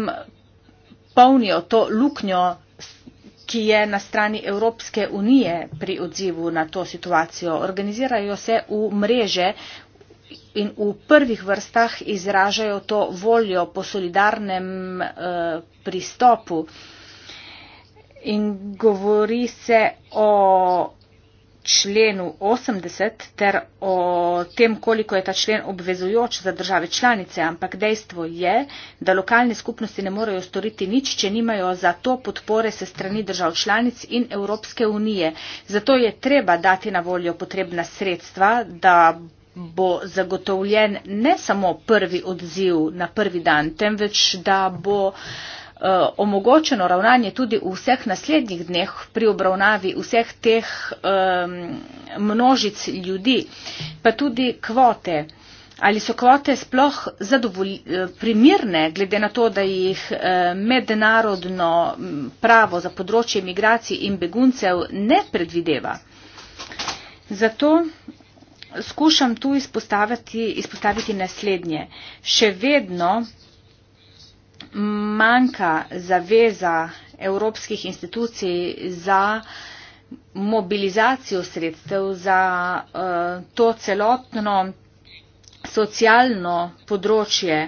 polnijo to luknjo, ki je na strani Evropske unije pri odzivu na to situacijo. Organizirajo se v mreže in v prvih vrstah izražajo to voljo po solidarnem eh, pristopu. In govori se o členu 80 ter o tem, koliko je ta člen obvezujoč za države članice, ampak dejstvo je, da lokalne skupnosti ne morejo storiti nič, če nimajo za to podpore se strani držav članic in Evropske unije. Zato je treba dati na voljo potrebna sredstva, da bo zagotovljen ne samo prvi odziv na prvi dan, temveč da bo uh, Eh, omogočeno ravnanje tudi v vseh naslednjih dneh pri obravnavi vseh teh um, množic ljudi, pa tudi kvote. Ali so kvote sploh zadovolj, primirne, glede na to, da jih eh, mednarodno pravo za področje migracij in beguncev ne predvideva? Zato skušam tu izpostaviti, izpostaviti naslednje. Še vedno manjka zaveza evropskih institucij za mobilizacijo sredstev za uh, to celotno socialno področje.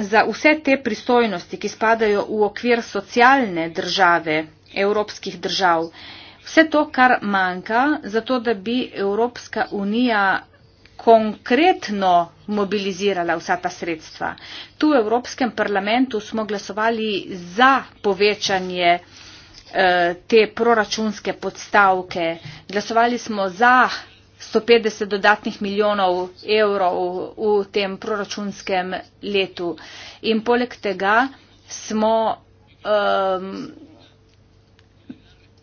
Za vse te pristojnosti, ki spadajo v okvir socialne države evropskih držav, vse to, kar manjka, zato da bi Evropska unija konkretno mobilizirala vsa ta sredstva. Tu v Evropskem parlamentu smo glasovali za povečanje eh, te proračunske podstavke. Glasovali smo za 150 dodatnih milijonov evrov v tem proračunskem letu. In poleg tega smo um,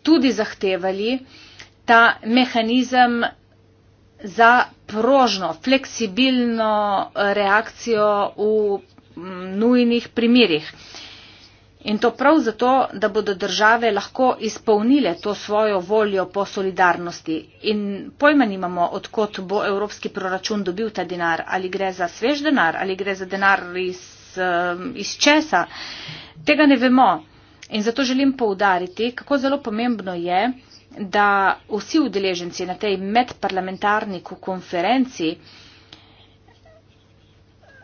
tudi zahtevali ta mehanizem za prožno, fleksibilno reakcijo v mm, nujnih primerjih. In to prav zato, da bodo države lahko izpolnile to svojo voljo po solidarnosti. In pojma nimamo, odkot bo evropski proračun dobil ta denar, ali gre za svež denar, ali gre za denar iz, iz česa. Tega ne vemo. In zato želim poudariti, kako zelo pomembno je, da vsi udeleženci na tej medparlamentarni konferenci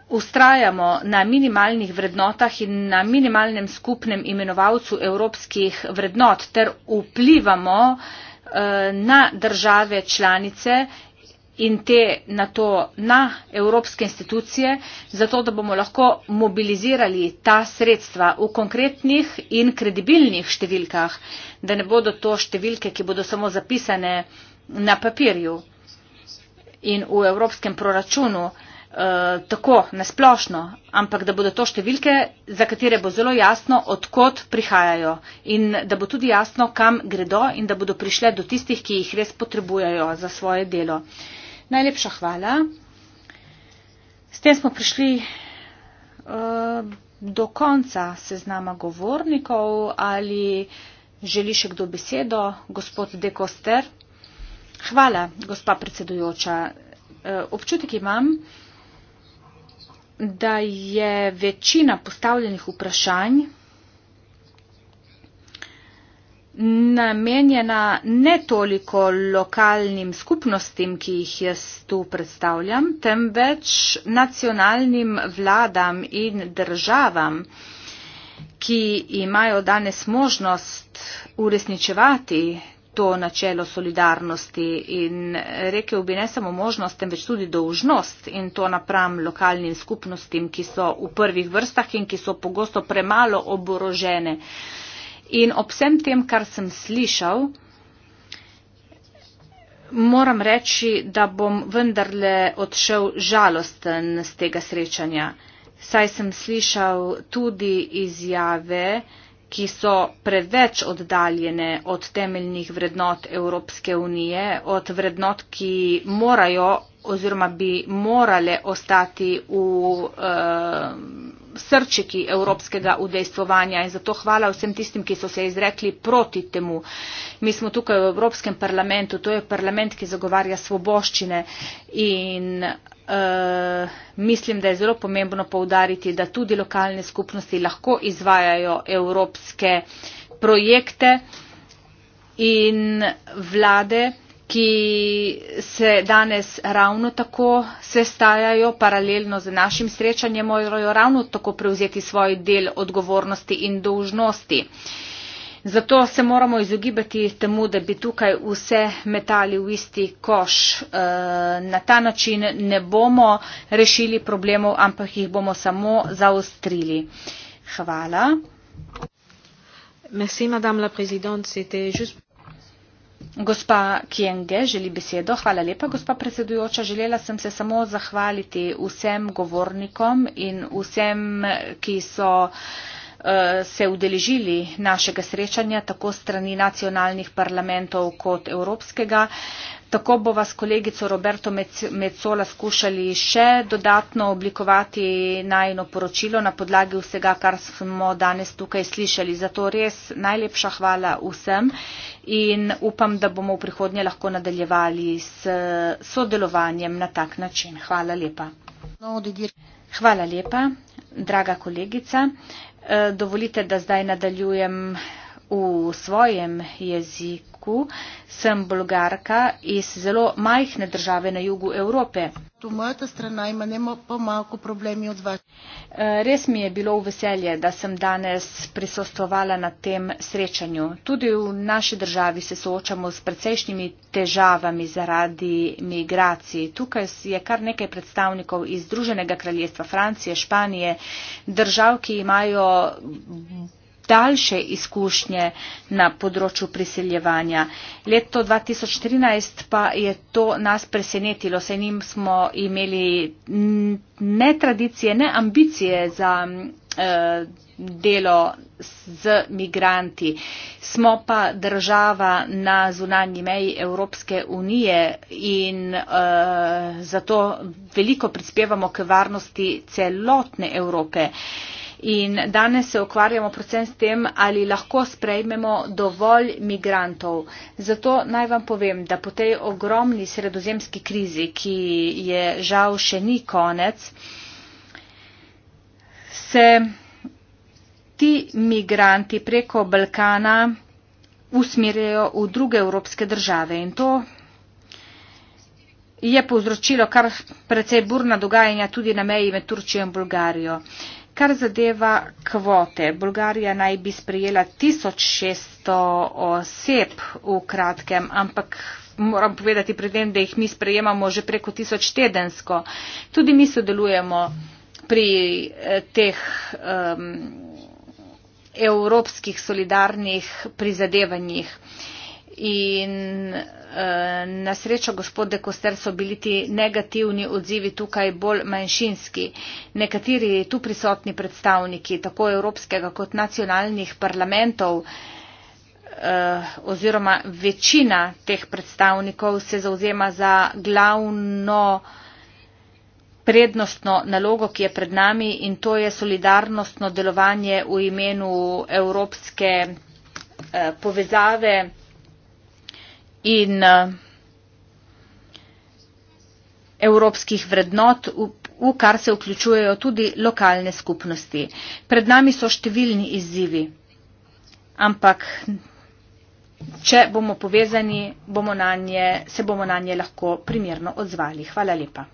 ustrajamo na minimalnih vrednotah in na minimalnem skupnem imenovalcu evropskih vrednot ter vplivamo eh, na države članice in te na to na evropske institucije, zato da bomo lahko mobilizirali ta sredstva v konkretnih in kredibilnih številkah, da ne bodo to številke, ki bodo samo zapisane na papirju in v evropskem proračunu eh, tako nasplošno, ampak da bodo to številke, za katere bo zelo jasno, odkot prihajajo in da bo tudi jasno, kam gredo in da bodo prišle do tistih, ki jih res potrebujejo za svoje delo. Najlepša hvala. S tem smo prišli eh, do konca seznama govornikov. Ali želi še kdo besedo? Gospod Dekoster. Hvala, gospa predsedujoča. Eh, občutek imam, da je večina postavljenih vprašanj namenjena ne toliko lokalnim skupnostim, ki jih jaz tu predstavljam, temveč nacionalnim vladam in državam, ki imajo danes možnost uresničevati to načelo solidarnosti in rekel bi ne samo možnost, temveč tudi dolžnost in to napram lokalnim skupnostim, ki so v prvih vrstah in ki so pogosto premalo oborožene. Uh, In ob vsem tem, kar sem slišal, moram reči, da bom vendarle odšel žalosten z tega srečanja. Saj sem slišal tudi izjave, ki so preveč oddaljene od temeljnih vrednot Evropske unije, od vrednot, ki morajo oziroma bi morale ostati v. Uh, srčiki evropskega udejstvovanja in zato hvala vsem tistim, ki so se izrekli proti temu. Mi smo tukaj v Evropskem parlamentu, to je parlament, ki zagovarja svoboščine in uh, mislim, da je zelo pomembno poudariti, da tudi lokalne skupnosti lahko izvajajo evropske projekte in vlade ki se danes ravno tako sestajajo paralelno z našim srečanjem, morajo ravno tako prevzeti svoj del odgovornosti in dolžnosti. Zato se moramo izogibati temu, da bi tukaj vse metali v isti koš. E, na ta način ne bomo rešili problemov, ampak jih bomo samo zaostrili. Hvala. Merci, madame la présidente. C'était juste Gospa Kienge želi besedo. Hvala lepa, gospa predsedujoča. Želela sem se samo zahvaliti vsem govornikom in vsem, ki so eh, se udeležili našega srečanja tako strani nacionalnih parlamentov kot evropskega. Tako bova s kolegico Roberto Mecola skušali še dodatno oblikovati najno poročilo na podlagi vsega, kar smo danes tukaj slišali. Zato res najlepša hvala vsem in upam, da bomo v prihodnje lahko nadaljevali s sodelovanjem na tak način. Hvala lepa. Hvala lepa, draga kolegica. E, dovolite, da zdaj nadaljujem v svojem jeziku. Baku, sem bolgarka iz zelo majhne države na jugu Evrope. Tu moja strana ima nema pa malo problemi od vas. Eh, res mi je bilo v veselje, da sem danes prisostovala na tem srečanju. Tudi v naši državi se soočamo s precejšnjimi težavami zaradi migracij. Tukaj je kar nekaj predstavnikov iz Združenega kraljestva Francije, Španije, držav, ki imajo. Mhm daljše izkušnje na področju priseljevanja. Leto 2013 pa je to nas presenetilo, saj njim smo imeli ne tradicije, ne ambicije za eh, delo z migranti. Smo pa država na zunanji meji Evropske unije in uh, zato veliko prispevamo k varnosti celotne Evrope. Uh, In danes se ukvarjamo predvsem s tem, ali lahko sprejmemo dovolj migrantov. Zato naj vam povem, da po tej ogromni sredozemski krizi, ki je žal še ni konec, se ti migranti preko Balkana usmerjajo v druge evropske države. In to je povzročilo kar precej burna dogajanja tudi na meji med Turčijo in Bolgarijo. Kar zadeva kvote, Bolgarija naj bi sprejela 1600 oseb v kratkem, ampak moram povedati predtem, da jih mi sprejemamo že preko 1000 tedensko. Tudi mi sodelujemo pri eh, teh um, evropskih solidarnih prizadevanjih. In na srečo gospode Koster so bili ti negativni odzivi tukaj bolj manjšinski. Nekateri tu prisotni predstavniki tako evropskega kot nacionalnih parlamentov eh, oziroma večina teh predstavnikov se zauzema za glavno prednostno nalogo, ki je pred nami in to je solidarnostno delovanje v imenu evropske eh, povezave in eh, evropskih vrednot, v kar se vključujejo tudi lokalne skupnosti. Pred nami so številni izzivi, ampak če bomo povezani, bomo nje, se bomo na nje lahko primerno odzvali. Hvala lepa.